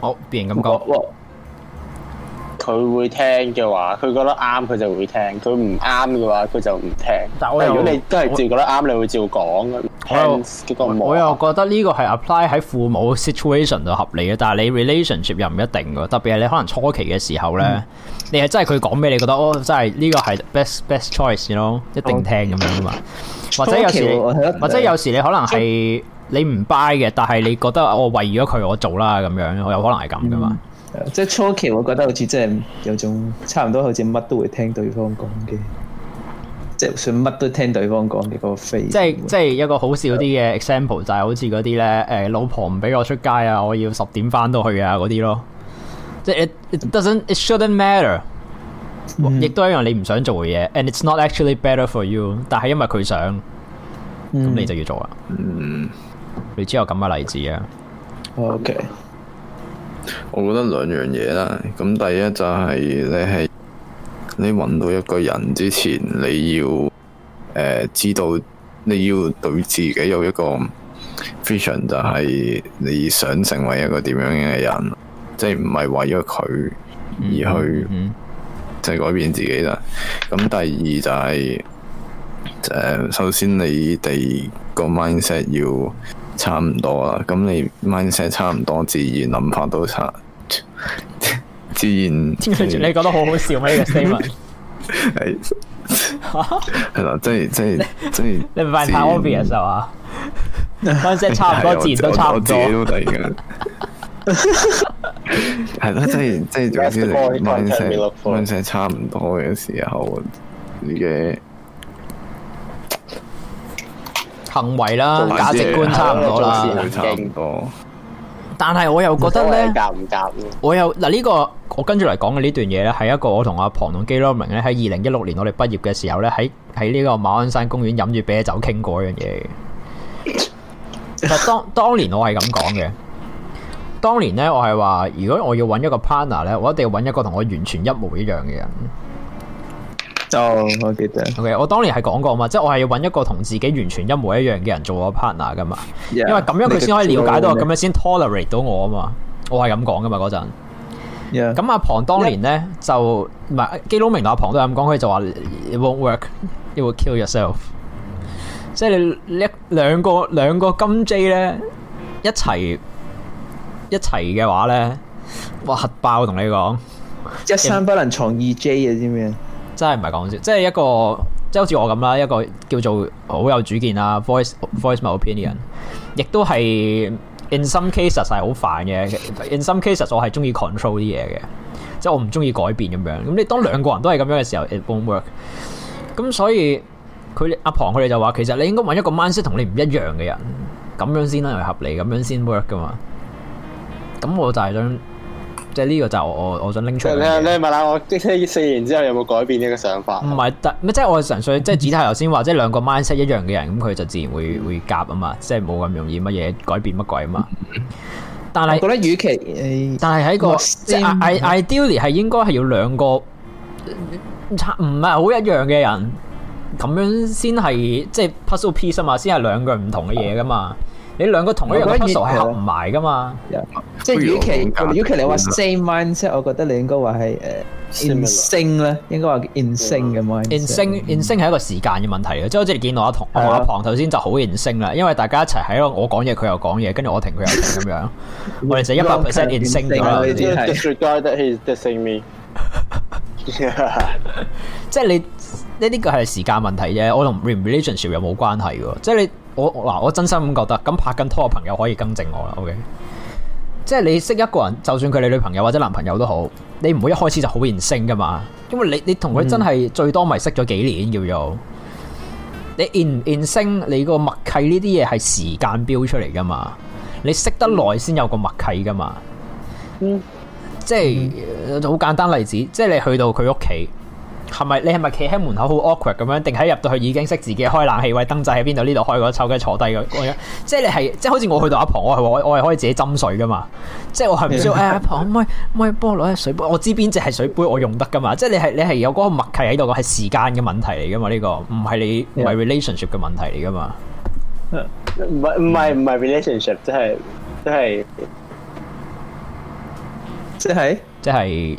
好，變咁講。佢會聽嘅話，佢覺得啱，佢就會聽；佢唔啱嘅話，佢就唔聽。但係如果你真係自己覺得啱，你會照講。我又我又覺得呢個係 apply 喺父母 situation 度合理嘅，但係你 relationship 又唔一定嘅。特別係你可能初期嘅時候咧，嗯、你係真係佢講俾你覺得哦，真係呢個係 best best choice 咯，嗯、一定聽咁樣啊嘛。或者有時，啊、或者有時你可能係。嗯你唔 buy 嘅，但係你覺得我、哦、為咗佢我做啦，咁樣我有可能係咁噶嘛？即係初期我覺得好似真係有種差唔多，好似乜都會聽對方講嘅，即係算乜都聽對方講嘅嗰個 phase。即係即係一個好笑啲嘅 example 就係好似嗰啲咧，誒、欸，老婆唔俾我出街啊，我要十點翻到去啊，嗰啲咯。即係 it doesn't it, doesn't it shouldn't matter，亦都、嗯、一樣你唔想做嘅嘢，and it's not actually better for you，但係因為佢想，咁、嗯、你就要做啦。嗯你知道有咁嘅例子啊？OK，我覺得兩樣嘢啦。咁第一就係你係你揾到一個人之前，你要、呃、知道你要對自己有一個 vision，就係你想成為一個點樣嘅人，即係唔係為咗佢而去、mm hmm. 就改變自己啦。咁第二就係、是就是、首先你哋個 mindset 要。差唔多啦，咁你 mindset 差唔多，自然諗法都差，自然。你覺得好好笑咩呢個 statement？係，係啦，即係即係即係，你唔係太 obvious 係嘛？mindset 差唔多字都差唔多，我知都突然間。係咯，即係即係，總之 mindset mindset 差唔多嘅時候，你嘅。行為啦，價值觀差唔多啦，但係我又覺得呢，我又嗱呢、呢個，我跟住嚟講嘅呢段嘢咧，係一個我同阿龐同基羅明咧喺二零一六年我哋畢業嘅時候咧，喺喺呢個馬鞍山公園飲住啤酒傾過一樣嘢。其實當當年我係咁講嘅，當年呢，我係話，如果我要揾一個 partner 呢，我一定要揾一個同我完全一模一樣嘅人。就，我記得。O K，我當年係講過嘛，即係我係要揾一個同自己完全一模一樣嘅人做我 partner 噶嘛，yeah, 因為咁樣佢先可以了解到，咁樣先 tolerate 到我啊嘛，我係咁講噶嘛嗰陣。咁 Yeah. 阿龐當年咧 Yeah. 就唔係基佬明阿龐都有咁講，佢就話 it won't work，you will kill yourself。Mm hmm. 即係你一兩個兩個金 J 咧一齊一齊嘅話咧，哇核爆同你講，一山不能藏二 J 啊知唔知？真係唔係講笑，即係一個即係好似我咁啦，一個叫做好有主見啊，voice voice my opinion，亦都係 in some cases 係好煩嘅。in some cases 我係中意 control 啲嘢嘅，即係我唔中意改變咁樣。咁你當兩個人都係咁樣嘅時候，it won't work。咁所以佢阿龐佢哋就話，其實你應該揾一個 mindset 同你唔一樣嘅人，咁樣先啦係合理，咁樣先 work 噶嘛。咁我就係想。即係呢個就我我想拎出嚟。你你問下我即係四年之後有冇改變呢個想法？唔係，即係我純粹即係指頭頭先話，即係兩個 mindset 一樣嘅人，咁佢就自然會、嗯、會夾啊嘛，即係冇咁容易乜嘢改變乜鬼啊嘛。嗯、但係是我覺得，與、哎、其但係喺個想即係 ideally 係應該係要兩個唔係好一樣嘅人咁樣先係，即係 puzzle piece 啊嘛，先係兩個唔同嘅嘢噶嘛。你兩個同一個 c o n c e 合唔埋噶嘛？即係如果其如其你話 same mind，即係我覺得你應該話係誒 in 升咧，應該話 in 星咁樣。in 升 in 星係一個時間嘅問題咯，即係好似你見我阿同阿龐頭先就好 in 星啦，因為大家一齊喺度，我講嘢佢又講嘢，跟住我停佢又停咁樣，我哋就一百 percent in 升咗。即係你呢啲個係時間問題啫，我同 r e l i t i o n s h i p 有冇關係嘅，即係你。我嗱，我真心咁覺得，咁拍緊拖嘅朋友可以更正我啦。O、okay? K，即係你識一個人，就算佢你女朋友或者男朋友都好，你唔會一開始就好認星噶嘛。因為你你同佢真係最多咪識咗幾年、嗯、叫做你認唔認星？你個默契呢啲嘢係時間標出嚟噶嘛？你識得耐先有個默契噶嘛？嗯，即係是好、嗯、簡單例子，即係你去到佢屋企。係咪你係咪企喺門口好 awkward 咁樣，定喺入到去已經識自己開冷氣、燈開燈掣喺邊度？呢度開嗰抽機坐低咁樣？即係你係即係好似我去到阿婆，我係我我係可以自己斟水噶嘛？即係我係唔需要阿婆可唔可以幫我攞隻水杯？我知邊隻係水杯，我用得噶嘛？即係你係你係有嗰個默契喺度，係時間嘅問題嚟噶嘛？呢、這個唔係你唔係 Yeah. relationship 嘅問題嚟噶嘛？唔係唔係唔係 relationship，即係即係即係即係。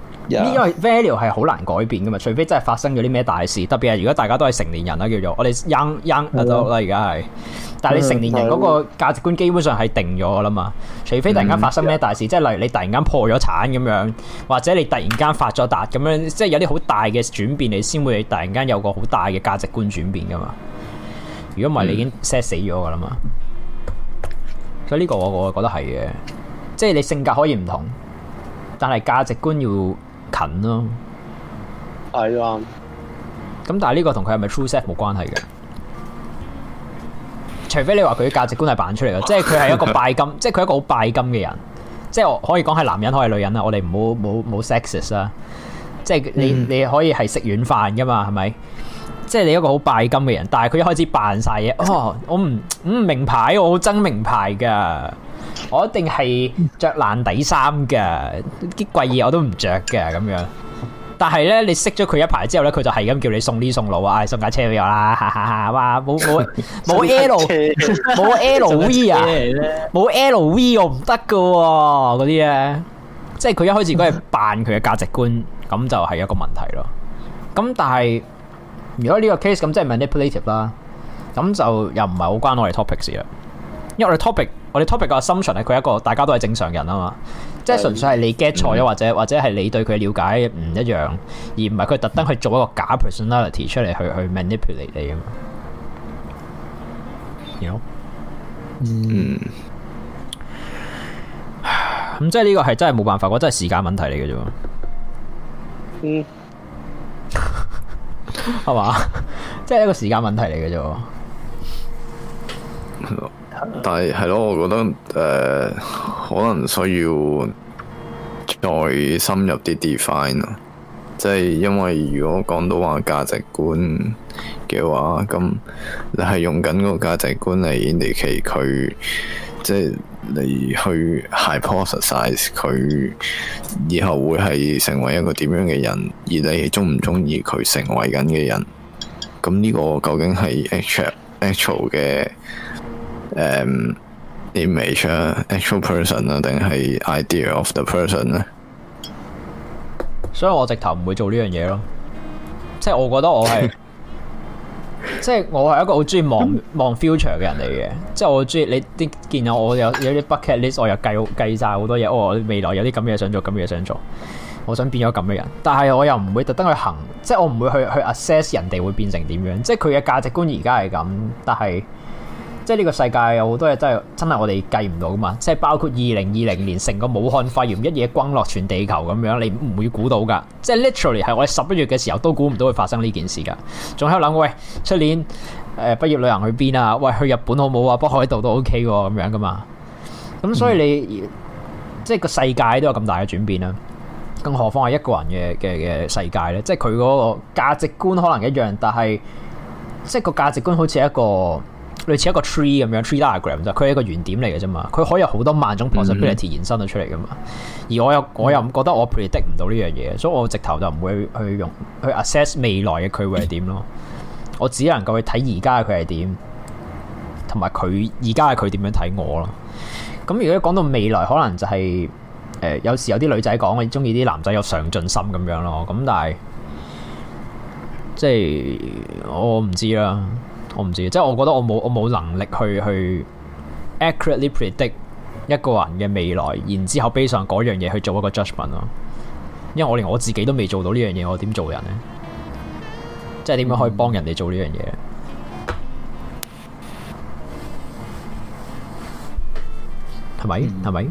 Yeah. 因為 value 係好難改變噶嘛，除非真係發生咗啲咩大事。特別係如果大家都係成年人啦，叫做我哋 young young 啦，而家係。但係你成年人嗰個價值觀基本上係定咗噶啦嘛，除非突然間發生咩大事，mm hmm. 即係例如你突然間破咗產咁樣，或者你突然間發咗達咁樣，即係有啲好大嘅轉變，你先會突然間有個好大嘅價值觀轉變噶嘛。如果唔係，你已經 set 死咗噶啦嘛。所以呢個我我覺得係嘅，即係你性格可以唔同，但係價值觀要。近咯，係啊。咁但係呢個同佢係咪 true self 冇關係嘅？除非你話佢嘅價值觀係扮出嚟嘅，即係佢係一個拜金， 即係佢一個好拜金嘅人。即係可以講係男人可以女人啊，我哋唔好冇，冇 sexist 啦。即係你你可以係食軟飯噶嘛，係咪？即係你是一個好拜金嘅人，但係佢一開始扮晒嘢。哦，我唔唔名牌的，我好憎名牌噶。我一定係着爛底衫嘅，啲貴嘢我都唔着嘅咁樣。但係咧，你識咗佢一排之後咧，佢就係咁叫你送呢送路啊，送架車俾我啦，哇哈哈，冇冇冇 L，冇 LV 啊，冇 LV 我唔得噶喎，嗰啲咧，即係佢一開始佢係扮佢嘅價值觀，咁就係一個問題咯。咁但係如果呢個 case 咁即係 manipulative 啦，咁就又唔係好關我哋 topic 事啦，因為我哋 topic。我哋 topic 嘅心上咧，佢一個大家都係正常人啊嘛，即係純粹係你 get 錯咗，或者或者係你對佢嘅了解唔一樣，而唔係佢特登去做一個假 personality 出嚟去去 manipulate 你啊嘛。You know? 嗯，咁即係呢個係真係冇辦法，我真係時間問題嚟嘅啫。嗯，係嘛， 即係一個時間問題嚟嘅啫。嗯 但係係咯，我覺得誒、呃，可能需要再深入啲 define 啊。即係因為如果講到話價值觀嘅話，咁你係用緊個價值觀嚟嚟期佢，即係嚟去 hypothesize 佢以後會係成為一個點樣嘅人，而你中唔中意佢成為緊嘅人？咁呢個究竟係 a c actual 嘅？誒、um，image，actual person 啊，定係 idea of the person 咧？所以我直頭唔會做呢樣嘢咯，即係我覺得我係，即係我係一個好中意望望 future 嘅人嚟嘅，即係我中意你啲見到我有有啲 bucket list，我又計計晒好多嘢，哦，我未來有啲咁嘢想做，咁嘢想做，我想變咗咁嘅人，但係我又唔會特登去行，即係我唔會去去 assess 人哋會變成點樣，即係佢嘅價值觀而家係咁，但係。即係呢個世界有好多嘢真係真係我哋計唔到噶嘛，即係包括二零二零年成個武漢肺炎一嘢轟落全地球咁樣，你唔會估到噶。即係 literally 係我哋十一月嘅時候都估唔到會發生呢件事噶。仲喺度諗，喂，出年誒畢業旅行去邊啊？喂，去日本好唔好啊？北海道都 OK 咁、啊、樣噶嘛。咁所以你、嗯、即係個世界都有咁大嘅轉變啦、啊，更何況係一個人嘅嘅嘅世界咧。即係佢嗰個價值觀可能一樣，但係即係個價值觀好似係一個。類似一個 tree 咁樣 tree diagram 啫，佢係一個原點嚟嘅啫嘛，佢可以有好多萬種 possibility 延伸到出嚟噶嘛。嗯、而我又我又唔覺得我 predict 唔到呢樣嘢，所以我直頭就唔會去去用去 assess 未來嘅佢會係點咯。嗯、我只能夠去睇而家嘅佢係點，同埋佢而家嘅佢點樣睇我咯。咁如果講到未來，可能就係、是、誒、呃，有時有啲女仔講，我中意啲男仔有上進心咁樣咯。咁但係即係我唔知啦。我唔知，即係我覺得我冇我冇能力去去 accurately predict 一個人嘅未來，然之後 base 上嗰樣嘢去做一個 judgment 咯。因為我連我自己都未做到呢樣嘢，我點做人呢？即係點樣可以幫人哋做呢樣嘢？係咪、嗯？係咪？是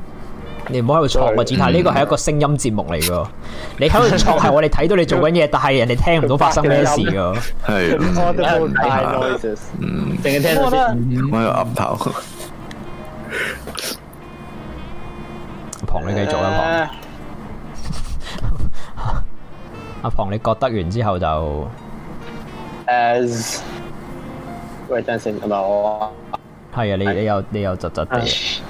你唔好喺度坐啊！Gtai，呢個係一個聲音節目嚟噶、啊。你喺度坐係我哋睇到你做緊嘢， 但係人哋聽唔到發生咩事噶。係、 嗯，唔開都好。嗯，靜嘅聽先。唔好喺的度暗頭。阿龐你繼續 啊！阿龐，你覺得完之後就，誒，喂，等先，係咪我？係啊，你你有你有窒窒地。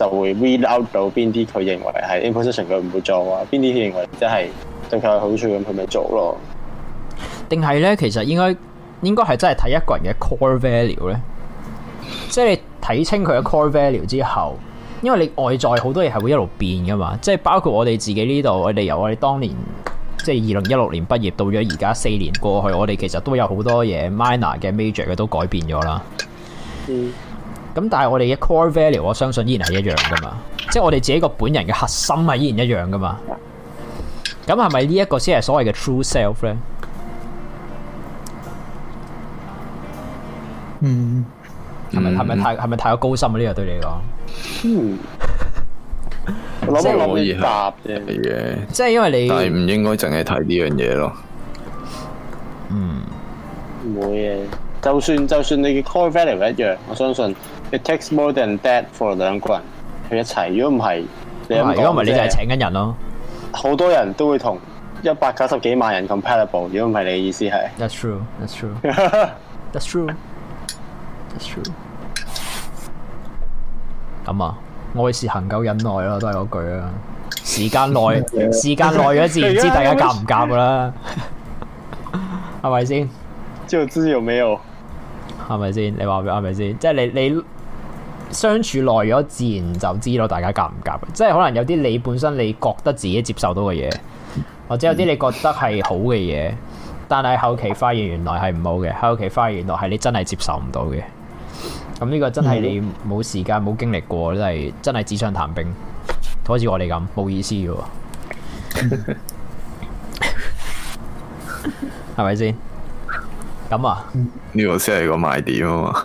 就會 read out 到邊啲佢認為係 imposition 佢唔會做啊，邊啲認為即係對佢有好處咁，佢咪做咯？定係咧，其實應該應該係真係睇一個人嘅 core value 咧，即係你睇清佢嘅 core value 之後，因為你外在好多嘢係會一路變噶嘛，即係包括我哋自己呢度，我哋由我哋當年即係二零一六年畢業到咗而家四年過去，我哋其實都有好多嘢 minor 嘅 major 嘅都改變咗啦。嗯。咁但係我哋嘅 core value，我相信依然係一樣噶嘛，即係我哋自己個本人嘅核心係，依然一樣噶嘛。咁係咪呢一個先係所謂嘅 true self 咧？嗯，係咪係咪太係咪太過高深？啊？呢個對你講，嗯、我想想你即係可以答嘅，即係因為你，但係唔應該淨係睇呢樣嘢咯。嗯，唔會嘅，就算就算你嘅 core value 一樣，我相信。It takes more than that for 兩個人去一齊。如果唔係，唔係，如果唔係，你就係請緊人咯。好多人都會同一百九十幾萬人 compatible。如果唔係，你嘅意思係？That's true. That's true. That's true. That's true. 咁 that 啊，愛是恆久忍耐咯，都係嗰句啊。時間耐， 時間耐咗自然知大家夾唔夾噶啦。係咪先？就知有沒有？係咪先？你話俾我係咪先？即係你你。你相處耐咗，自然就知咯。大家夾唔夾？即係可能有啲你本身你覺得自己接受到嘅嘢，或者有啲你覺得係好嘅嘢，但係後期發現原來係唔好嘅，後期發現原來係你真係接受唔到嘅。咁呢個真係你冇時間冇經歷過，真係真係紙上談兵。好似我哋咁，冇意思嘅。係咪先？咁啊？呢個先係個賣點啊嘛。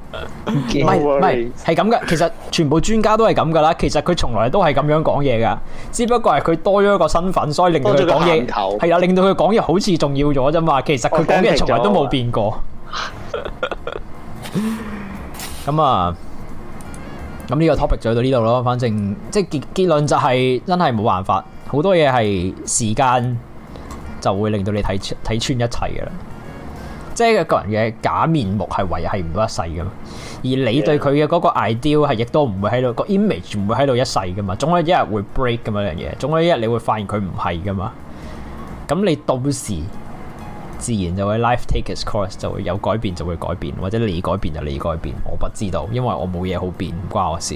唔係唔係，係咁噶。其實全部專家都係咁噶啦。其實佢從來都係咁樣講嘢噶，只不過係佢多咗一個身份，所以令到佢講嘢係啦，令到佢講嘢好似重要咗啫嘛。其實佢講嘢從來都冇變過。咁 啊，咁呢個 topic 就到呢度咯。反正即係結結論就係真係冇辦法，好多嘢係時間就會令到你睇睇穿一切嘅啦。即係個人嘅假面目係維係唔到一世噶嘛，而你對佢嘅嗰個 idea 係亦都唔會喺度，個 image 唔會喺度一世噶嘛，總有一日會 break 咁樣樣嘢，總有一日你會發現佢唔係噶嘛，咁你到時自然就會 life take its course 就會有改變，就會改變，或者你改變就你改變，我不知道，因為我冇嘢好變，唔關我事。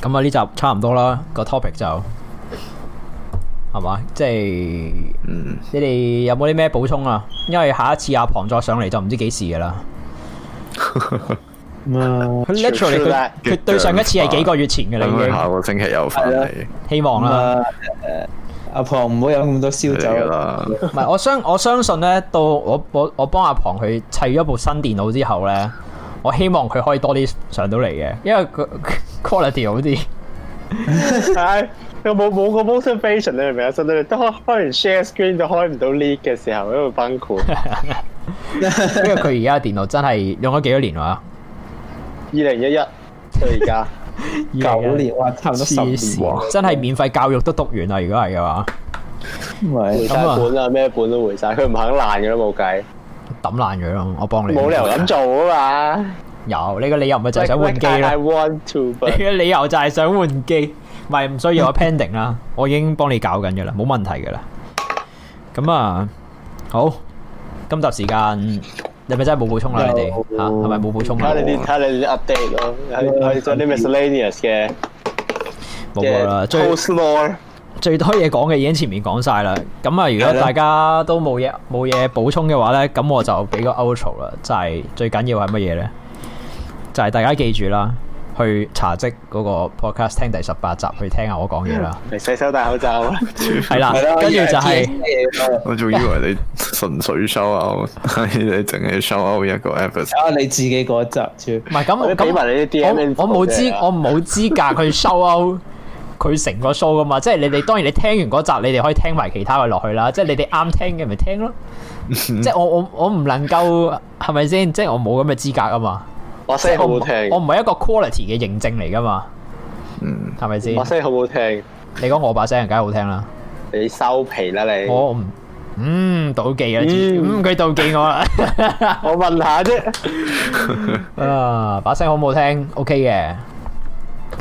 咁啊，呢集差唔多啦，個 topic 就係嘛，即係，嗯，你哋有冇啲咩補充啊？因為下一次阿龐再上嚟就唔知幾時噶啦。佢、嗯、然對上一次係幾個月前嘅啦，已經下個星期又翻嚟。希望、嗯、龐啦，阿龐唔好有咁多燒酒啦。唔係，我相我相信呢，到我我我幫阿龐去砌咗部新電腦之後呢。我希望佢可以多啲上到嚟嘅，因為佢 quality 好啲。係、 哎，又冇冇個 motivation 你明唔明啊？真你都開開完 share screen 就開唔到 lead 嘅時候，一路崩潰。因為佢而家電腦真係用咗幾多年話？二零一一到而家九年，哇，差唔多十年。真係免費教育都讀完啦，如果係嘅話。係， 回晒本啦，咩本都回晒，佢唔肯爛嘅都冇計。抌爛咗咯，我幫你。冇理由咁做啊嘛！有你個理由咪就係想換機咯。你個理由就係想換機，咪唔、like, like、需要我 pending 啦。 我已經幫你搞緊嘅啦，冇問題嘅啦。咁啊，好，今集時間你咪真係冇補充 No. 啊？是不是充你哋吓係咪冇補充啊？睇你啲睇你啲 update 咯，做啲 miscellaneous 嘅冇啦，再。就最多嘢講嘅已經前面講晒啦，咁啊，如果大家都冇嘢冇嘢補充嘅話呢，咁我就俾個 outro 啦，就係、是、最緊要係乜嘢呢？就係、是、大家記住啦，去查積嗰個 podcast 聽第十八集，去聽下我講嘢啦。你洗手戴口罩，係 啦，跟住就係、是、我仲以為你純粹收歐，你淨係收歐一個 effort。 你自己嗰集，唔係咁我講埋你啲 DM 我冇資我唔冇資格去收歐。佢成個 show 噶嘛，即係你哋當然你聽完嗰集，你哋可以聽埋其他嘅落去啦。即係你哋啱聽嘅咪聽咯。即係我我我唔能夠係咪先？即係我冇咁嘅資格啊嘛。把聲好唔好聽？我唔係一個 quality 嘅認證嚟噶嘛。嗯，係咪先？把聲好唔好聽？你講我把聲梗係好聽啦。你收皮啦你！我唔，嗯，妒忌啊！嗯，佢妒忌我啦！我問下啫。啊，把聲好唔好聽？OK 嘅。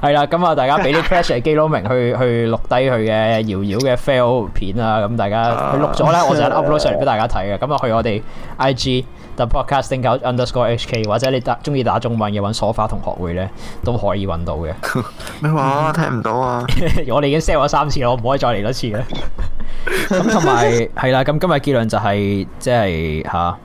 係啦，咁啊，大家俾啲 pressure 基佬明去去錄低佢嘅瑤瑤嘅 fail 片啊，咁大家佢錄咗咧，我就 upload 上嚟俾大家睇嘅。咁啊，去我哋 IG The Podcasting Under Score HK，或者你中意打中文嘅揾梳化同學會咧，都可以揾到嘅。咩話？聽唔、嗯、到啊！ 我哋已經 set 咗三次啦，我唔可以再嚟多次嘅。咁同埋係啦，咁今日結論就係即係吓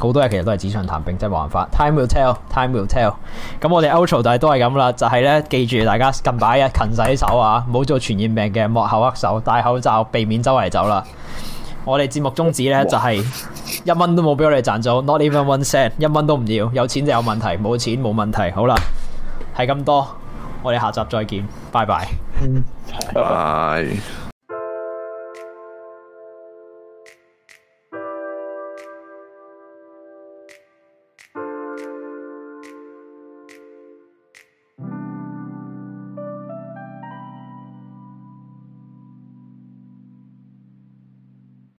好多嘢其實都係紙上談兵，真係冇辦法。Time will tell, time will tell。咁我哋 u t 歐潮就係都係咁啦，就係呢。記住大家近排日勤洗手啊，唔好做傳染病嘅莫口握手，戴口罩，避免周圍走啦。我哋節目宗旨呢，就係一蚊都冇俾我哋賺咗 n o t even one cent，一蚊都唔要。有錢就有問題，冇錢冇問題。好啦，係咁多，我哋下集再見，拜拜。嗯，拜。